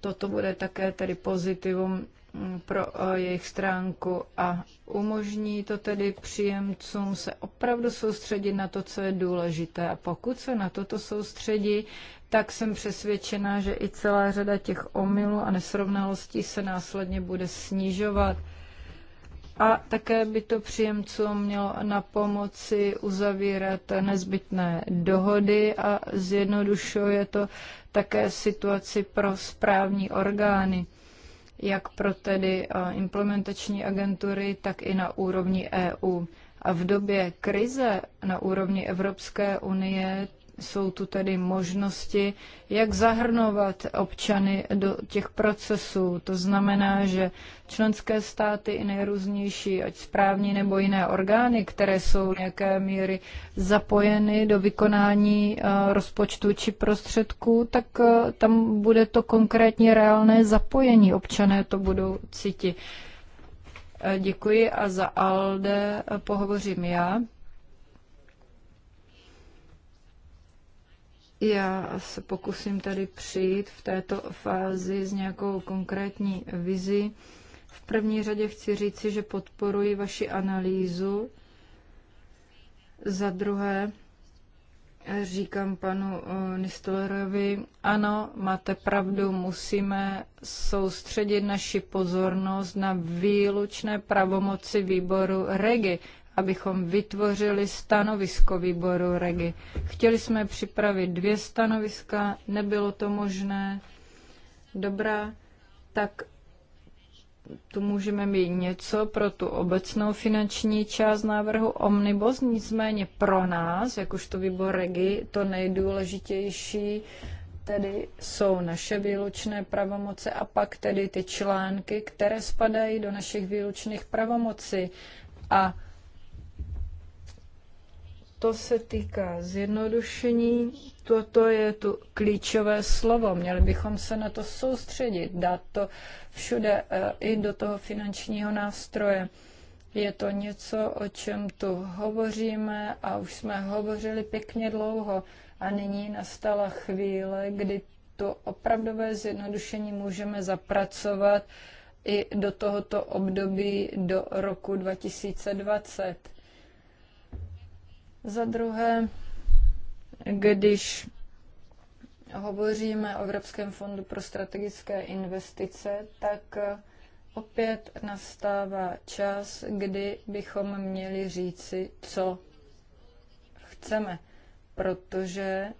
Toto bude také tedy pozitivum mm, pro eh, jejich stránku a umožní to tedy příjemcům se opravdu soustředit na to, co je důležité. A pokud se na toto soustředí, tak jsem přesvědčená, že i celá řada těch omylů a nesrovnalostí se následně bude snižovat a také by to příjemcům mělo na pomoci uzavírat nezbytné dohody a zjednodušuje to také situaci pro správní orgány, jak pro tedy eh, implementační agentury, tak i na úrovni EU. A v době krize na úrovni Evropské unie jsou tu tedy možnosti, jak zahrnovat občany do těch procesů. To znamená, že členské státy i nejrůznější, ať správní nebo jiné orgány, které jsou nějaké míry zapojeny do vykonání eh, rozpočtu či prostředků, tak eh, tam bude to konkrétně reálné zapojení. Občané to budou cítit. Eh, děkuji a za ALDE pohovořím já. Já se pokusím tady přijít v této fázi s nějakou konkrétní vizi. V první řadě chci říci, že podporuji vaši analýzu. Za druhé, říkám panu eh, Nistlerovi, ano, máte pravdu, musíme soustředit naši pozornost na výlučné pravomoci výboru REGI abychom vytvořili stanovisko výboru REGI. Chtěli jsme připravit dvě stanoviska, nebylo to možné. Dobrá, tak tu můžeme mít něco pro tu obecnou finanční část návrhu Omnibus, nicméně pro nás, jakožto výbor Regi, to nejdůležitější tedy jsou naše výlučné pravomoce a pak tedy ty články, které spadají do našich výlučných pravomocí. A to se týká zjednodušení. Toto je tu klíčové slovo. Měli bychom se na to soustředit, dát to všude eh, i do toho finančního nástroje. Je to něco, o čem tu hovoříme a už jsme hovořili pěkně dlouho. A nyní nastala chvíle, kdy to opravdové zjednodušení můžeme zapracovat i do tohoto období do roku 2020 za druhé, když hovoříme o Evropském fondu pro strategické investice, tak opět nastává čas, kdy bychom měli říci, co chceme, protože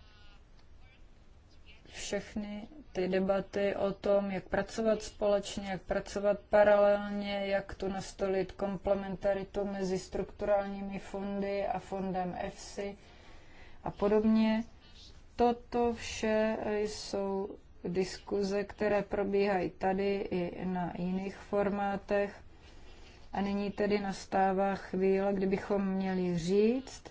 všechny ty debaty o tom, jak pracovat společně, jak pracovat paralelně, jak tu nastolit komplementaritu mezi strukturálními fondy a fondem EFSI a podobně. Toto vše jsou diskuze, které probíhají tady i na jiných formátech. A nyní tedy nastává chvíle, kdybychom měli říct,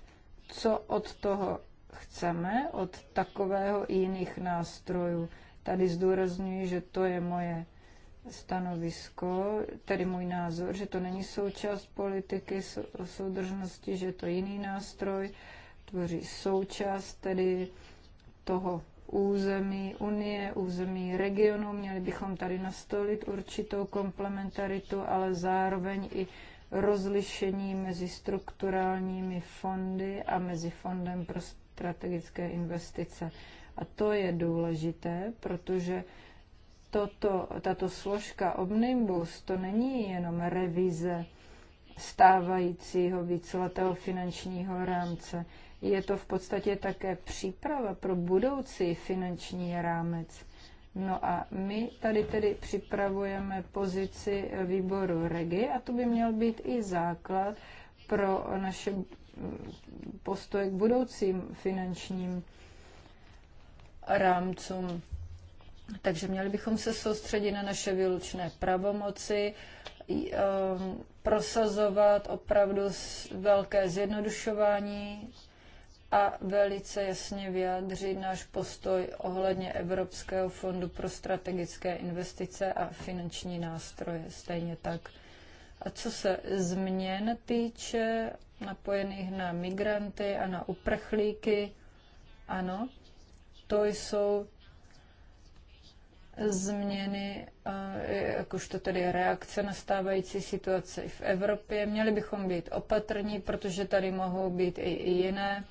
co od toho chceme, od takového i jiných nástrojů. Tady zdůrazňuji, že to je moje stanovisko, tedy můj názor, že to není součást politiky soudržnosti, že je to jiný nástroj, tvoří součást tedy toho území Unie, území regionu. Měli bychom tady nastolit určitou komplementaritu, ale zároveň i rozlišení mezi strukturálními fondy a mezi Fondem pro strategické investice. A to je důležité, protože toto, tato složka Omnibus to není jenom revize stávajícího víceletého finančního rámce. Je to v podstatě také příprava pro budoucí finanční rámec. No a my tady tedy připravujeme pozici výboru REGI a to by měl být i základ pro naše mm, postoje k budoucím finančním rámcům. Takže měli bychom se soustředit na naše výlučné pravomoci, ehm, prosazovat opravdu velké zjednodušování a velice jasně vyjádřit náš postoj ohledně Evropského fondu pro strategické investice a finanční nástroje. Stejně tak. A co se změn týče, napojených na migranty a na uprchlíky, ano, to jsou změny, jakožto tedy reakce na stávající situaci v Evropě. Měli bychom být opatrní, protože tady mohou být i jiné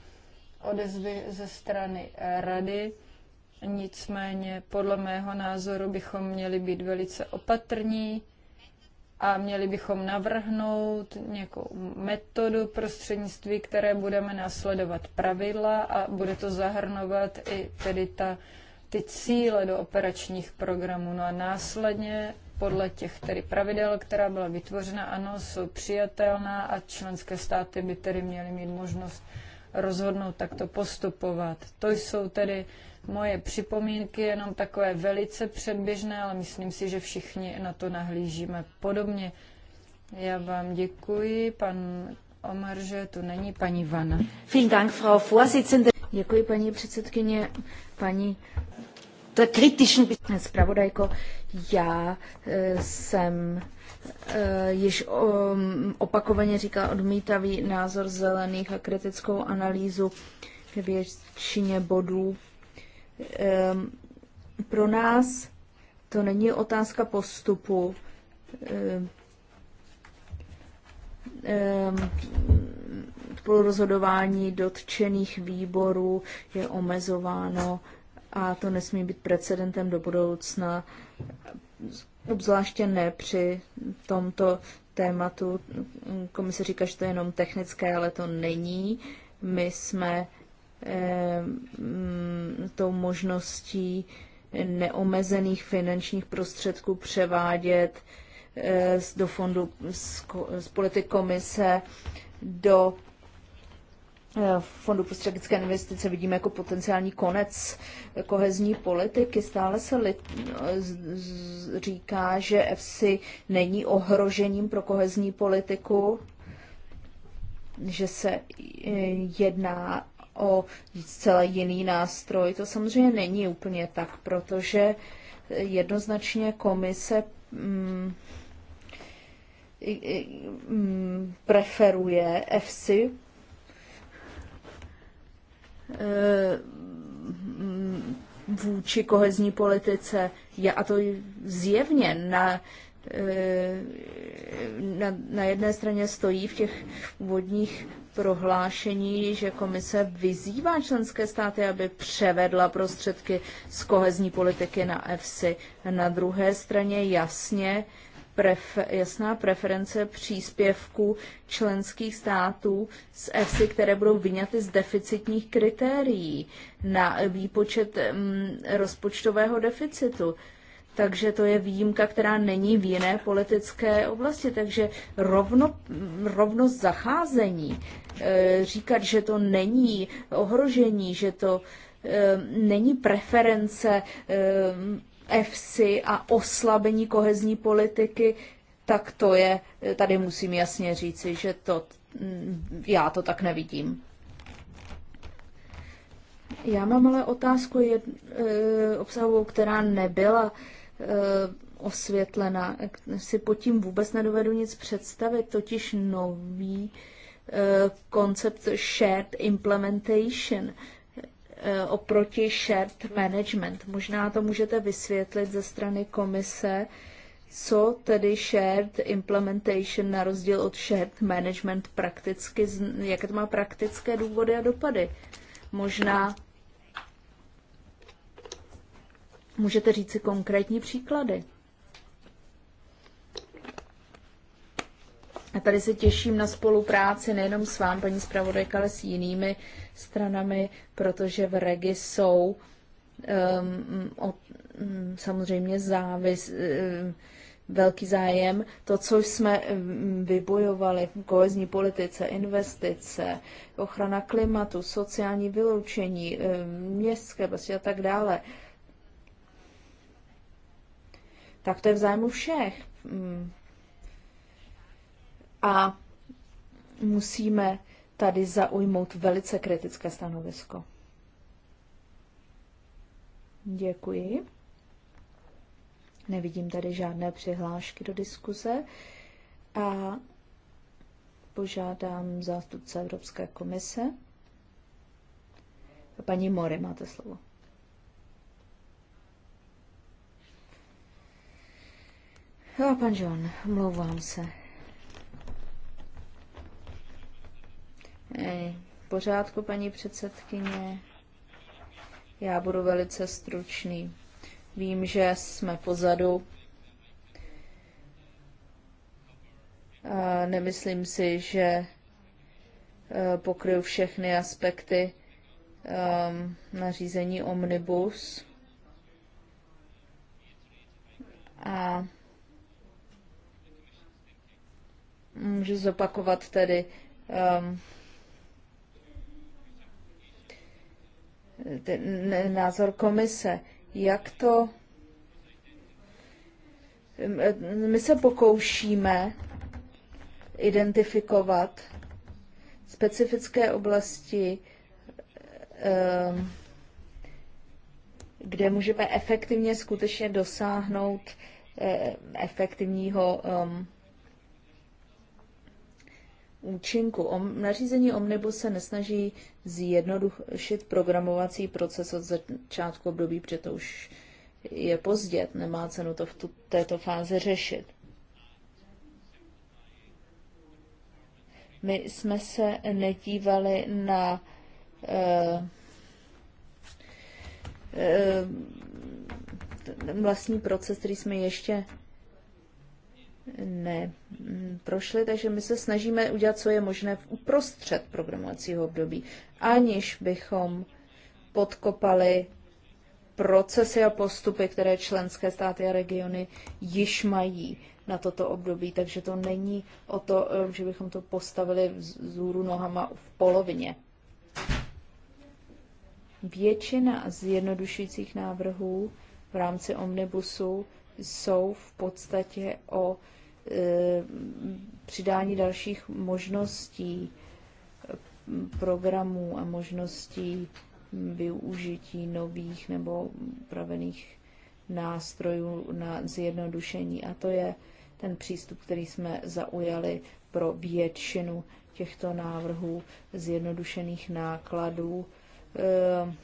odezvy ze strany rady. Nicméně, podle mého názoru, bychom měli být velice opatrní a měli bychom navrhnout nějakou metodu prostřednictví, které budeme následovat pravidla a bude to zahrnovat i tedy ta, ty cíle do operačních programů. No a následně podle těch tedy pravidel, která byla vytvořena, ano, jsou přijatelná a členské státy by tedy měly mít možnost rozhodnout takto postupovat. To jsou tedy Moje připomínky jenom takové velice předběžné, ale myslím si, že všichni na to nahlížíme podobně. Já vám děkuji, pan Omar, že tu není paní Vana. Vielen Dank, Frau Vorsitzende. Děkuji, paní předsedkyně, paní Spravodajko, já eh, jsem eh, již um, opakovaně říká odmítavý názor zelených a kritickou analýzu k většině bodů Ehm, pro nás to není otázka postupu. Ehm, ehm, spolurozhodování dotčených výborů je omezováno a to nesmí být precedentem do budoucna, obzvláště ne při tomto tématu. Komise říká, že to je jenom technické, ale to není. My jsme Eh, mm, tou možností neomezených finančních prostředků převádět eh, do fondu z politik komise do eh, fondu pro strategické investice vidíme jako potenciální konec kohezní politiky. Stále se li, no, z, z, říká, že EFSI není ohrožením pro kohezní politiku, že se jedná o zcela jiný nástroj. To samozřejmě není úplně tak, protože jednoznačně komise mm, mm preferuje FC, e, mm, vůči kohezní politice, a to zjevně na, e, na, na jedné straně stojí v těch vodních prohlášení, že komise vyzývá členské státy, aby převedla prostředky z kohezní politiky na EFSI. Na druhé straně jasně pref, jasná preference příspěvků členských států z EFSI, které budou vyňaty z deficitních kritérií na výpočet mm, rozpočtového deficitu takže to je výjimka, která není v jiné politické oblasti. Takže rovno, rovnost zacházení, eh, říkat, že to není ohrožení, že to eh, není preference eh, FC a oslabení kohezní politiky, tak to je, tady musím jasně říci, že to, mm, já to tak nevidím. Já mám ale otázku jed, e, obsahovou, která nebyla Eh, osvětlena. Si pod tím vůbec nedovedu nic představit, totiž nový eh, koncept shared implementation eh, oproti shared management. Možná to můžete vysvětlit ze strany komise, co tedy shared implementation na rozdíl od shared management prakticky, jaké to má praktické důvody a dopady. Možná Můžete říct si konkrétní příklady. A tady se těším na spolupráci nejenom s vám, paní zpravodajka, ale s jinými stranami, protože v Regi jsou um, o, um, samozřejmě závis, um, velký zájem. To, co jsme um, vybojovali v kohezní politice, investice, ochrana klimatu, sociální vyloučení, um, městské a tak dále, tak to je v zájmu všech. Mm. A musíme tady zaujmout velice kritické stanovisko. Děkuji. Nevidím tady žádné přihlášky do diskuze a požádám zástupce Evropské komise. Paní Mori, máte slovo. Jo, pan John, mlouvám se. Ej, eh, pořádku, paní předsedkyně. Já budu velice stručný. Vím, že jsme pozadu. A nemyslím si, že eh, pokryl všechny aspekty um, nařízení Omnibus. A Můžu zopakovat tedy um, ten názor komise. Jak to? Ehm, my se pokoušíme identifikovat specifické oblasti, ehm, kde můžeme efektivně skutečně dosáhnout eh, efektivního účinku. Nařízení Omnibus se nesnaží zjednodušit programovací proces od začátku období, protože to už je pozdě, nemá cenu to v tu, této fázi řešit. My jsme se nedívali na uh, uh, vlastní proces, který jsme ještě neprošly, mm, takže my se snažíme udělat, co je možné v uprostřed programovacího období, aniž bychom podkopali procesy a postupy, které členské státy a regiony již mají na toto období. Takže to není o to, eh, že bychom to postavili vzhůru nohama v polovině. Většina zjednodušujících návrhů v rámci omnibusu jsou v podstatě o e, přidání dalších možností programů a možností využití nových nebo upravených nástrojů na zjednodušení. A to je ten přístup, který jsme zaujali pro většinu těchto návrhů zjednodušených nákladů. E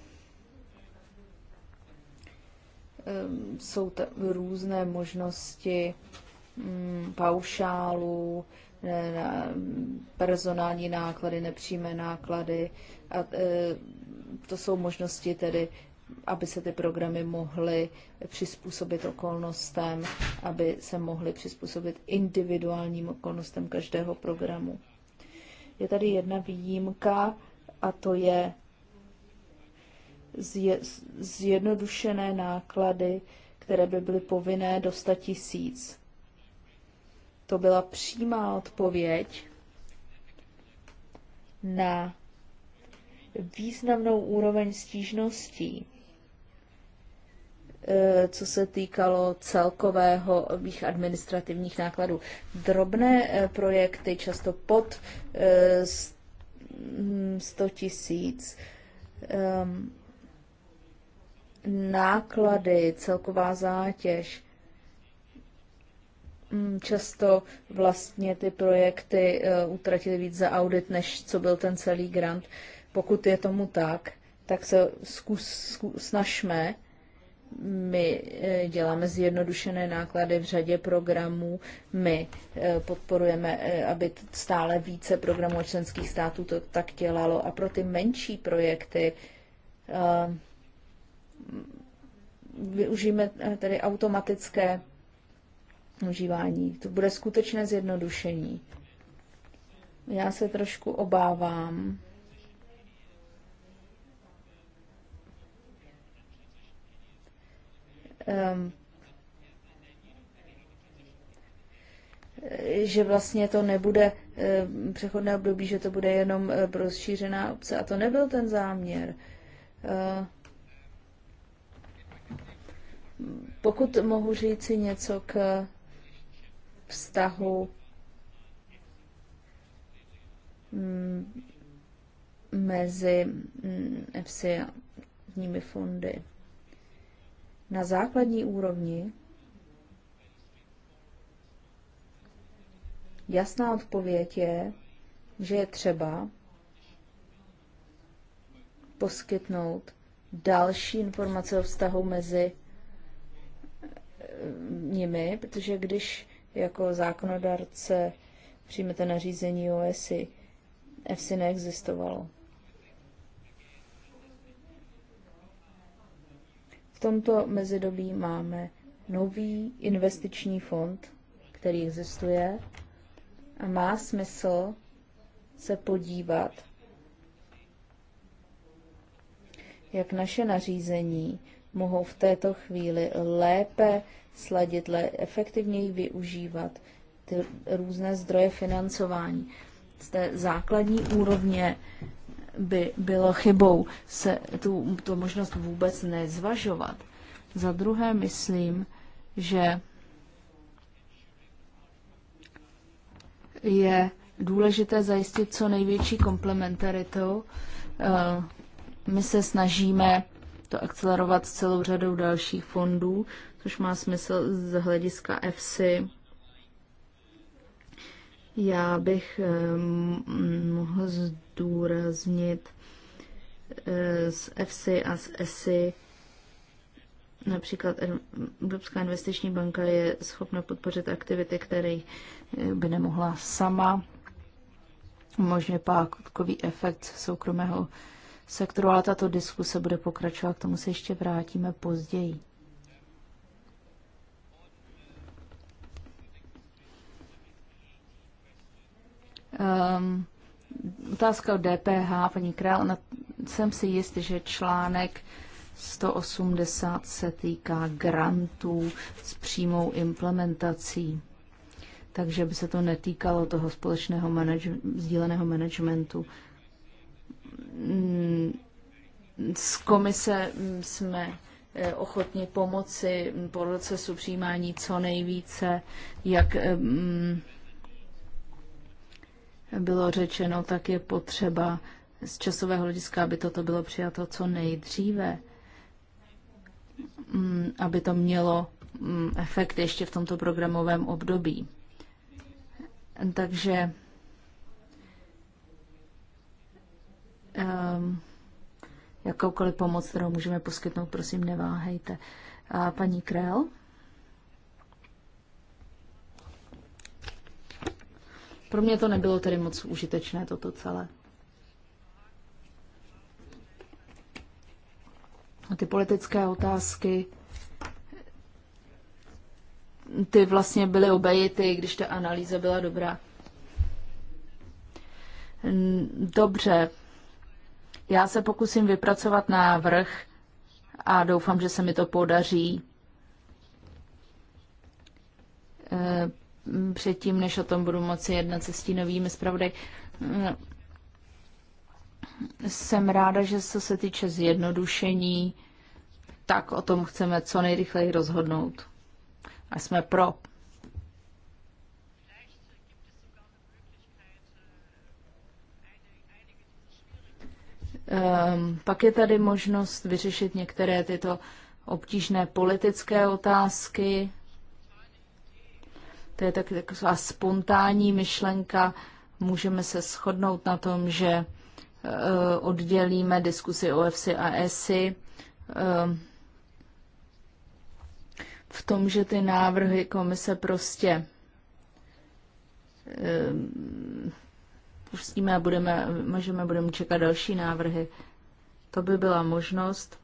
Ehm, jsou t- různé možnosti mm, paušálů, personální náklady, nepřímé náklady. A e, to jsou možnosti tedy, aby se ty programy mohly přizpůsobit okolnostem, aby se mohly přizpůsobit individuálním okolnostem každého programu. Je tady jedna výjimka a to je zjednodušené náklady, které by byly povinné do 100 tisíc. To byla přímá odpověď na významnou úroveň stížností, e, co se týkalo celkového mých administrativních nákladů. Drobné e, projekty, často pod 100 e, hm, tisíc, ehm, náklady, celková zátěž. Mm, často vlastně ty projekty eh, utratily víc za audit, než co byl ten celý grant. Pokud je tomu tak, tak se zkus, zkus, snažme my eh, děláme zjednodušené náklady v řadě programů, my eh, podporujeme, aby stále více programů členských států to tak dělalo a pro ty menší projekty využijeme eh, tedy automatické užívání. To bude skutečné zjednodušení. Já se trošku obávám, um, že vlastně to nebude ehm, přechodné období, že to bude jenom eh, rozšířená obce. A to nebyl ten záměr. Eh, pokud mohu říci něco k vztahu mm, mezi EFSI mm, a nimi fondy. Na základní úrovni jasná odpověď je, že je třeba poskytnout další informace o vztahu mezi nimi, protože když jako zákonodárce přijmete nařízení o ESI, EFSI neexistovalo. V tomto mezidobí máme nový investiční fond, který existuje a má smysl se podívat, jak naše nařízení mohou v této chvíli lépe sladit, efektivněji využívat ty různé zdroje financování. Z té základní úrovně by bylo chybou se tu, tu možnost vůbec nezvažovat. Za druhé myslím, že je důležité zajistit co největší komplementaritu. Eh, my se snažíme to akcelerovat s celou řadou dalších fondů, což má smysl z hlediska EFSI. Já bych eh, mohl zdůraznit eh, z EFSI a z ESI. Například Evropská investiční banka je schopna podpořit aktivity, které eh, by nemohla sama. Možně pákový efekt soukromého sektoru, ale tato diskuse bude pokračovat, k tomu se ještě vrátíme později. Um, otázka o DPH, paní Král, na, jsem si jist, že článek 180 se týká grantů s přímou implementací, takže by se to netýkalo toho společného manage, sdíleného managementu. Mm, z komise jsme eh, ochotni pomoci procesu přijímání co nejvíce, jak ehm, bylo řečeno, tak je potřeba z časového hlediska, aby toto bylo přijato co nejdříve, mm, aby to mělo mm, efekt ještě v tomto programovém období. Takže um, jakoukoliv pomoc, kterou můžeme poskytnout, prosím, neváhejte. A paní Krell? Pro mě to nebylo tedy moc užitečné toto celé. A ty politické otázky, ty vlastně byly obejity, když ta analýza byla dobrá. Dobře, já se pokusím vypracovat návrh a doufám, že se mi to podaří e, předtím, než o tom budu moci jednat se stínovými zpravodaj. Jsem ráda, že co se týče zjednodušení, tak o tom chceme co nejrychleji rozhodnout. A jsme pro. Um, pak je tady možnost vyřešit některé tyto obtížné politické otázky, to je taková spontánní myšlenka. Můžeme se shodnout na tom, že eh, oddělíme diskusy o EFSI a ESI eh, v tom, že ty návrhy komise prostě eh, pustíme a budeme, můžeme, budeme čekat další návrhy. To by byla možnost,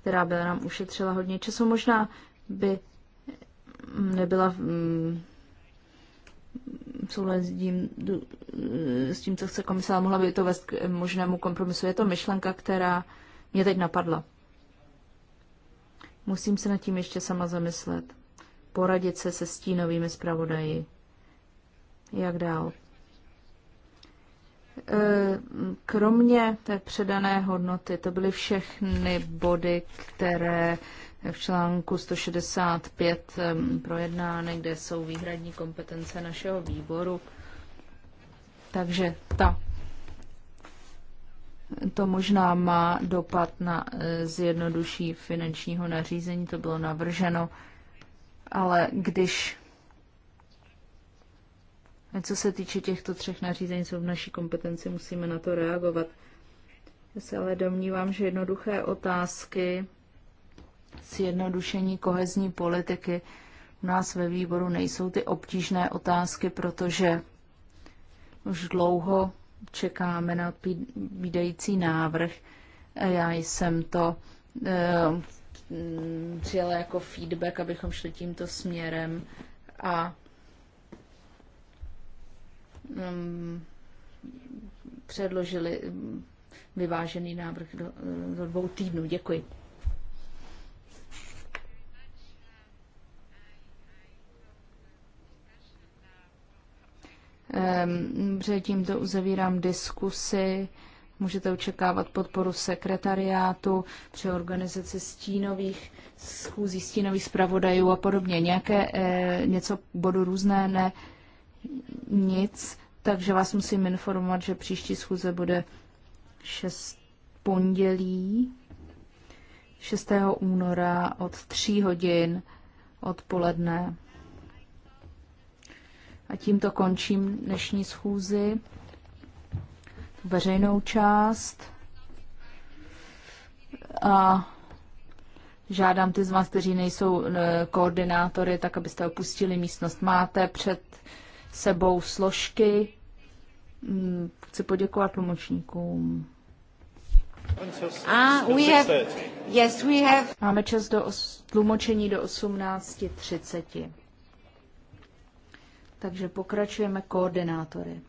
která by nám ušetřila hodně času. Možná by nebyla mm, s tím, eh, s tím, co chce komisár, mohla by to vést k možnému kompromisu. Je to myšlenka, která mě teď napadla. Musím se nad tím ještě sama zamyslet. Poradit se se stínovými zpravodaji. Jak dál? Eh, kromě té předané hodnoty, to byly všechny body, které v článku 165 projednány, kde jsou výhradní kompetence našeho výboru. Takže ta, to možná má dopad na e, zjednoduší finančního nařízení, to bylo navrženo, ale když co se týče těchto třech nařízení, jsou v naší kompetenci, musíme na to reagovat. Já se ale domnívám, že jednoduché otázky zjednodušení kohezní politiky u nás ve výboru nejsou ty obtížné otázky, protože už dlouho čekáme na výdající návrh. Já jsem to eh, přijala jako feedback, abychom šli tímto směrem a mm, předložili mm, vyvážený návrh do, do dvou týdnů. Děkuji. Dobře, ehm, tímto uzavírám diskusy. Můžete očekávat podporu sekretariátu při organizaci stínových schůzí, stínových zpravodajů a podobně. Nějaké, eh, něco bodu různé, ne nic, takže vás musím informovat, že příští schůze bude 6 pondělí 6. února od 3 hodin odpoledne a tímto končím dnešní schůzi, veřejnou část. A žádám ty z vás, kteří nejsou eh, koordinátory, tak abyste opustili místnost. Máte před sebou složky. Hmm, chci poděkovat tlumočníkům. A ah, we have, yes, we have. Máme čas do os, tlumočení do 18.30. Takže pokračujeme koordinátory.